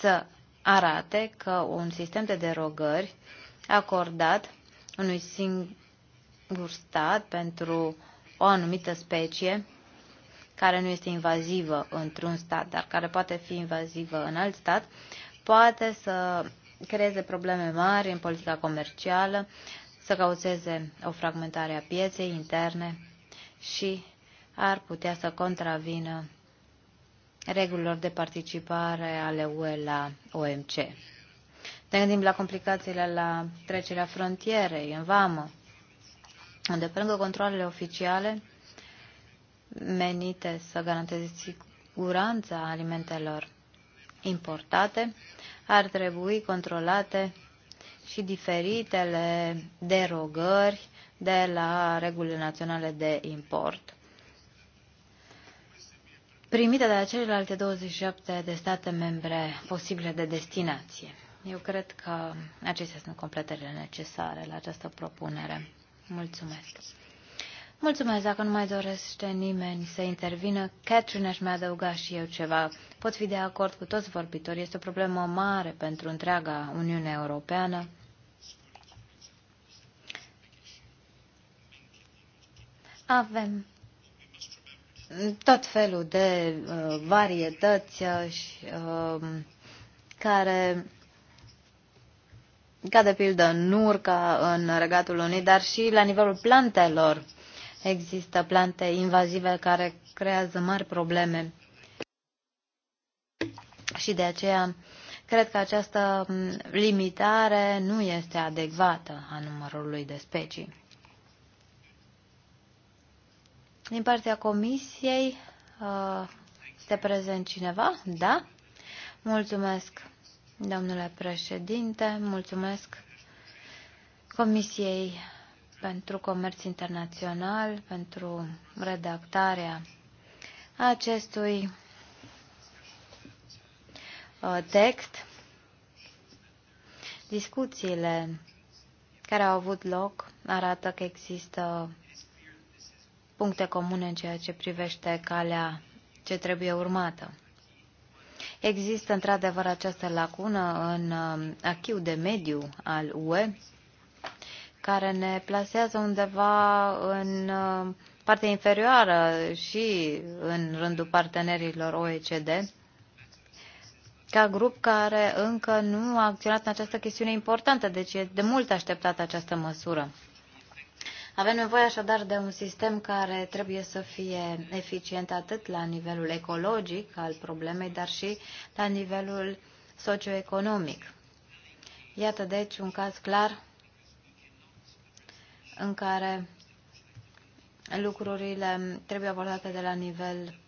să arate că un sistem de derogări acordat unui singur stat pentru o anumită specie care nu este invazivă într-un stat, dar care poate fi invazivă în alt stat, poate să creeze probleme mari în politica comercială, să cauzeze o fragmentare a pieței interne și ar putea să contravină regulilor de participare ale UE la OMC. Ne gândim la complicațiile la trecerea frontierei, în vamă, unde pe lângă controlele oficiale menite să garanteze siguranța alimentelor importate, ar trebui controlate și diferitele derogări de la regulile naționale de import primite de celelalte 27 de state membre posibile de destinație. Eu cred că acestea sunt completările necesare la această propunere. Mulțumesc! Mulțumesc, dacă nu mai dorește nimeni să intervină, Catherine aș mai adăuga și eu ceva. Pot fi de acord cu toți vorbitorii, este o problemă mare pentru întreaga Uniune Europeană. Avem tot felul de uh, varietăți uh, uh care ca de pildă Nurca, în Regatul Unit, dar și la nivelul plantelor există plante invazive care creează mari probleme. Și de aceea cred că această mm, limitare nu este adecvată a numărului de specii. Din partea comisiei, uh, este prezent cineva? Da? Mulțumesc, domnule președinte, mulțumesc Comisiei pentru Comerț Internațional, pentru redactarea acestui uh, text. Discuțiile care au avut loc arată că există puncte comune în ceea ce privește calea ce trebuie urmată. Există într-adevăr această lacună în um, achiu de mediu al UE, care ne plasează undeva în um, partea inferioară și în rândul partenerilor OECD, ca grup care încă nu a acționat în această chestiune importantă, deci e de mult așteptată această măsură. Avem nevoie așadar de un sistem care trebuie să fie eficient atât la nivelul ecologic al problemei, dar și la nivelul socioeconomic. Iată deci un caz clar în care lucrurile trebuie abordate de la nivel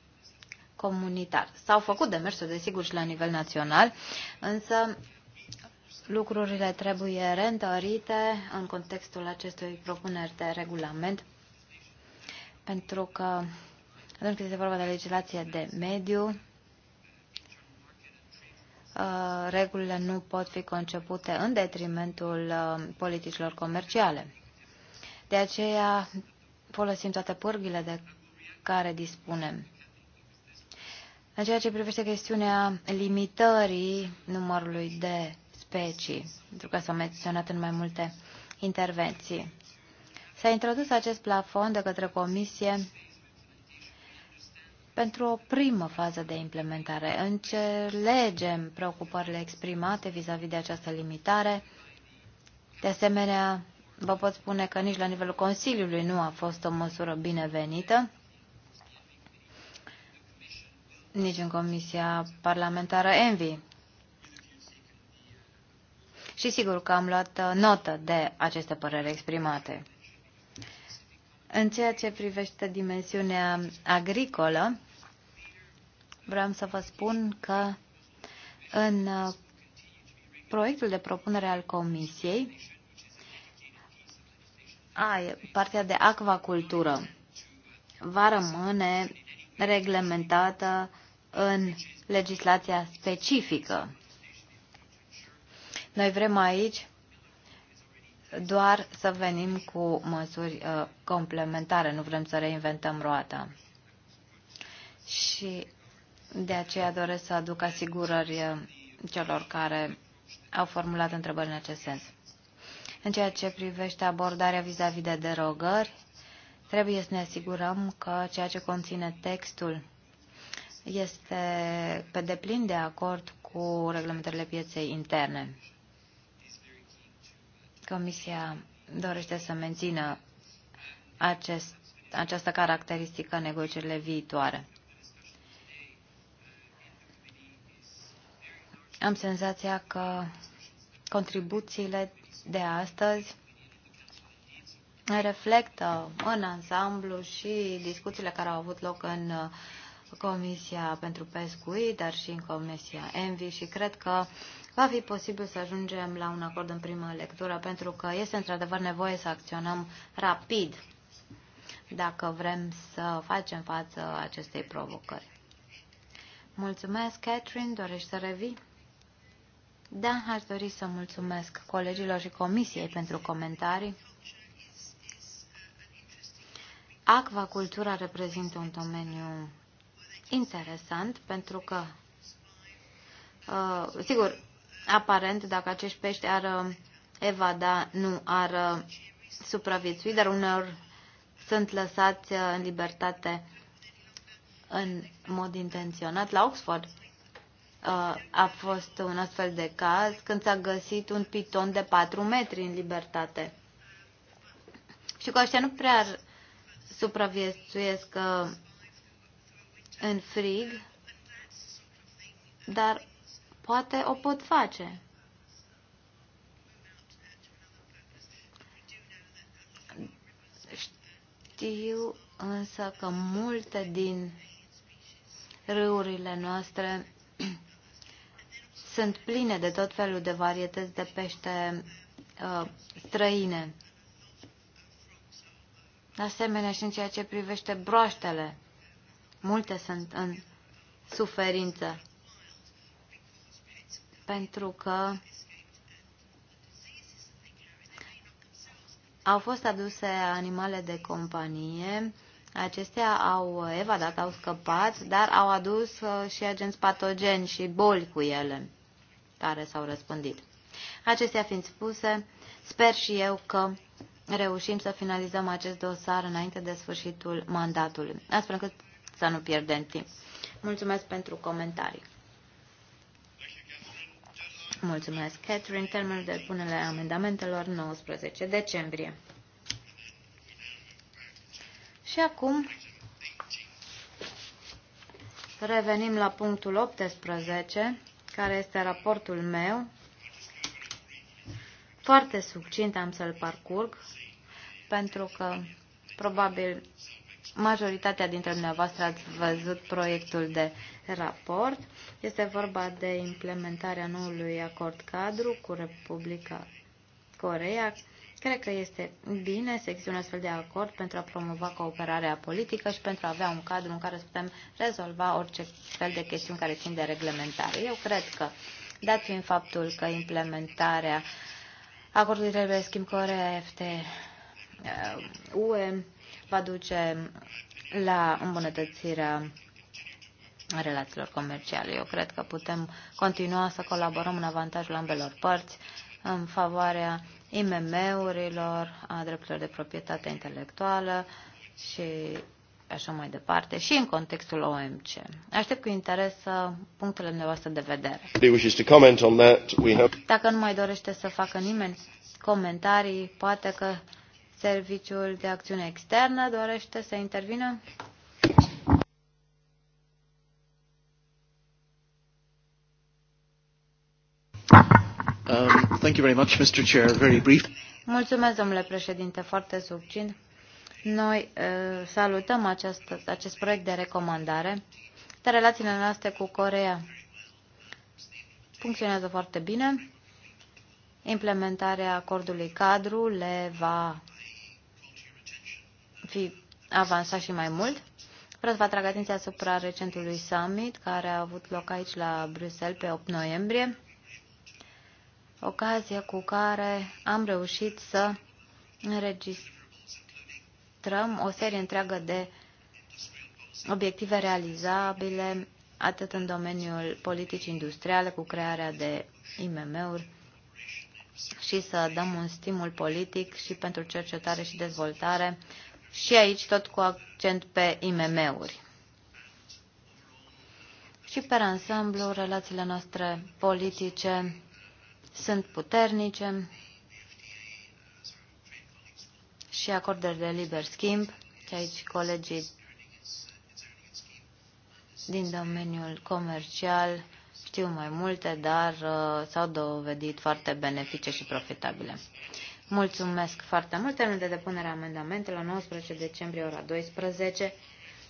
comunitar. S-au făcut demersuri, desigur, și la nivel național, însă lucrurile trebuie reîntărite în contextul acestui propuneri de regulament, pentru că atunci când este vorba de legislație de mediu, uh, regulile nu pot fi concepute în detrimentul uh, politicilor comerciale. De aceea folosim toate pârghile de care dispunem. În ceea ce privește chestiunea limitării numărului de specii, pentru că s-a menționat în mai multe intervenții. S-a introdus acest plafon de către Comisie pentru o primă fază de implementare. Înțelegem preocupările exprimate vis-a-vis -vis de această limitare. De asemenea, vă pot spune că nici la nivelul Consiliului nu a fost o măsură binevenită. Nici în Comisia Parlamentară ENVI și sigur că am luat uh, notă de aceste păreri exprimate. În ceea ce privește dimensiunea agricolă, vreau să vă spun că în uh, proiectul de propunere al Comisiei, a, partea de acvacultură va rămâne reglementată în legislația specifică noi vrem aici doar să venim cu măsuri uh, complementare, nu vrem să reinventăm roata. Și de aceea doresc să aduc asigurări uh, celor care au formulat întrebări în acest sens. În ceea ce privește abordarea vis-a-vis -vis de derogări, trebuie să ne asigurăm că ceea ce conține textul este pe deplin de acord cu reglementările pieței interne. Comisia dorește să mențină acest, această caracteristică în negocierile viitoare. Am senzația că contribuțiile de astăzi reflectă în ansamblu și discuțiile care au avut loc în uh, Comisia pentru Pescuit, dar și în Comisia Envi și cred că va fi posibil să ajungem la un acord în primă lectură, pentru că este într-adevăr nevoie să acționăm rapid dacă vrem să facem față acestei provocări. Mulțumesc, Catherine. Dorești să revii? Da, aș dori să mulțumesc colegilor și comisiei pentru comentarii. Acvacultura reprezintă un domeniu interesant pentru că, uh, sigur, aparent, dacă acești pești ar uh, evada, nu ar uh, supraviețui, dar uneori sunt lăsați uh, în libertate în mod intenționat. La Oxford a fost un astfel de caz când s-a găsit un piton de 4 metri în libertate. Și că aceștia nu prea supraviețuiesc în frig, dar Poate o pot face. Știu însă că multe din râurile noastre sunt pline de tot felul de varietăți de pește uh, străine. De asemenea și în ceea ce privește broaștele. Multe sunt în suferință pentru că au fost aduse animale de companie, acestea au evadat, au scăpat, dar au adus uh, și agenți patogeni și boli cu ele care s-au răspândit. Acestea fiind spuse, sper și eu că reușim să finalizăm acest dosar înainte de sfârșitul mandatului, astfel încât să nu pierdem timp. Mulțumesc pentru comentarii. Mulțumesc, Catherine. Termenul de punere amendamentelor 19 decembrie. Și acum revenim la punctul 18, care este raportul meu. Foarte succint am să-l parcurg, pentru că probabil majoritatea dintre dumneavoastră ați văzut proiectul de raport. Este vorba de implementarea noului acord cadru cu Republica Coreea. Cred că este bine să existe un astfel de acord pentru a promova cooperarea politică și pentru a avea un cadru în care să putem rezolva orice fel de chestiuni care țin de reglementare. Eu cred că, dat fiind faptul că implementarea acordului de schimb Corea-FT UE uh, va duce la îmbunătățirea relațiilor comerciale. Eu cred că putem continua să colaborăm în avantajul ambelor părți în favoarea IMM-urilor, a drepturilor de proprietate intelectuală și așa mai departe, și în contextul OMC. Aștept cu interes uh, punctele dumneavoastră de vedere. Dacă nu mai dorește să facă nimeni comentarii, poate că Serviciul de acțiune externă dorește să intervină? Um, thank you very much, Mr. Chair. Very brief. Mulțumesc, domnule președinte, foarte subțin. Noi uh, salutăm acest, acest proiect de recomandare de relațiile noastre cu Corea. Funcționează foarte bine. Implementarea acordului cadru le va fi avansat și mai mult. Vreau să vă atrag atenția asupra recentului summit care a avut loc aici la Bruxelles pe 8 noiembrie, ocazia cu care am reușit să înregistrăm o serie întreagă de obiective realizabile atât în domeniul politicii industriale cu crearea de IMM-uri și să dăm un stimul politic și pentru cercetare și dezvoltare și aici tot cu accent pe IMM-uri. Și pe ansamblu, relațiile noastre politice sunt puternice și acordări de liber schimb, și aici colegii din domeniul comercial știu mai multe, dar uh, s-au dovedit foarte benefice și profitabile. Mulțumesc foarte mult. Termenul de depunere a amendamentelor 19 decembrie ora 12.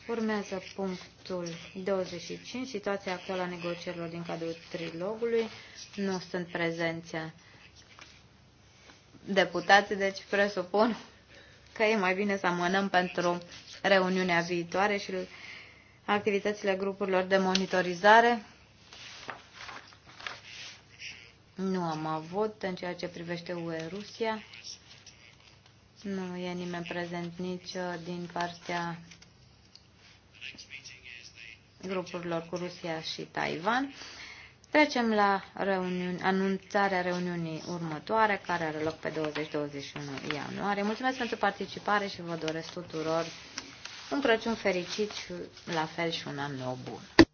Urmează punctul 25, situația actuală a negocierilor din cadrul trilogului. Nu sunt prezenția deputații, deci presupun că e mai bine să amânăm pentru reuniunea viitoare și activitățile grupurilor de monitorizare nu am avut în ceea ce privește UE-Rusia. Nu e nimeni prezent nici uh, din partea grupurilor cu Rusia și Taiwan. Trecem la reuniuni, anunțarea reuniunii următoare, care are loc pe 20-21 ianuarie. Mulțumesc pentru participare și vă doresc tuturor un Crăciun fericit și la fel și un an nou bun.